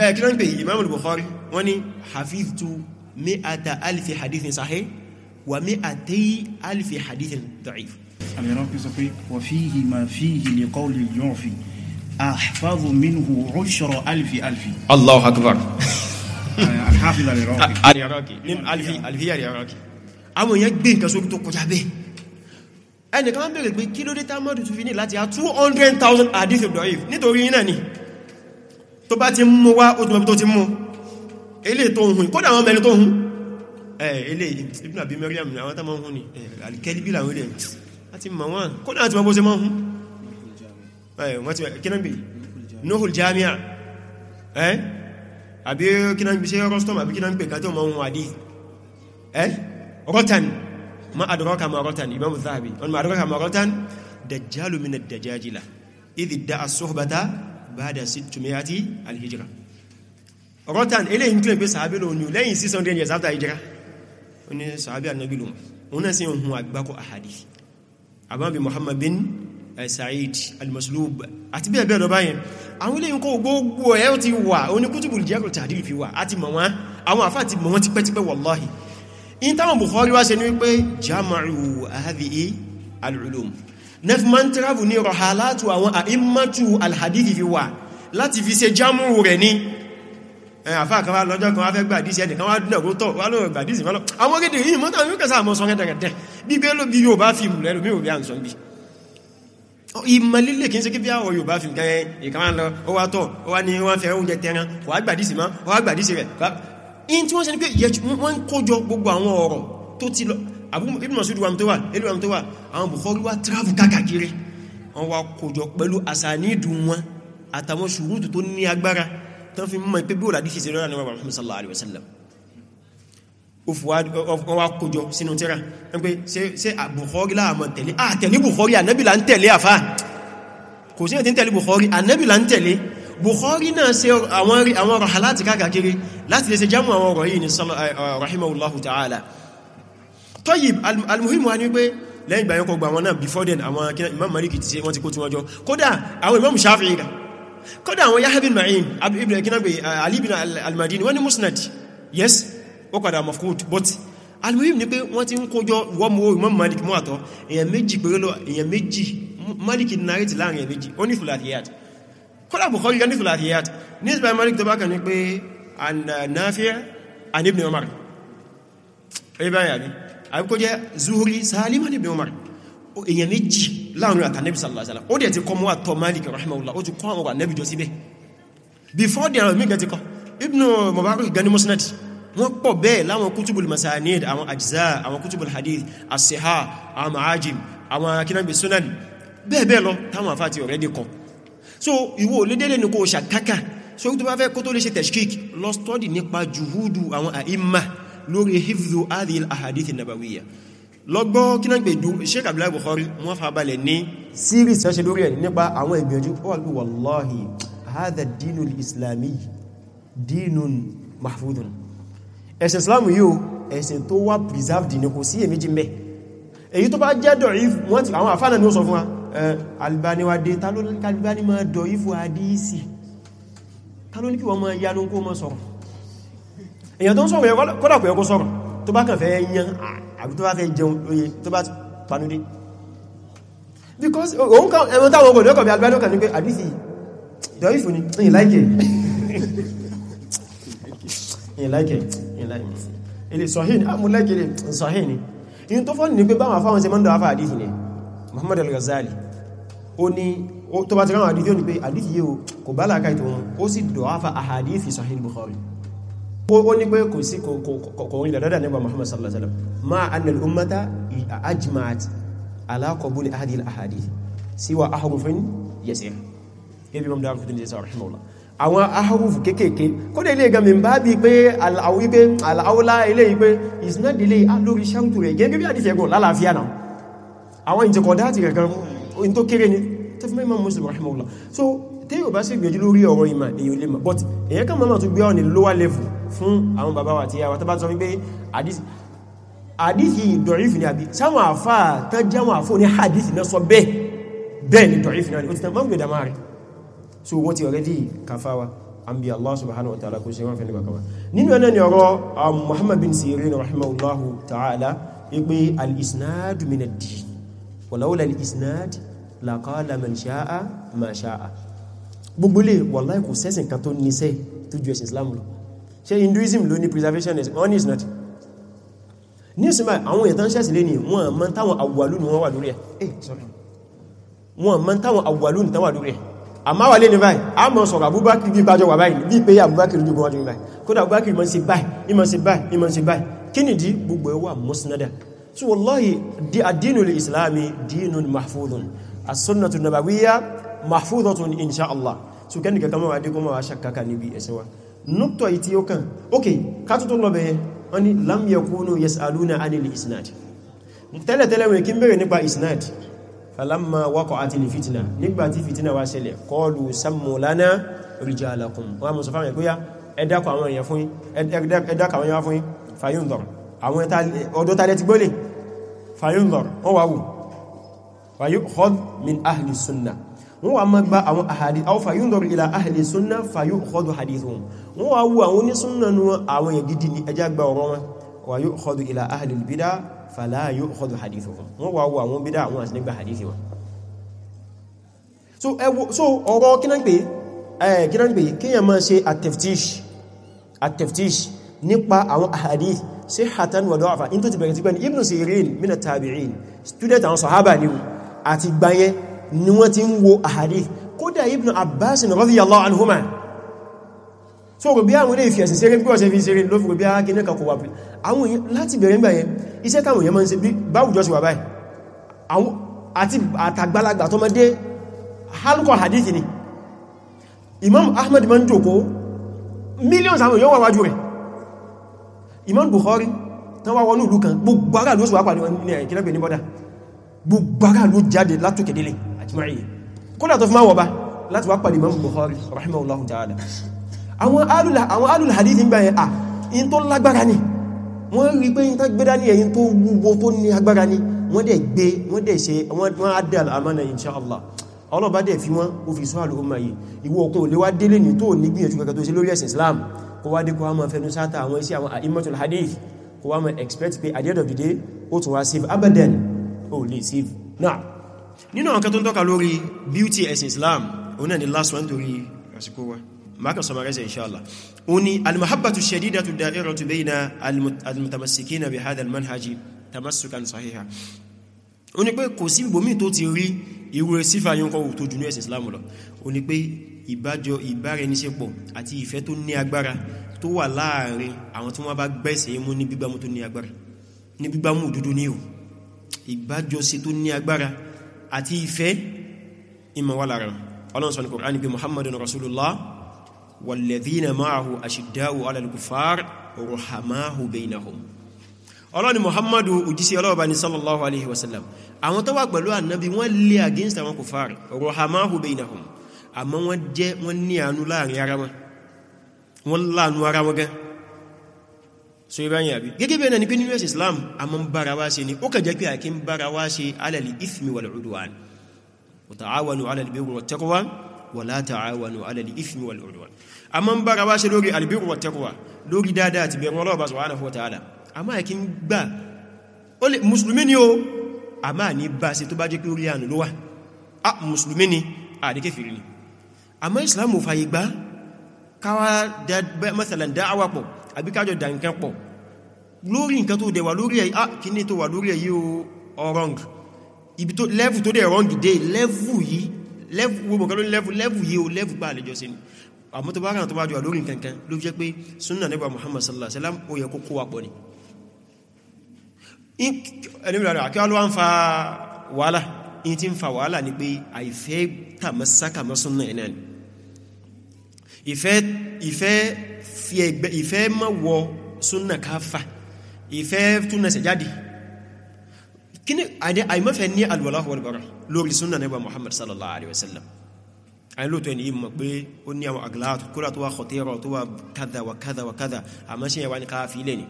eh, kínáńpé Imam al-Bukhari wọ́n ni hafidhtu mi'ata alfi hadithin sahih wa mi'atay alfi hadithin da'if àmìràn fi sọ pé wà fíhì mà fíhì lè kọ́ lè yọ̀ fi àfàdù minhu ọ̀ṣọ̀rọ̀ alifi alifi. Allahu akbar. alhafi aliraki. aliraki nim alifi alifi aliraki. àwọn èèyàn gbé nǹkan sórí tó kọjá bẹ́ẹ̀ ẹnìkan ń bèèrè pé kí ló dé támọ́dù tó fi ní láti a 200,000 àdífẹ́ ìdọ̀rí nítorí iná ni tó bá ti mú wá ó túnmọ̀ tó ti mú ilé tó hùn kódà àwọn mẹ́rin tó hùn ẹ̀ ilé Ibn Abi Maryam àwọn támọ́ hùn ni alìkẹ́lì bí làwọn ilé àti mawan kódà àti magbóse mọ́ hún kínágbé nóhùl jami'a ẹ́ àbí kínágbé sí rọ́stọ́m àbí kínágbé kàtí ọmọ ohun àdí ẹ́ rọ́tàn ma adọ́rọ́ka ma rọ́tàn imam zahabi wọn ma adọ́rọ́ka ma rọ́tàn dajjalu min ad-dajajila idh da'a as-suhbata ba'da sittumi'ati al-hijra rọ́tàn eléyìn kílẹ̀ pé sàábí lò ní lẹ́yìn 600 years after hijra ó ní sàábí annabi lò wọn náà sí ohun àgbákọ̀ ahadith àbábi Muhammad bin Sa'id al-Maslub àti bẹ́ẹ̀ bẹ́ẹ̀ lọ báyẹn àwọn ilé nǹkan gbogbo ẹ̀ ti wà oníkútùbùl jẹ́kù tàdílù fi wà àti mọ̀ wọ́n àwọn àfá àti mọ̀ wọ́n tipẹ́tipẹ́ wallahi in táwọn Bukhari wá ṣe ní wípé jama'u hadhihi al-ulum nef man travel ní rọ̀hálátù àwọn àìmọ́tù al-hadithi fi wà láti fi ṣe jamu rẹ̀ ní àfá kan wá lọ́jọ́ kan wá fẹ́ bíbélò bí yóò bá fi mù lẹ́lò mí ò bí à ń sọ bí ìmọ̀lélè kí n sí kí bí àwọ̀ yóò bá fi gẹ́rẹ́ ìkan lọ ó wá tọ́ ó wá ní wọ́n fẹ́ oúnjẹ tẹran kò wá gbàdísì má wọ́n gbàdísì rẹ̀ in tí wọ́n ṣe ní pé wọ́n kójọ gbogbo àwọn ọ̀rọ̀ tó ti lọ Ibn Mas'ud wam tó wà wọ́n kójọ sínú tíra ń pé ṣe Bukhari láàmọ̀ tẹ̀lé à tẹ̀lé Bukhari ànẹ́bìlà ń tẹ̀lé àfá kò sí ẹ̀ tí ń tẹ̀lé Bukhari ànẹ́bìlà ń tẹ̀lé Bukhari náà ṣe àwọn ọ̀rọ̀ aláti káàkiri láti lè ṣe jámù àwọn ọ̀rọ̀ yìí ni rahimahullahu ta'ala Tayyib al-muhim wa ni pé lẹ́yìn ìgbà yọkọ̀ gbà wọn náà before then Imam Malik ti ṣe wọ́n ti kó tí wọ́n jọ kódà àwọn Imam Shafi'i kódà àwọn Yahya bin Ma'in ibn akinagbe Ali bin al-Madini wọ́n ni musnad yes ó padà mafkud but almuhim ni pé wọ́n ti ń kójọ wọ́mú Imam Malik mú àtọ́ èyàn méjì péré lọ èyàn méjì Malik narrate láàrin èyàn méjì ó ní thulathiyat kọ́lá Bukhari gan ní thulathiyat ní ìsìnkú Malik tó bá kàn ní pé Nafi' an Ibn Umar àbíkó jẹ́ Zuhri Salim ibn Umar èyàn méjì láàrin àtànẹ́bì sallallahu alaihi wasallam ó dẹ̀ ti kọ mọ́ àtọ́ Malik rahimahullah ó ti kọ́ before the arab mega ti Ibn Mubarak gani musnad wọ́n pọ̀ bẹ́ẹ̀ láwọn kútùbùl masanid àwọn àjíza àwọn kútùbùl hadith asiha àwọn ma'ajim àwọn akínàbì sunan bẹ́ẹ̀ bẹ́ẹ̀ lọ táwọn àfáà ti already kọ so ìwọ lédèlé ní kò ṣàkákà so tó bá fẹ́ kó tó lè ṣe tashkik lọ study nípa juhudu àwọn àìmà lórí hifzu adil ahadith nabawiyya lọ́gbọ́ kínàgbè Sheikh Abdullahi Bukhari wọ́n fa balẹ̀ ní series sẹ́ṣẹ́ lórí ẹ̀ nípa àwọn ìgbìyànjú ó wà pé wallahi hadha dínul islami dínun mahfudun ẹ̀sìn islam yíò ẹ̀sìn tó wá preserved ní kò sí èméjì mẹ́ èyí tó bá jẹ́ dọ̀íf wọ́n ti àwọn àfánà ní ó sọ fún wa albaniwade talóníkàlùbáni ma dọ̀ífù àdíìsì talóníkì wọ́n ma yanu kó mọ́ sọ̀rọ̀ èyàn tó ń sọ̀rọ̀ kọ́dà kò yẹ kó sọ̀rọ̀ tó bá kàn fẹ́ yan àbí tó bá fẹ́ jẹun lóye tó bá panudé because òun kan ẹmọ táwọn ọkọ̀ ìdọ́kọ̀ bí albani kan ní pé àdíìsì dọ̀ífù ni ìyìn láìkẹ̀ wallahi ilé sọ̀hìn amúlẹ́gẹ̀rẹ̀ sọ̀hìn ni in tó fọ́n ní pé báwọn afáwọn ṣe mọ́ ń dọ̀wà fàádìí ni Muhammad al-Ghazali ó ní tó bá ti ráwọn àdífì ó ní pé àdífì yíò kò bá láàká ìtò wọn ó sì dọ̀wà fa àhàdífì Sahih Bukhari ó ní pé kò sí kòkòrò ìdàdọ́dà nígbà Muhammad sallallahu alaihi wasallam ma annal ummata ajma'at ala qabuli hadhihi al-ahadith siwa ahrufin yasir ibi mamdar fitin yasir rahimahullah àwọn aharufu kéèkéèké kó dé ilé gan mi bá bí pé aláwọ́lá ilé yìí pé is not delay ah, lórí ṣáǹtù rẹ̀ gẹ́gẹ́ bí àdífẹ́ ẹgbọ́n lálàáfíà náà àwọn ìjẹkọ̀dá àti gẹ̀gẹ̀ in tó kéré ni tó fi mẹ́mọ́ Muslim rahimahullah so tí yóò bá sì gbẹ̀jú lórí ọ̀rọ̀ ìmà èyàn lè but èyàn kan mọ́mọ́ tó ní àdífì so wọ́n ti already kàfàwà àbí Allah subhanahu wa ta'ala kò ṣe wọ́n fẹ́ nígbàkọwà nínú ẹ̀nà ni ọ̀rọ̀ ah, Muhammad bin Sirin rahimahullahu ta'ala ipe al-isnad min ad-din walawla al-isnad laqala man sha'a ma sha'a gbogbo lè wallahi kò sẹ́sìn kan tó níṣẹ́ tó ju ẹ̀sìn Islam lọ ṣe Hinduism ló ní preservation on is not ní ìsinmi àwọn ètàn ṣẹ́sìn lé ní wọ́n mọ́ táwọn àwàlú àmá wà lè ní báyìí a mọ́ sọ̀rọ̀ àbúbákì bí bájọ wà báyìí bí pé àbúbákì lójú gbọ́nwájú ní báyìí kódà àbúbákì ìmọ̀ sí báyìí ìmọ̀ sí báyìí ìmọ̀ sí báyìí kí ni dí gbogbo ẹwà musnada so wallahi di adínul islami dínun mahfudun as-sunnatu nabawiyya mahfudatun insha Allah so kẹ́ni kẹ́kẹ́ mọ́ adé kọ́mọ́ aṣakaka níbi ẹ̀sẹ̀ wa nukta ìtí ó kàn ok ká tó tó lọ bẹ̀yẹ wọ́n ni lam yakunu yas'aluna anil isnad falamma waqa'ati al-fitna nígbàtí fìtínà wá ṣẹlẹ̀ qalu sammu lana rijalakum wọ́n mọ̀ sọ fáwọn ẹ̀kúyá ẹ̀dàkọ̀ àwọn èèyàn fún ẹ̀dàkọ̀ àwọn èèyàn fún fayundor àwọn ọdọ́ tàlẹ̀ ti gbọ́lẹ̀ fayundor wọ́n wà wù fayukhadh min ahli sunnah wọ́n àhàdì aw fayundor ila ahli sunnah wọ́n wà wù àwọn onísúnnà nù àwọn èèyàn gidi ẹjá gba ọ̀rọ̀ wọn wayukhadhu ila ahli al-bid'ah fala yu'khadhu hadithuhum wọ́n wá wo àwọn bídá àwọn àti nígbà hadithi wọn so ọ̀rọ̀ kínan pé kínan pé kíyàn máa ṣe at-taftish at-taftish nípa àwọn hadith sihhatan wa da'fa in tó ti bẹ̀rẹ̀ ti gbẹ̀ni Ibn Sirin mina tabi'in student àwọn sahaba àwọn èèyàn láti bẹ̀rẹ̀ ìgbà yẹn iṣẹ́ táwọn èèyàn máa ń ṣe bí báwùjọ sí wà báyìí àti àtàgbàlagbà tó mọ́dé halkọ̀ hadith ni Imam Ahmad ma ń jòkó millions àwọn èèyàn wà wájú rẹ̀ Imam Bukhari tán wá wọnú ìlú kan gbogbo ará ló sì wá pàdé wọn ní ẹ̀kìlẹ́gbẹ̀ ní bọ́dá gbogbo ará ló jáde látòkèdélé àjímáyé kódà tó fi máa wọ̀bá láti wá pàdé Imam Bukhari rahimahullahu ta'ala àwọn alùlà hadith ń gbáyẹn à in tó lágbára ni wọ́n rí pé yínká gbédá ní ẹ̀yìn tó wúwo tó ní agbára ní wọ́n dẹ̀ gbé wọ́n dẹ̀ ṣe wọ́n adẹ́l àmánà insha Allah ọlọ́bá dẹ̀ fi wọ́n ó fi sọ́hàlù ó máyé ìwọ òkun olè wá délé ní tó ní gbìyànjú kankan tó ṣe lórí ẹ̀sìn Islam kó wá dé kó wá máa fẹnu sáta àwọn iṣẹ́ hadith kó wá máa expect at the end of the day ó tún wá save abadan ó lè save náà nínú àwọn kan tó beauty ẹ̀sìn Islam òun náà last one torí àsìkò wa ما كان سمرايزه ان شاء الله اني المحبه الشديده الدائره بين المتمسكين بهذا المنهج تمسكا صحيحا ó ní pé kò sí ibòmí tó ti rí irú sífà yíò kọwò tó jù ní ẹ̀sìn islam lọ ó ní pé ìbájọ ìbáraẹniṣepọ̀ àti ìfẹ́ tó ní agbára tó wà láàrin àwọn tí wọ́n bá gbẹ̀sẹ̀ mú ní gbígbámú tó ní agbára ní gbígbámú òdúdó ní ò ìbájọsí tó ní agbára àti ìfẹ́ ìmọ̀wà lára ọlọ́nsọ̀ ní Kùránì pé muhammadun rasulullah والذين معه أشداء على الكفار رحماه بينهم ọlọ́ni muhammadu òjísí ọlọ́ọ̀bá ní sallallahu alaihi wasallam àwọn tó wà pẹ̀lú annabi wọ́n lè against àwọn kufari ruhamahu bainahum àmọ́ wọ́n jẹ́ wọ́n ní àánú láàrin ara wọn wọ́n láàánú ara wọn gan so ibáyìn àbí gẹ́gẹ́ bẹ́ẹ̀ ni pé nínú ẹ̀sì islam a mọ́ ń bára wá ṣe ni ó kàjẹ́ a ma ń bára wá ṣe lórí albirru wa taqwa lórí dáadáa ti bẹ̀rún ọlọ́ọ̀bá subhanahu wa ta'ala a máa kí ń gbà musulmi ni o a máa ní bá ṣe tó bá jẹ́ pé orí ànù ló a musulmi ni a díkẹ́ fìrí ni a ma islamu fàyè gbá káwà masalan dáwà pọ̀ àbí kájọ dànkan pọ̀ lórí nǹkan tó a kí ní tó wà lórí ẹ̀ yí o wrong ibi tó lẹ́fù tó dẹ̀ wrong dé lẹ́fù yìí lẹ́fù gbogbo kan ló lẹ́fù o lẹ́fù gbà àlejò sí àmọ́ tó bá ràn tó bá jù àlórí kankan ló jẹ́ pé súnà nígbà Muhammad sallallahu alaihi wasallam ó yẹ kó kó wapọ̀ ni ẹnìmìlànà àkíwá ló wá ń fa wàhálà in ti ń fa wàhálà ní pé àìfẹ́ tàmọ́sákàmọ́ súnà ẹ̀ náà ni ìfẹ́ mọ́ wọ súnà káfà ìfẹ́ túnẹsẹ̀ jáde kí ni àìmọ́fẹ́ ní alwala àìlóòtọ́ ẹni yìí mọ̀ pé ó ní àwọn àgbàláàtù kúrò tó wà kọ̀tẹ́rọ tó wà kádà wà kádà wà kádà àmọ́ sí ẹwà ní káà fi ilẹ̀ ni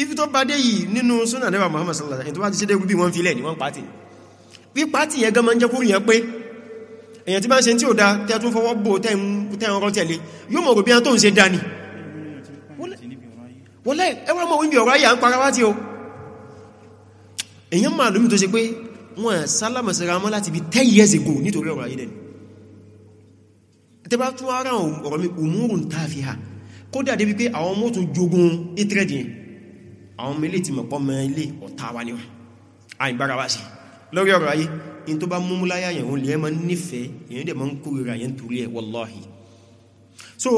ifi tó bá dé yìí nínú súnà nẹ́bà Muhammad sallallahu alaihi wasallam tó bá ti ṣe dé gúbí wọ́n fi ilẹ̀ ni wọ́n pàtì bí pàtì yẹn gan ma ń jẹ́ kúrò yẹn pé èyàn tí bá ń 10 years ago nítorí ọ̀rọ̀ ayé dẹni tẹ bá tún ara ọ̀rọ̀ mi umurun tafiha kódà débi pé àwọn mọ́tò jogun ìtírẹ́dì yẹn àwọn ọmọ ilé ti mọ̀pọ̀ mọ́ ilé ọ̀tá wa ni wọ́n àìbára wá sí lórí ọ̀rọ̀ ayé in tó bá múmú láyá lè ẹ́ nífẹ̀ẹ́ èyàn dẹ̀ máa ẹ̀ so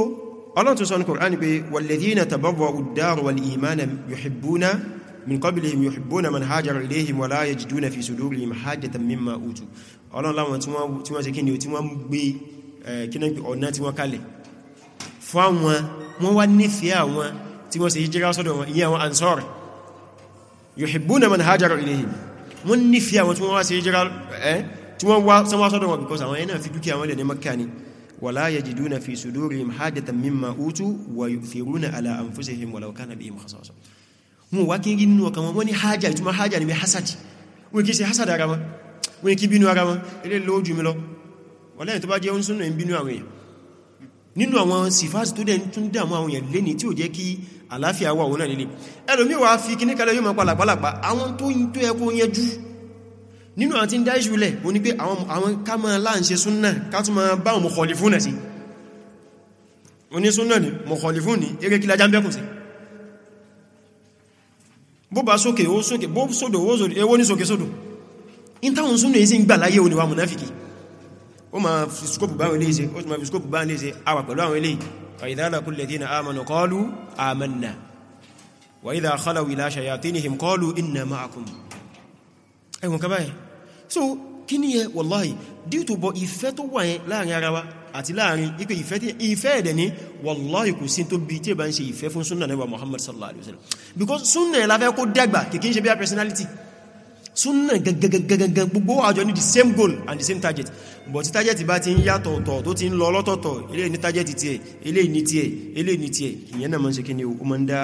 ọlọ́run tó sọ ní Qur'an pé walladhina tabarra'u ad-dara wal-imana yuhibbuna min Eh, ọ̀nà tí wọ́n kalẹ̀ fún àwọn wọ́n wá nífẹ̀ẹ́ àwọn tí wọ́n ṣe hijira sọ́dọ̀ wọn ìyẹn àwọn ansar yuhibbuna man hajara ilayhim wọ́n nífẹ̀ẹ́ àwọn tí wọ́n wá ṣe hijira ẹ́ eh, tí wọ́n wá sánwá sọ́dọ̀ wọn because àwọn ẹ̀nà fi dúkìá wọn lè ní makka ni wala yajiduna fi sudurihim hajatan mimma utu wa yu'thiruna ala anfusihim walau kana bihim khasasa wọn wá kí nínú ọkàn wọn wọ́n ní hajj ìtumọ̀ hajj ni bí hasad wọn kì í ṣe hasad ara wọn wọn kì bínú ara wọn ilé lójú mi lọ wọ́lẹ́yìn tó bá jẹ́ oúnjẹ súnà ń bínú àwọn èèyàn nínú àwọn sífàsì tó dẹ̀ tún dàmú àwọn èèyàn lé ní tí ò jẹ́ kí àlàáfíà wà òun náà nílé ẹlòmí wà fi kíní kalẹ̀ yóò mọ́ pàlàpàlàpà àwọn tó ń tó ẹkùn yẹjú nínú àti dá ìṣúlẹ̀ o ní pé àwọn ká máa láǹṣe súnà ká tún máa bá òun mọ̀kọ̀lì fún sí oní súnà ni mọ̀kọ̀lì fún ó ma fi skopu báwọn ilé ṣe ó sì ma fi skopu báwọn ilé ṣe àwà pẹ̀lú àwọn ilé wa idha laqu alladhina amanu qalu amanna wa idha khalaw ila shayatinihim qalu inna ma'akum ẹwọn kaba yẹn so kí ni yẹ wallahi díìtò bọ ìfẹ́ tó wà yẹn láàrin ara àti láàrin ipé ìfẹ́ ẹ̀dẹ̀ ní súnà gangan gbogbo àjọ ní the same goal and the same target but target bá ti ń yàtọ̀ ọ̀tọ̀ tó ti ń lọ lọ́tọ̀ọ̀tọ̀ eléyìí ní target tiẹ̀ eléyìí ní tiẹ̀ eléyìí ní tiẹ̀ ìyẹn náà máa ń ṣe kíni ó máa ń dá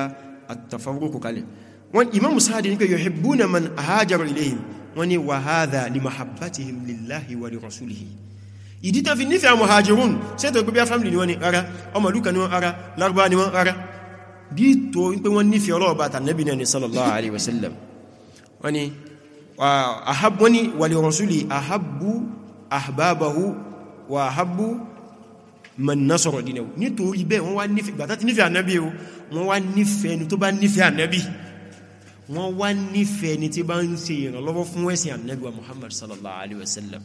àtàfàwọ́kò kalẹ̀ wọ́n Imam Sa'di ní pé yuhibbuna man hajara ilayhim wọ́n ní wa hadha li mahabbatihim lillahi wa li rasulihi ìdí tó fi nífẹ̀ẹ́ àwọn hajjirun sẹ́tọ̀ pé bí a family ni wọ́n ni ara ọmọlúkà ni wọ́n ara lárúbá ni wọ́n ara bí tó ń pé wọ́n nífẹ̀ẹ́ ọlọ́ọ̀bá tànẹ́bìnà ni sallallahu alaihi wasallam wọ́n ni ahabbuni wa li rasuli ahabbu ahbabahu wa ahabbu man nasara dinahu nítorí bẹ́ẹ̀ wọ́n wá nífẹ̀ẹ́ gbàtà ti nífẹ̀ẹ́ ànábí o wọ́n wá nífẹ̀ẹ́ ni tó bá nífẹ̀ẹ́ ànábí wọ́n wá nífẹ̀ẹ́ ni tí bá ń ṣe ìrànlọ́wọ́ fún ẹ̀sìn ànábí wa muhammad sallallahu alaihi wasallam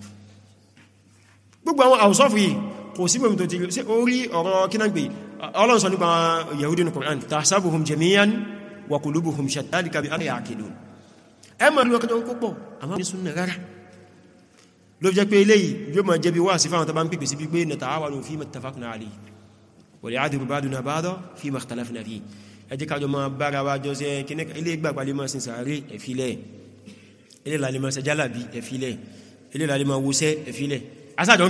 ẹmọ̀ ní ọkọ̀ tó ń kópọ̀ àwọn ní súnnà rárá ló jẹ́ pé eléyìí yóò máa jẹ́ bí wá sí fáwọn tó bá ń pèpè sí pé nata'awanu fi mattafaqna alayhi wa li'adhibu ba'duna ba'dan fi makhtalafna fihi ẹ jẹ́ kájọ máa bára wa jọ sẹ́ kí ilé gbàgbà lè máa sin sàárè ẹ̀fílẹ̀ ilé lálẹ́ máa sẹjálàbí ẹ̀fílẹ̀ ilé lálẹ́ máa wọṣẹ́ ẹ̀fílẹ̀ asàjọ